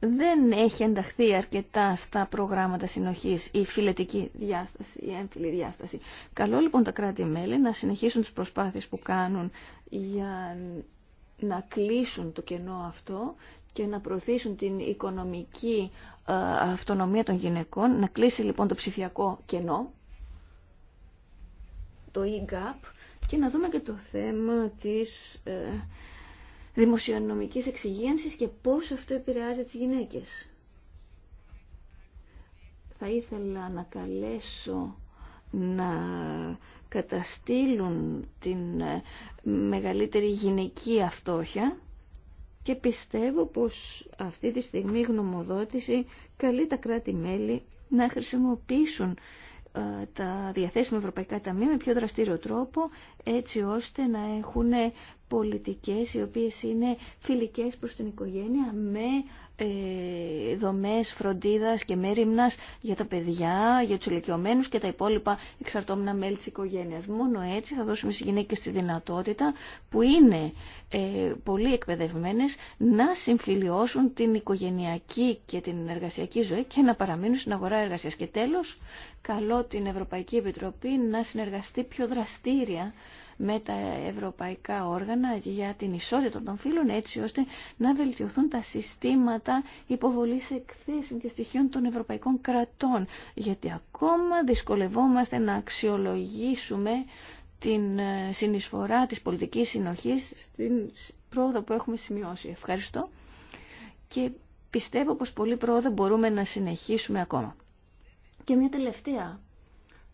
δεν έχει ενταχθεί αρκετά στα προγράμματα συνοχής η φιλετική διάσταση, η έμφυλη διάσταση. Καλό λοιπόν τα κράτη-μέλη να συνεχίσουν τις προσπάθειες που κάνουν για να κλείσουν το κενό αυτό και να προωθήσουν την οικονομική ε, αυτονομία των γυναικών, να κλείσει λοιπόν το ψηφιακό κενό, το e-gap, και να δούμε και το θέμα της ε, δημοσιονομικής εξυγίανσης και πώς αυτό επηρεάζει τις γυναίκες. Θα ήθελα να καλέσω να καταστήλουν την ε, μεγαλύτερη γυναική αυτόχεια και πιστεύω πως αυτή τη στιγμή η γνωμοδότηση καλεί τα κράτη-μέλη να χρησιμοποιήσουν ε, τα διαθέσιμα ευρωπαϊκά ταμεία με πιο δραστήριο τρόπο έτσι ώστε να έχουν πολιτικές οι οποίες είναι φιλικές προς την οικογένεια με ε, δομές φροντίδας και μέρημνας για τα παιδιά, για τους ηλικιωμένους και τα υπόλοιπα εξαρτώμενα μέλη της οικογένειας. Μόνο έτσι θα δώσουμε στις γυναίκες τη δυνατότητα που είναι ε, πολύ εκπαιδευμένες να συμφιλιώσουν την οικογενειακή και την εργασιακή ζωή και να παραμείνουν στην αγορά εργασίας. Και τέλος, καλώ την Ευρωπαϊκή Επιτροπή να συνεργαστεί πιο δραστήρια με τα ευρωπαϊκά όργανα για την ισότητα των φύλων έτσι ώστε να βελτιωθούν τα συστήματα υποβολής εκθέσεων και στοιχείων των ευρωπαϊκών κρατών. Γιατί ακόμα δυσκολευόμαστε να αξιολογήσουμε την ε, συνεισφορά της πολιτικής συνοχής στην πρόοδο που έχουμε σημειώσει. Ευχαριστώ και πιστεύω πως πολύ πρόοδο μπορούμε να συνεχίσουμε ακόμα. Και μια τελευταία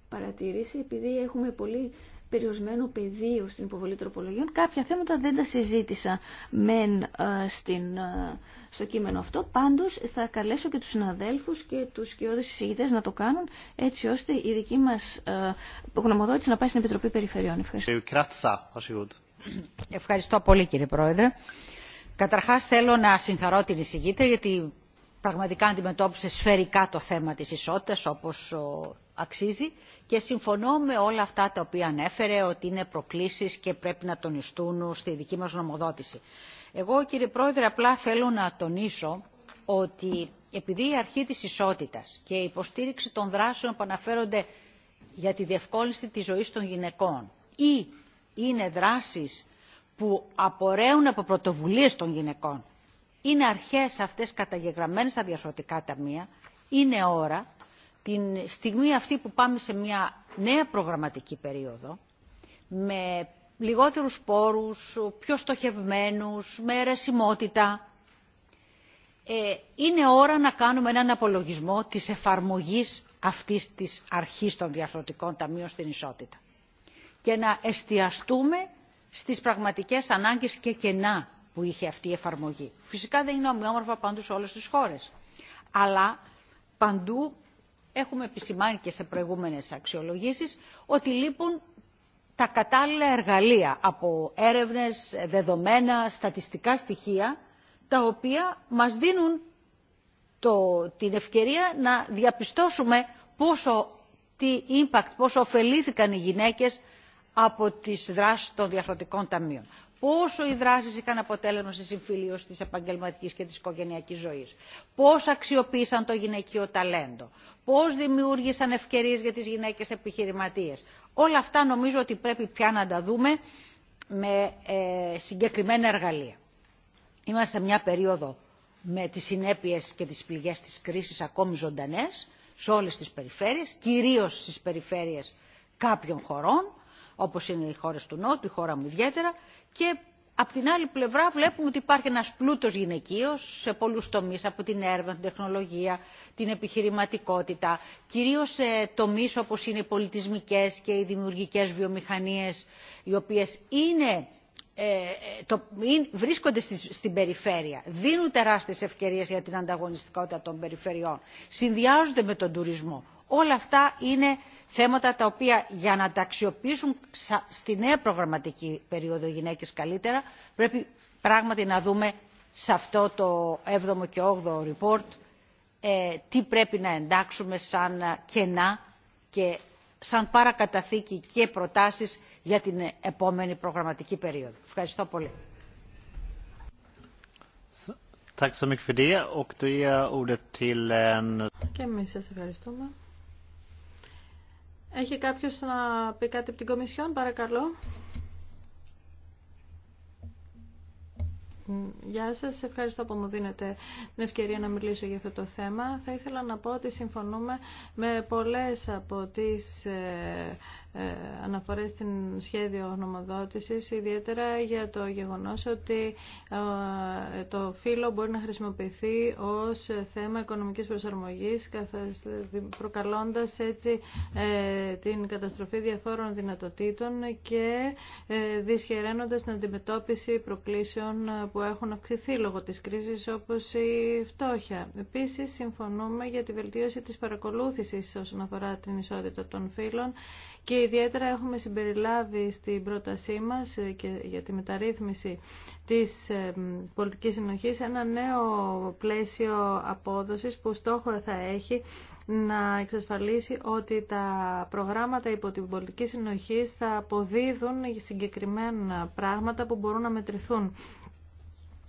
παρατήρηση, επειδή έχουμε πολύ περιορισμένο πεδίο στην υποβολή τροπολογιών. Κάποια θέματα δεν τα συζήτησα μεν ε, στην, ε, στο κείμενο αυτό. Πάντως θα καλέσω και τους συναδέλφους και τους κοιόδες εισηγητές να το κάνουν έτσι ώστε η δική μας ε, γνωμοδότηση να πάει στην Επιτροπή Περιφερειών. Ευχαριστώ. Ευχαριστώ πολύ κύριε Πρόεδρε. Καταρχάς θέλω να συγχαρώ την εισηγήτρια γιατί πραγματικά αντιμετώπισε σφαιρικά το θέμα της ισότητας όπως αξίζει και συμφωνώ με όλα αυτά τα οποία ανέφερε ότι είναι προκλήσεις και πρέπει να τονιστούν στη δική μας νομοδότηση. Εγώ κύριε Πρόεδρε απλά θέλω να τονίσω ότι επειδή η αρχή της ισότητας και η υποστήριξη των δράσεων που αναφέρονται για τη διευκόλυνση της ζωής των γυναικών ή είναι δράσεις που απορρέουν από πρωτοβουλίες των γυναικών είναι αρχές αυτές καταγεγραμμένες στα διαφορετικά ταμεία. Είναι ώρα, την στιγμή αυτή που πάμε σε μια νέα προγραμματική περίοδο, με λιγότερους πόρους, πιο στοχευμένους, με αιρεσιμότητα, ε, είναι ώρα να κάνουμε έναν απολογισμό της εφαρμογής αυτής της αρχής των διαφορετικών ταμείων στην ισότητα και να εστιαστούμε στις πραγματικές ανάγκες και κενά που είχε αυτή η εφαρμογή. Φυσικά δεν είναι ομοιόμορφα παντού σε όλες τις χώρες. Αλλά παντού έχουμε επισημάνει και σε προηγούμενες αξιολογήσεις ότι λείπουν τα κατάλληλα εργαλεία από έρευνες, δεδομένα, στατιστικά στοιχεία, τα οποία μας δίνουν την ευκαιρία να διαπιστώσουμε πόσο τι impact, πόσο ωφελήθηκαν οι γυναίκες από τις δράσεις των διαφορετικών ταμείων πόσο οι δράσει είχαν αποτέλεσμα στη συμφιλίωση τη επαγγελματική και τη οικογενειακή ζωή, πώ αξιοποίησαν το γυναικείο ταλέντο, πώ δημιούργησαν ευκαιρίε για τι γυναίκε επιχειρηματίε. Όλα αυτά νομίζω ότι πρέπει πια να τα δούμε με ε, συγκεκριμένα εργαλεία. Είμαστε σε μια περίοδο με τις συνέπειες και τις πληγές της κρίσης ακόμη ζωντανές σε όλες τις περιφέρειες, κυρίως στις περιφέρειες κάποιων χωρών, όπως είναι οι χώρε του Νότου, η χώρα μου ιδιαίτερα, και από την άλλη πλευρά βλέπουμε ότι υπάρχει ένας πλούτος γυναικείος σε πολλούς τομείς, από την έρευνα, την τεχνολογία, την επιχειρηματικότητα, κυρίως σε τομείς όπως είναι οι πολιτισμικές και οι δημιουργικές βιομηχανίες, οι οποίες είναι, ε, το, βρίσκονται στη, στην περιφέρεια, δίνουν τεράστιες ευκαιρίες για την ανταγωνιστικότητα των περιφερειών, συνδυάζονται με τον τουρισμό. Όλα αυτά είναι θέματα τα οποία για να τα αξιοποιήσουν στη νέα προγραμματική περίοδο οι γυναίκες καλύτερα πρέπει πράγματι να δούμε σε αυτό το 7ο και 8ο report ε, τι πρέπει να εντάξουμε σαν κενά και σαν παρακαταθήκη και προτάσεις για την επόμενη προγραμματική περίοδο. Ευχαριστώ πολύ. Και εμείς σας ευχαριστούμε. Έχει κάποιος να πει κάτι από την Κομισιόν, παρακαλώ. Γεια σας, ευχαριστώ που μου δίνετε την ευκαιρία να μιλήσω για αυτό το θέμα. Θα ήθελα να πω ότι συμφωνούμε με πολλές από τις ε, ε, αναφορές στην σχέδιο γνωμοδότησης, ιδιαίτερα για το γεγονός ότι ε, το φύλλο μπορεί να χρησιμοποιηθεί ως θέμα οικονομικής προσαρμογής, προκαλώντας έτσι την καταστροφή διαφόρων δυνατοτήτων και δυσχεραίνοντας την αντιμετώπιση προκλήσεων που έχουν αυξηθεί λόγω της κρίσης όπως η φτώχεια. Επίσης συμφωνούμε για τη βελτίωση της παρακολούθησης όσον αφορά την ισότητα των φύλων και ιδιαίτερα έχουμε συμπεριλάβει στην πρότασή μας και για τη μεταρρύθμιση της ε, πολιτικής συνοχής ένα νέο πλαίσιο απόδοσης που στόχο θα έχει να εξασφαλίσει ότι τα προγράμματα υπό την πολιτική συνοχή θα αποδίδουν συγκεκριμένα πράγματα που μπορούν να μετρηθούν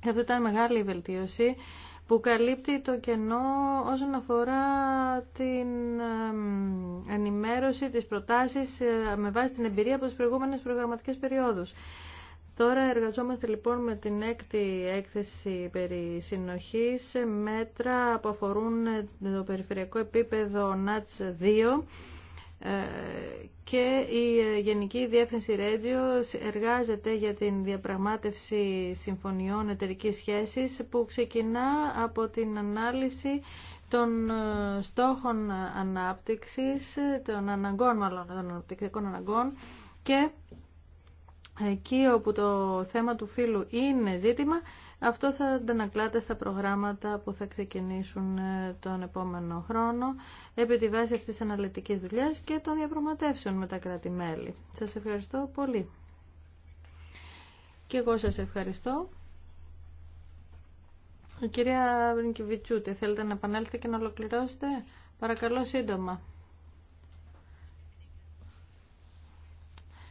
αυτό ήταν μεγάλη βελτίωση που καλύπτει το κενό όσον αφορά την ενημέρωση, της προτάσεις ε, με βάση την εμπειρία από τις προηγούμενες προγραμματικές περιόδους. Τώρα εργαζόμαστε λοιπόν με την έκτη έκθεση περί συνοχής, μέτρα που αφορούν το περιφερειακό επίπεδο ΝΑΤΣ 2, ε, και η Γενική Διεύθυνση Ρέτζιο εργάζεται για την διαπραγμάτευση συμφωνιών εταιρικής σχέσης που ξεκινά από την ανάλυση των ε, στόχων ανάπτυξης, των αναγκών μάλλον, των αναπτυξιακών αναγκών και εκεί όπου το θέμα του φίλου είναι ζήτημα, αυτό θα αντανακλάται στα προγράμματα που θα ξεκινήσουν ε, τον επόμενο χρόνο επί τη βάση αυτής της αναλυτικής δουλειάς και των διαπραγματεύσεων με τα κράτη-μέλη. Σας ευχαριστώ πολύ. Και εγώ σας ευχαριστώ. κυρία Βρυνκιβιτσούτη, θέλετε να επανέλθετε και να ολοκληρώσετε. Παρακαλώ σύντομα.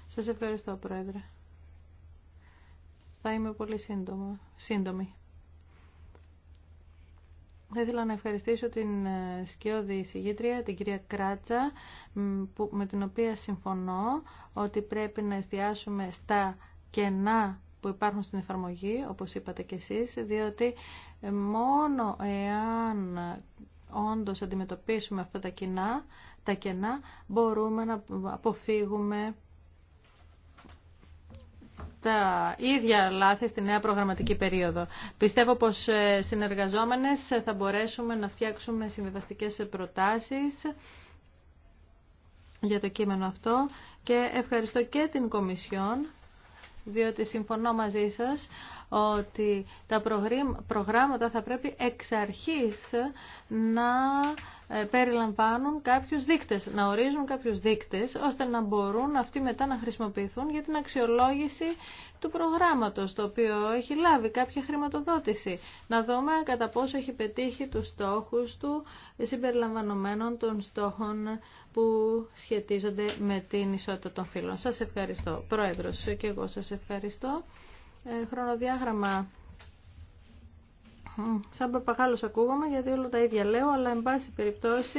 Σας ευχαριστώ, Πρόεδρε. Θα είμαι πολύ σύντομη. Θα ήθελα να ευχαριστήσω την ε, σκιώδη συγγήτρια, την κυρία Κράτσα, με την οποία συμφωνώ ότι πρέπει να εστιάσουμε στα κενά που υπάρχουν στην εφαρμογή, όπως είπατε κι εσείς, διότι ε, μόνο εάν όντως αντιμετωπίσουμε αυτά τα κενά, τα κενά μπορούμε να αποφύγουμε τα ίδια λάθη στη νέα προγραμματική περίοδο. Πιστεύω πως ε, συνεργαζόμενες θα μπορέσουμε να φτιάξουμε συμβιβαστικές προτάσεις για το κείμενο αυτό και ευχαριστώ και την Κομισιόν διότι συμφωνώ μαζί σας ότι τα προγράμματα θα πρέπει εξ αρχής να ε, περιλαμβάνουν κάποιους δείκτες, να ορίζουν κάποιους δείκτες, ώστε να μπορούν αυτοί μετά να χρησιμοποιηθούν για την αξιολόγηση του προγράμματος, το οποίο έχει λάβει κάποια χρηματοδότηση. Να δούμε κατά πόσο έχει πετύχει τους στόχους του, συμπεριλαμβανομένων των στόχων που σχετίζονται με την ισότητα των φύλων. Σας ευχαριστώ. Πρόεδρος, και εγώ σας ευχαριστώ. Ε, χρονοδιάγραμμα Σαν παπαγάλος ακούγομαι γιατί όλα τα ίδια λέω, αλλά εν πάση περιπτώσει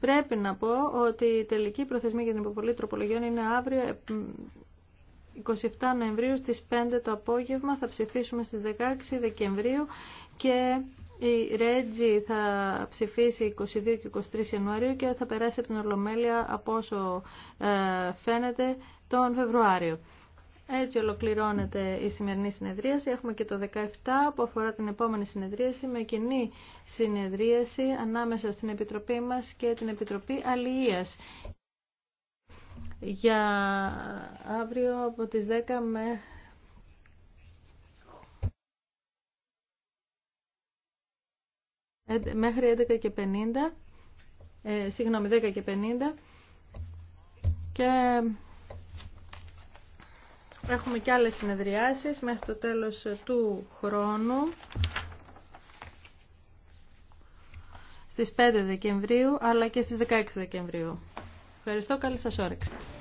πρέπει να πω ότι η τελική προθεσμή για την υποβολή τροπολογιών είναι αύριο 27 ε, Νοεμβρίου στις 5 το απόγευμα, θα ψηφίσουμε στις 16 Δεκεμβρίου και η Ρέτζη θα ψηφίσει 22 και 23 Ιανουαρίου και θα περάσει από την Ορλομέλεια από όσο ε, φαίνεται τον Φεβρουάριο. Έτσι ολοκληρώνεται η σημερινή συνεδρίαση. Έχουμε και το 17 που αφορά την επόμενη συνεδρίαση με κοινή συνεδρίαση ανάμεσα στην Επιτροπή μας και την Επιτροπή Αλληλείας. Για αύριο από τις 10 με... Ε, μέχρι 11 και 50, ε, συγγνώμη 10 και 50 και Έχουμε και άλλες συνεδριάσεις μέχρι το τέλος του χρόνου στις 5 Δεκεμβρίου αλλά και στις 16 Δεκεμβρίου. Ευχαριστώ, καλή σας όρεξη.